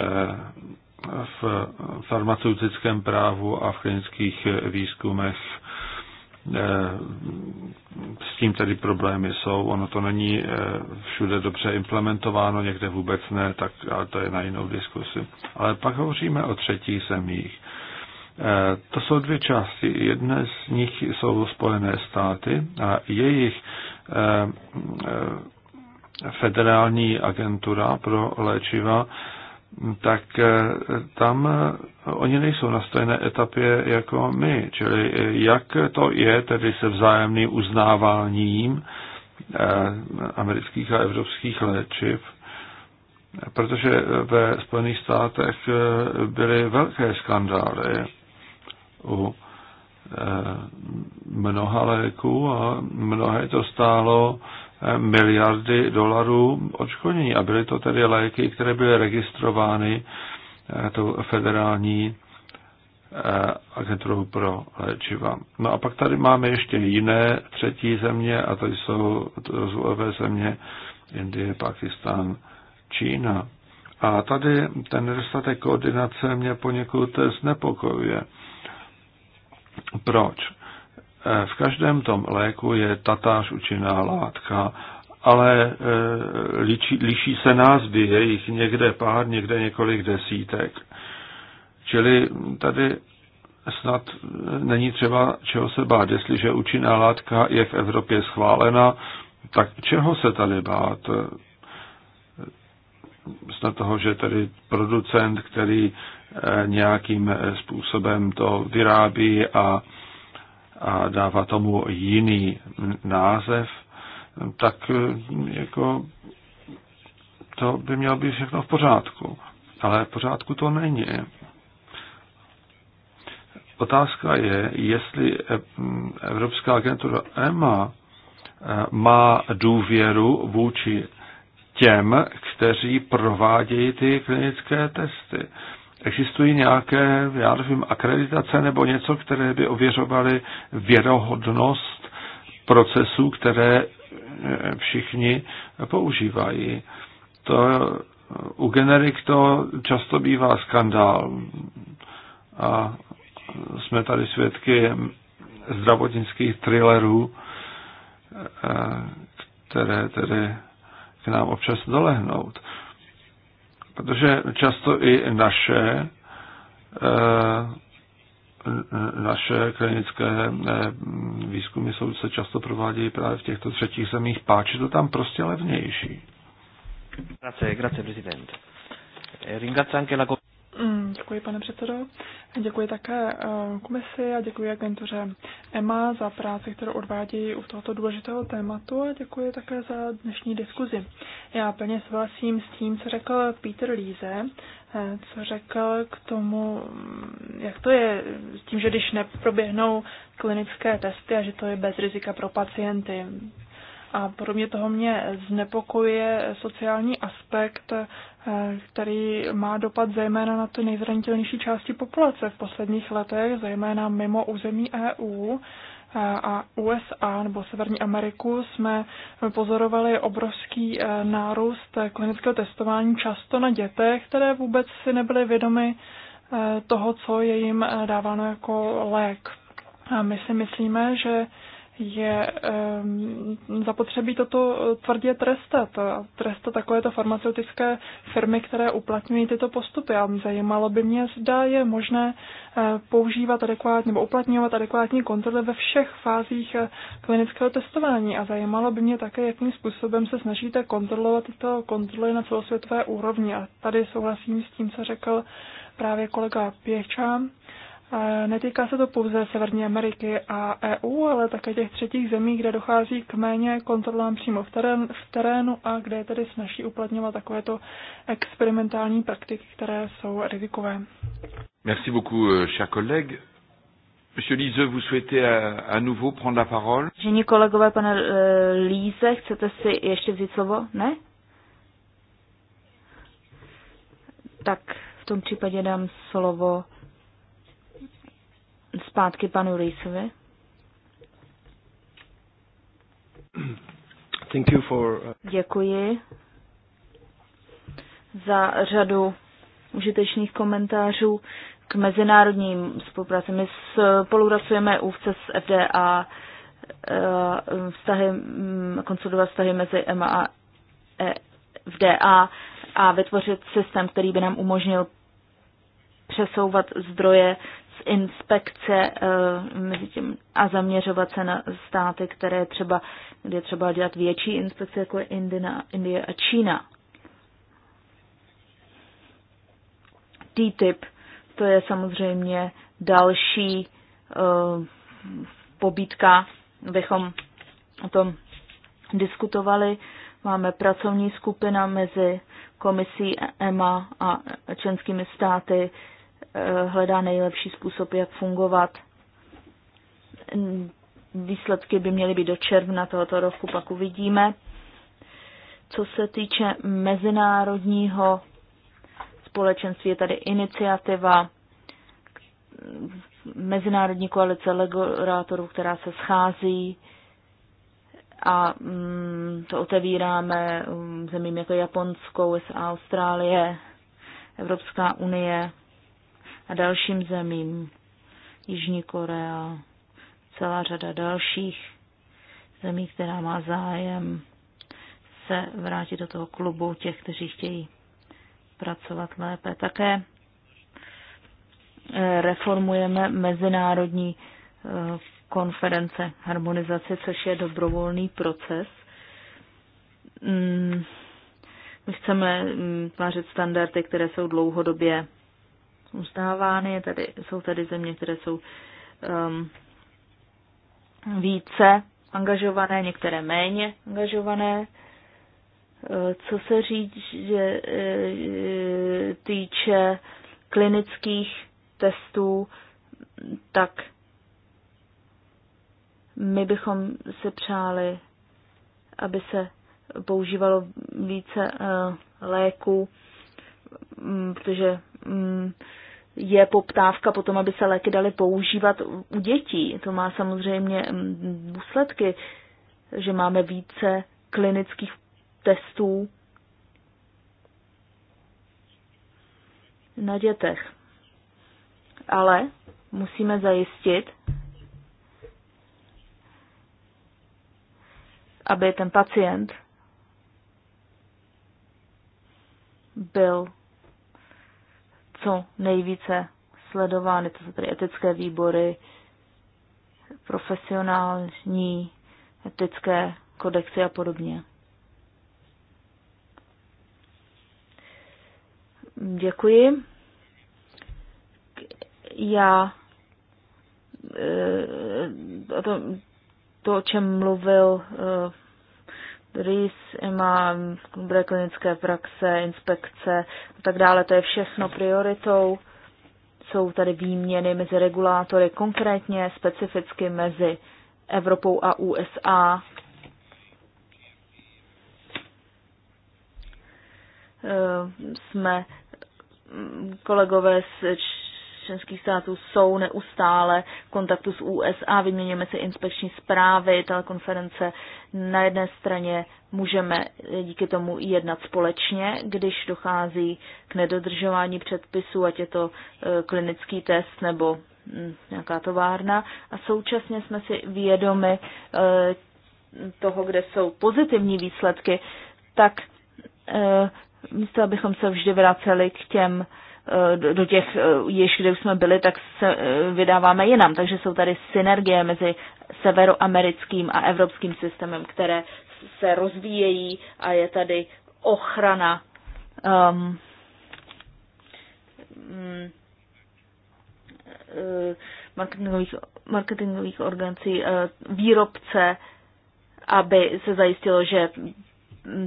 Speaker 1: v farmaceutickém právu a v klinických výzkumech eh, s tím tedy problémy jsou. Ono to není všude dobře implementováno, někde vůbec ne, tak ale to je na jinou diskusi. Ale pak hovoříme o třetích zemích. Eh, to jsou dvě části. Jedna z nich jsou Spojené státy a jejich eh, eh, federální agentura pro léčiva, tak tam oni nejsou na stejné etapě jako my. Čili jak to je tedy se vzájemným uznáváním amerických a evropských léčiv, protože ve Spojených státech byly velké skandály u eh, mnoha léků a mnohé to stálo eh, miliardy dolarů odškodnění. A byly to tedy léky, které byly registrovány eh, tou federální agenturou pro léčiva. No a pak tady máme ještě jiné třetí země, a to jsou rozvojové země Indie, Pakistan, Čína. A tady ten nedostatek koordinace mě poněkud znepokojuje. Proč? Eh, v každém tom léku je tatáž účinná látka, ale eh, liší se názvy, je jich někde pár, někde několik desítek. Čili tady snad eh, není třeba čeho se bát. Jestliže účinná látka je v Evropě schválena, tak čeho se tady bát? Snad toho, že tady producent, který nějakým způsobem to vyrábí a, a dává tomu jiný název, tak jako to by mělo být všechno v pořádku. Ale v pořádku to není. Otázka je, jestli Evropská agentura EMA e, má důvěru vůči těm, kteří provádějí ty klinické testy. Existují nějaké, já nevím, akreditace nebo něco, které by ověřovaly věrohodnost procesů, které eh, všichni používají. To, u generik to často bývá skandál. A jsme tady svědky zdravotnických thrillerů, eh, které tedy k nám občas dolehnout protože často i naše, eh, naše klinické eh, výzkumy jsou, se často provádějí právě v těchto třetích zemích, páči to tam prostě levnější.
Speaker 2: Grazie, grazie Presidente. Eh, ringrazio anche la Mm, děkuji, pane předsedo. Děkuji také eh, komisi a děkuji agentuře EMA za práci, kterou odvádí u tohoto důležitého tématu a děkuji také za dnešní diskuzi. Já plně souhlasím s tím, co řekl Peter Líze, eh, co řekl k tomu, mm, jak to je s tím, že když neproběhnou klinické testy a že to je bez rizika pro pacienty. A podobně toho mě znepokojuje sociální aspekt eh, Eh, který má dopad zejména na ty nejzranitelnější části populace v posledních letech, zejména mimo území EU eh, a USA nebo Severní Ameriku jsme pozorovali obrovský eh, nárůst klinického testování často na dětech, které vůbec si nebyly vědomy toho, co je jim dáváno jako lék. A my si myslíme, že je um, zapotřebí toto tvrdě trestat. trestat takovéto farmaceutické firmy, které uplatňují tyto postupy. A zajímalo by mě, zda je možné eh, používat adekvátně nebo uplatňovat adekvátní kontroly ve všech fázích eh, klinického testování. A zajímalo by mě také, jakým způsobem se snažíte kontrolovat tyto kontroly na celosvětové úrovni. A tady souhlasím s tím, co řekl právě kolega Pěča. Netýká se to pouze Severní Ameriky a EU, ale také těch třetích zemí, kde dochází k méně kontrolám přímo v, terén, v terénu a kde je tedy snaží uplatňovat takovéto experimentální praktiky, které jsou rizikové.
Speaker 1: Merci beaucoup, euh, cher collègue. Monsieur Lise, vous souhaitez à, euh, à nouveau prendre la parole?
Speaker 3: Žení kolegové, pane euh, Lise, chcete si ještě vzít slovo? Ne? Tak v tom případě dám slovo zpátky panu Rýsovi.
Speaker 2: Thank you
Speaker 1: for... Uh,
Speaker 3: Děkuji za řadu užitečných komentářů k mezinárodním spolupráci. My spolupracujeme úvce s FDA, uh, vztahy, mm, konsolidovat vztahy mezi EMA a e FDA a vytvořit systém, který by nám umožnil přesouvat zdroje z inspekce eh, mezi tím a zaměřovat se na státy, které třeba, kde třeba dělat větší inspekce, jako je Indina, Indie a Čína. TTIP, to je samozřejmě další uh, eh, pobítka, bychom o tom diskutovali. Máme pracovní skupina mezi komisí EMA a členskými státy, Eh, hledá nejlepší způsob, jak fungovat. Výsledky by měly být do června tohoto roku, pak uvidíme. Co se týče mezinárodního společenství, je tady iniciativa Mezinárodní koalice legorátorů, která se schází a mm, to otevíráme mm, zemím jako Japonsko, USA, Austrálie, Evropská unie, a dalším zemím. Jižní Korea, celá řada dalších zemí, která má zájem se vrátit do toho klubu těch, kteří chtějí pracovat lépe. Také eh, reformujeme mezinárodní eh, konference harmonizace, což je dobrovolný proces. Mm, my chceme mm, tvářit standardy, které jsou dlouhodobě uznávány. Tady, jsou tady země, které jsou um, více angažované, některé méně angažované. Uh, co se říct, že uh, týče klinických testů, tak my bychom se přáli, aby se používalo více uh, léků, um, protože um, je poptávka potom, aby se léky daly používat u dětí. To má samozřejmě mm, důsledky, že máme více klinických testů na dětech. Ale musíme zajistit, aby ten pacient byl co nejvíce sledovány, to jsou tedy etické výbory, profesionální, etické kodexy a podobně. Děkuji. Já eh, to, o čem mluvil eh, RIS, má dobré klinické praxe, inspekce a tak dále. To je všechno prioritou. Jsou tady výměny mezi regulátory, konkrétně specificky mezi Evropou a USA. Eh, jsme kolegové z členských států jsou neustále v kontaktu s USA, vyměňujeme si inspekční zprávy, telekonference. Na jedné straně můžeme eh, díky tomu jednat společně, když dochází k nedodržování předpisů, ať je to eh, klinický test nebo hm, nějaká továrna. A současně jsme si vědomi eh, toho, kde jsou pozitivní výsledky, tak místo abychom se vždy vraceli k těm Eh, do těch eh, již, kde jsme byli, tak se eh, vydáváme jinam. Takže jsou tady synergie mezi severoamerickým a evropským systémem, které se rozvíjejí a je tady ochrana um, marketingových, marketingových organizací, výrobce, aby se zajistilo, že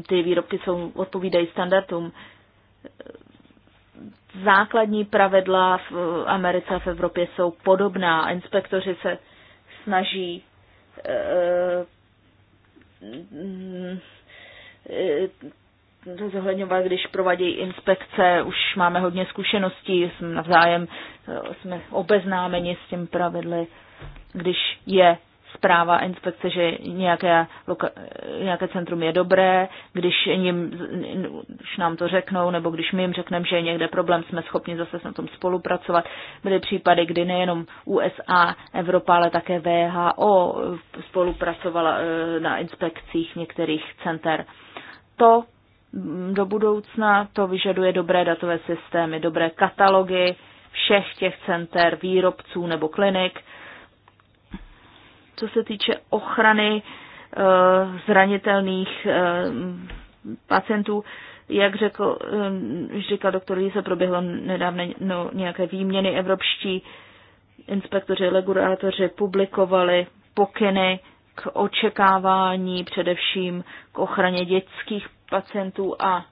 Speaker 3: ty výrobky jsou odpovídají standardům základní pravidla v Americe a v Evropě jsou podobná. Inspektoři se snaží to eh, eh, zohledňovat, když provadí inspekce. Už máme hodně zkušeností, jsme navzájem eh, jsme obeznámeni s těm pravidly. Když je zpráva inspekce, že nějaké, loka, nějaké centrum je dobré, když, jim, když nám to řeknou, nebo když my jim řekneme, že je někde problém, jsme schopni zase na tom spolupracovat. Byly případy, kdy nejenom USA, Evropa, ale také VHO spolupracovala eh, na inspekcích některých center. To do budoucna to vyžaduje dobré datové systémy, dobré katalogy všech těch center, výrobců nebo klinik, co se týče ochrany eh, zranitelných eh, pacientů, jak řekl, eh, říkal doktor Lise, proběhlo nedávno no, nějaké výměny evropští inspektoři, regulátoři publikovali pokyny k očekávání, především k ochraně dětských pacientů a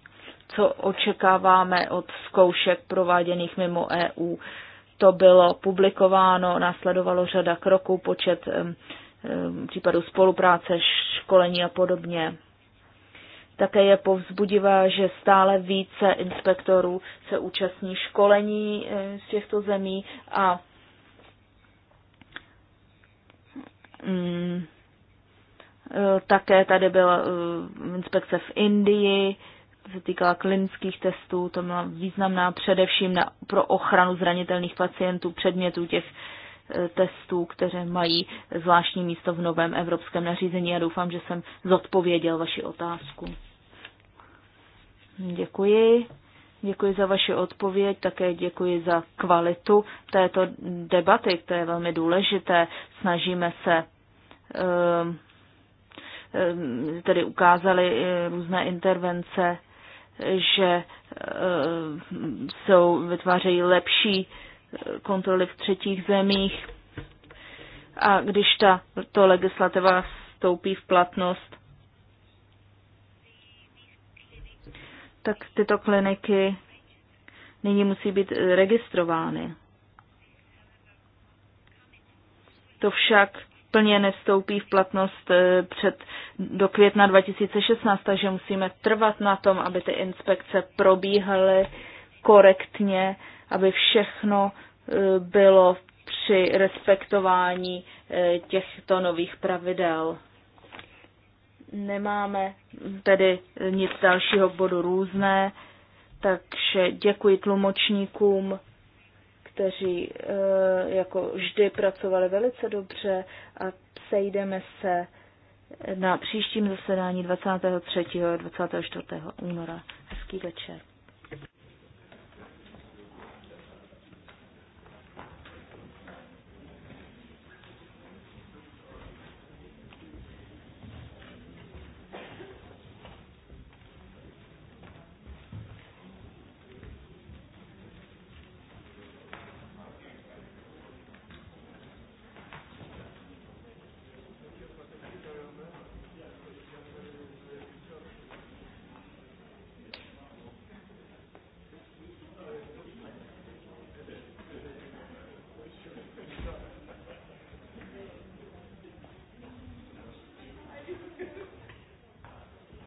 Speaker 3: co očekáváme od zkoušek prováděných mimo EU to bylo publikováno, následovalo řada kroků, počet případů spolupráce, školení a podobně. Také je povzbudivé, že stále více inspektorů se účastní školení eh, z těchto zemí a mm, eh, také tady byla eh, inspekce v Indii, to se týkala klinických testů, to byla významná především na, pro ochranu zranitelných pacientů, předmětů těch e, testů, které mají zvláštní místo v novém evropském nařízení. Já doufám, že jsem zodpověděl vaši otázku. Děkuji. Děkuji za vaši odpověď, také děkuji za kvalitu této debaty, které je velmi důležité. Snažíme se e, e, tedy ukázali různé intervence že e, jsou, vytvářejí lepší e, kontroly v třetích zemích. A když ta to legislativa vstoupí v platnost, tak tyto kliniky nyní musí být registrovány. To však plně nevstoupí v platnost eh, před do května 2016, takže musíme trvat na tom, aby ty inspekce probíhaly korektně, aby všechno eh, bylo při respektování eh, těchto nových pravidel. Nemáme tedy nic dalšího k bodu různé, takže děkuji tlumočníkům kteří eh, jako vždy pracovali velice dobře a sejdeme se na příštím zasedání 23. a 24. února. Hezký večer.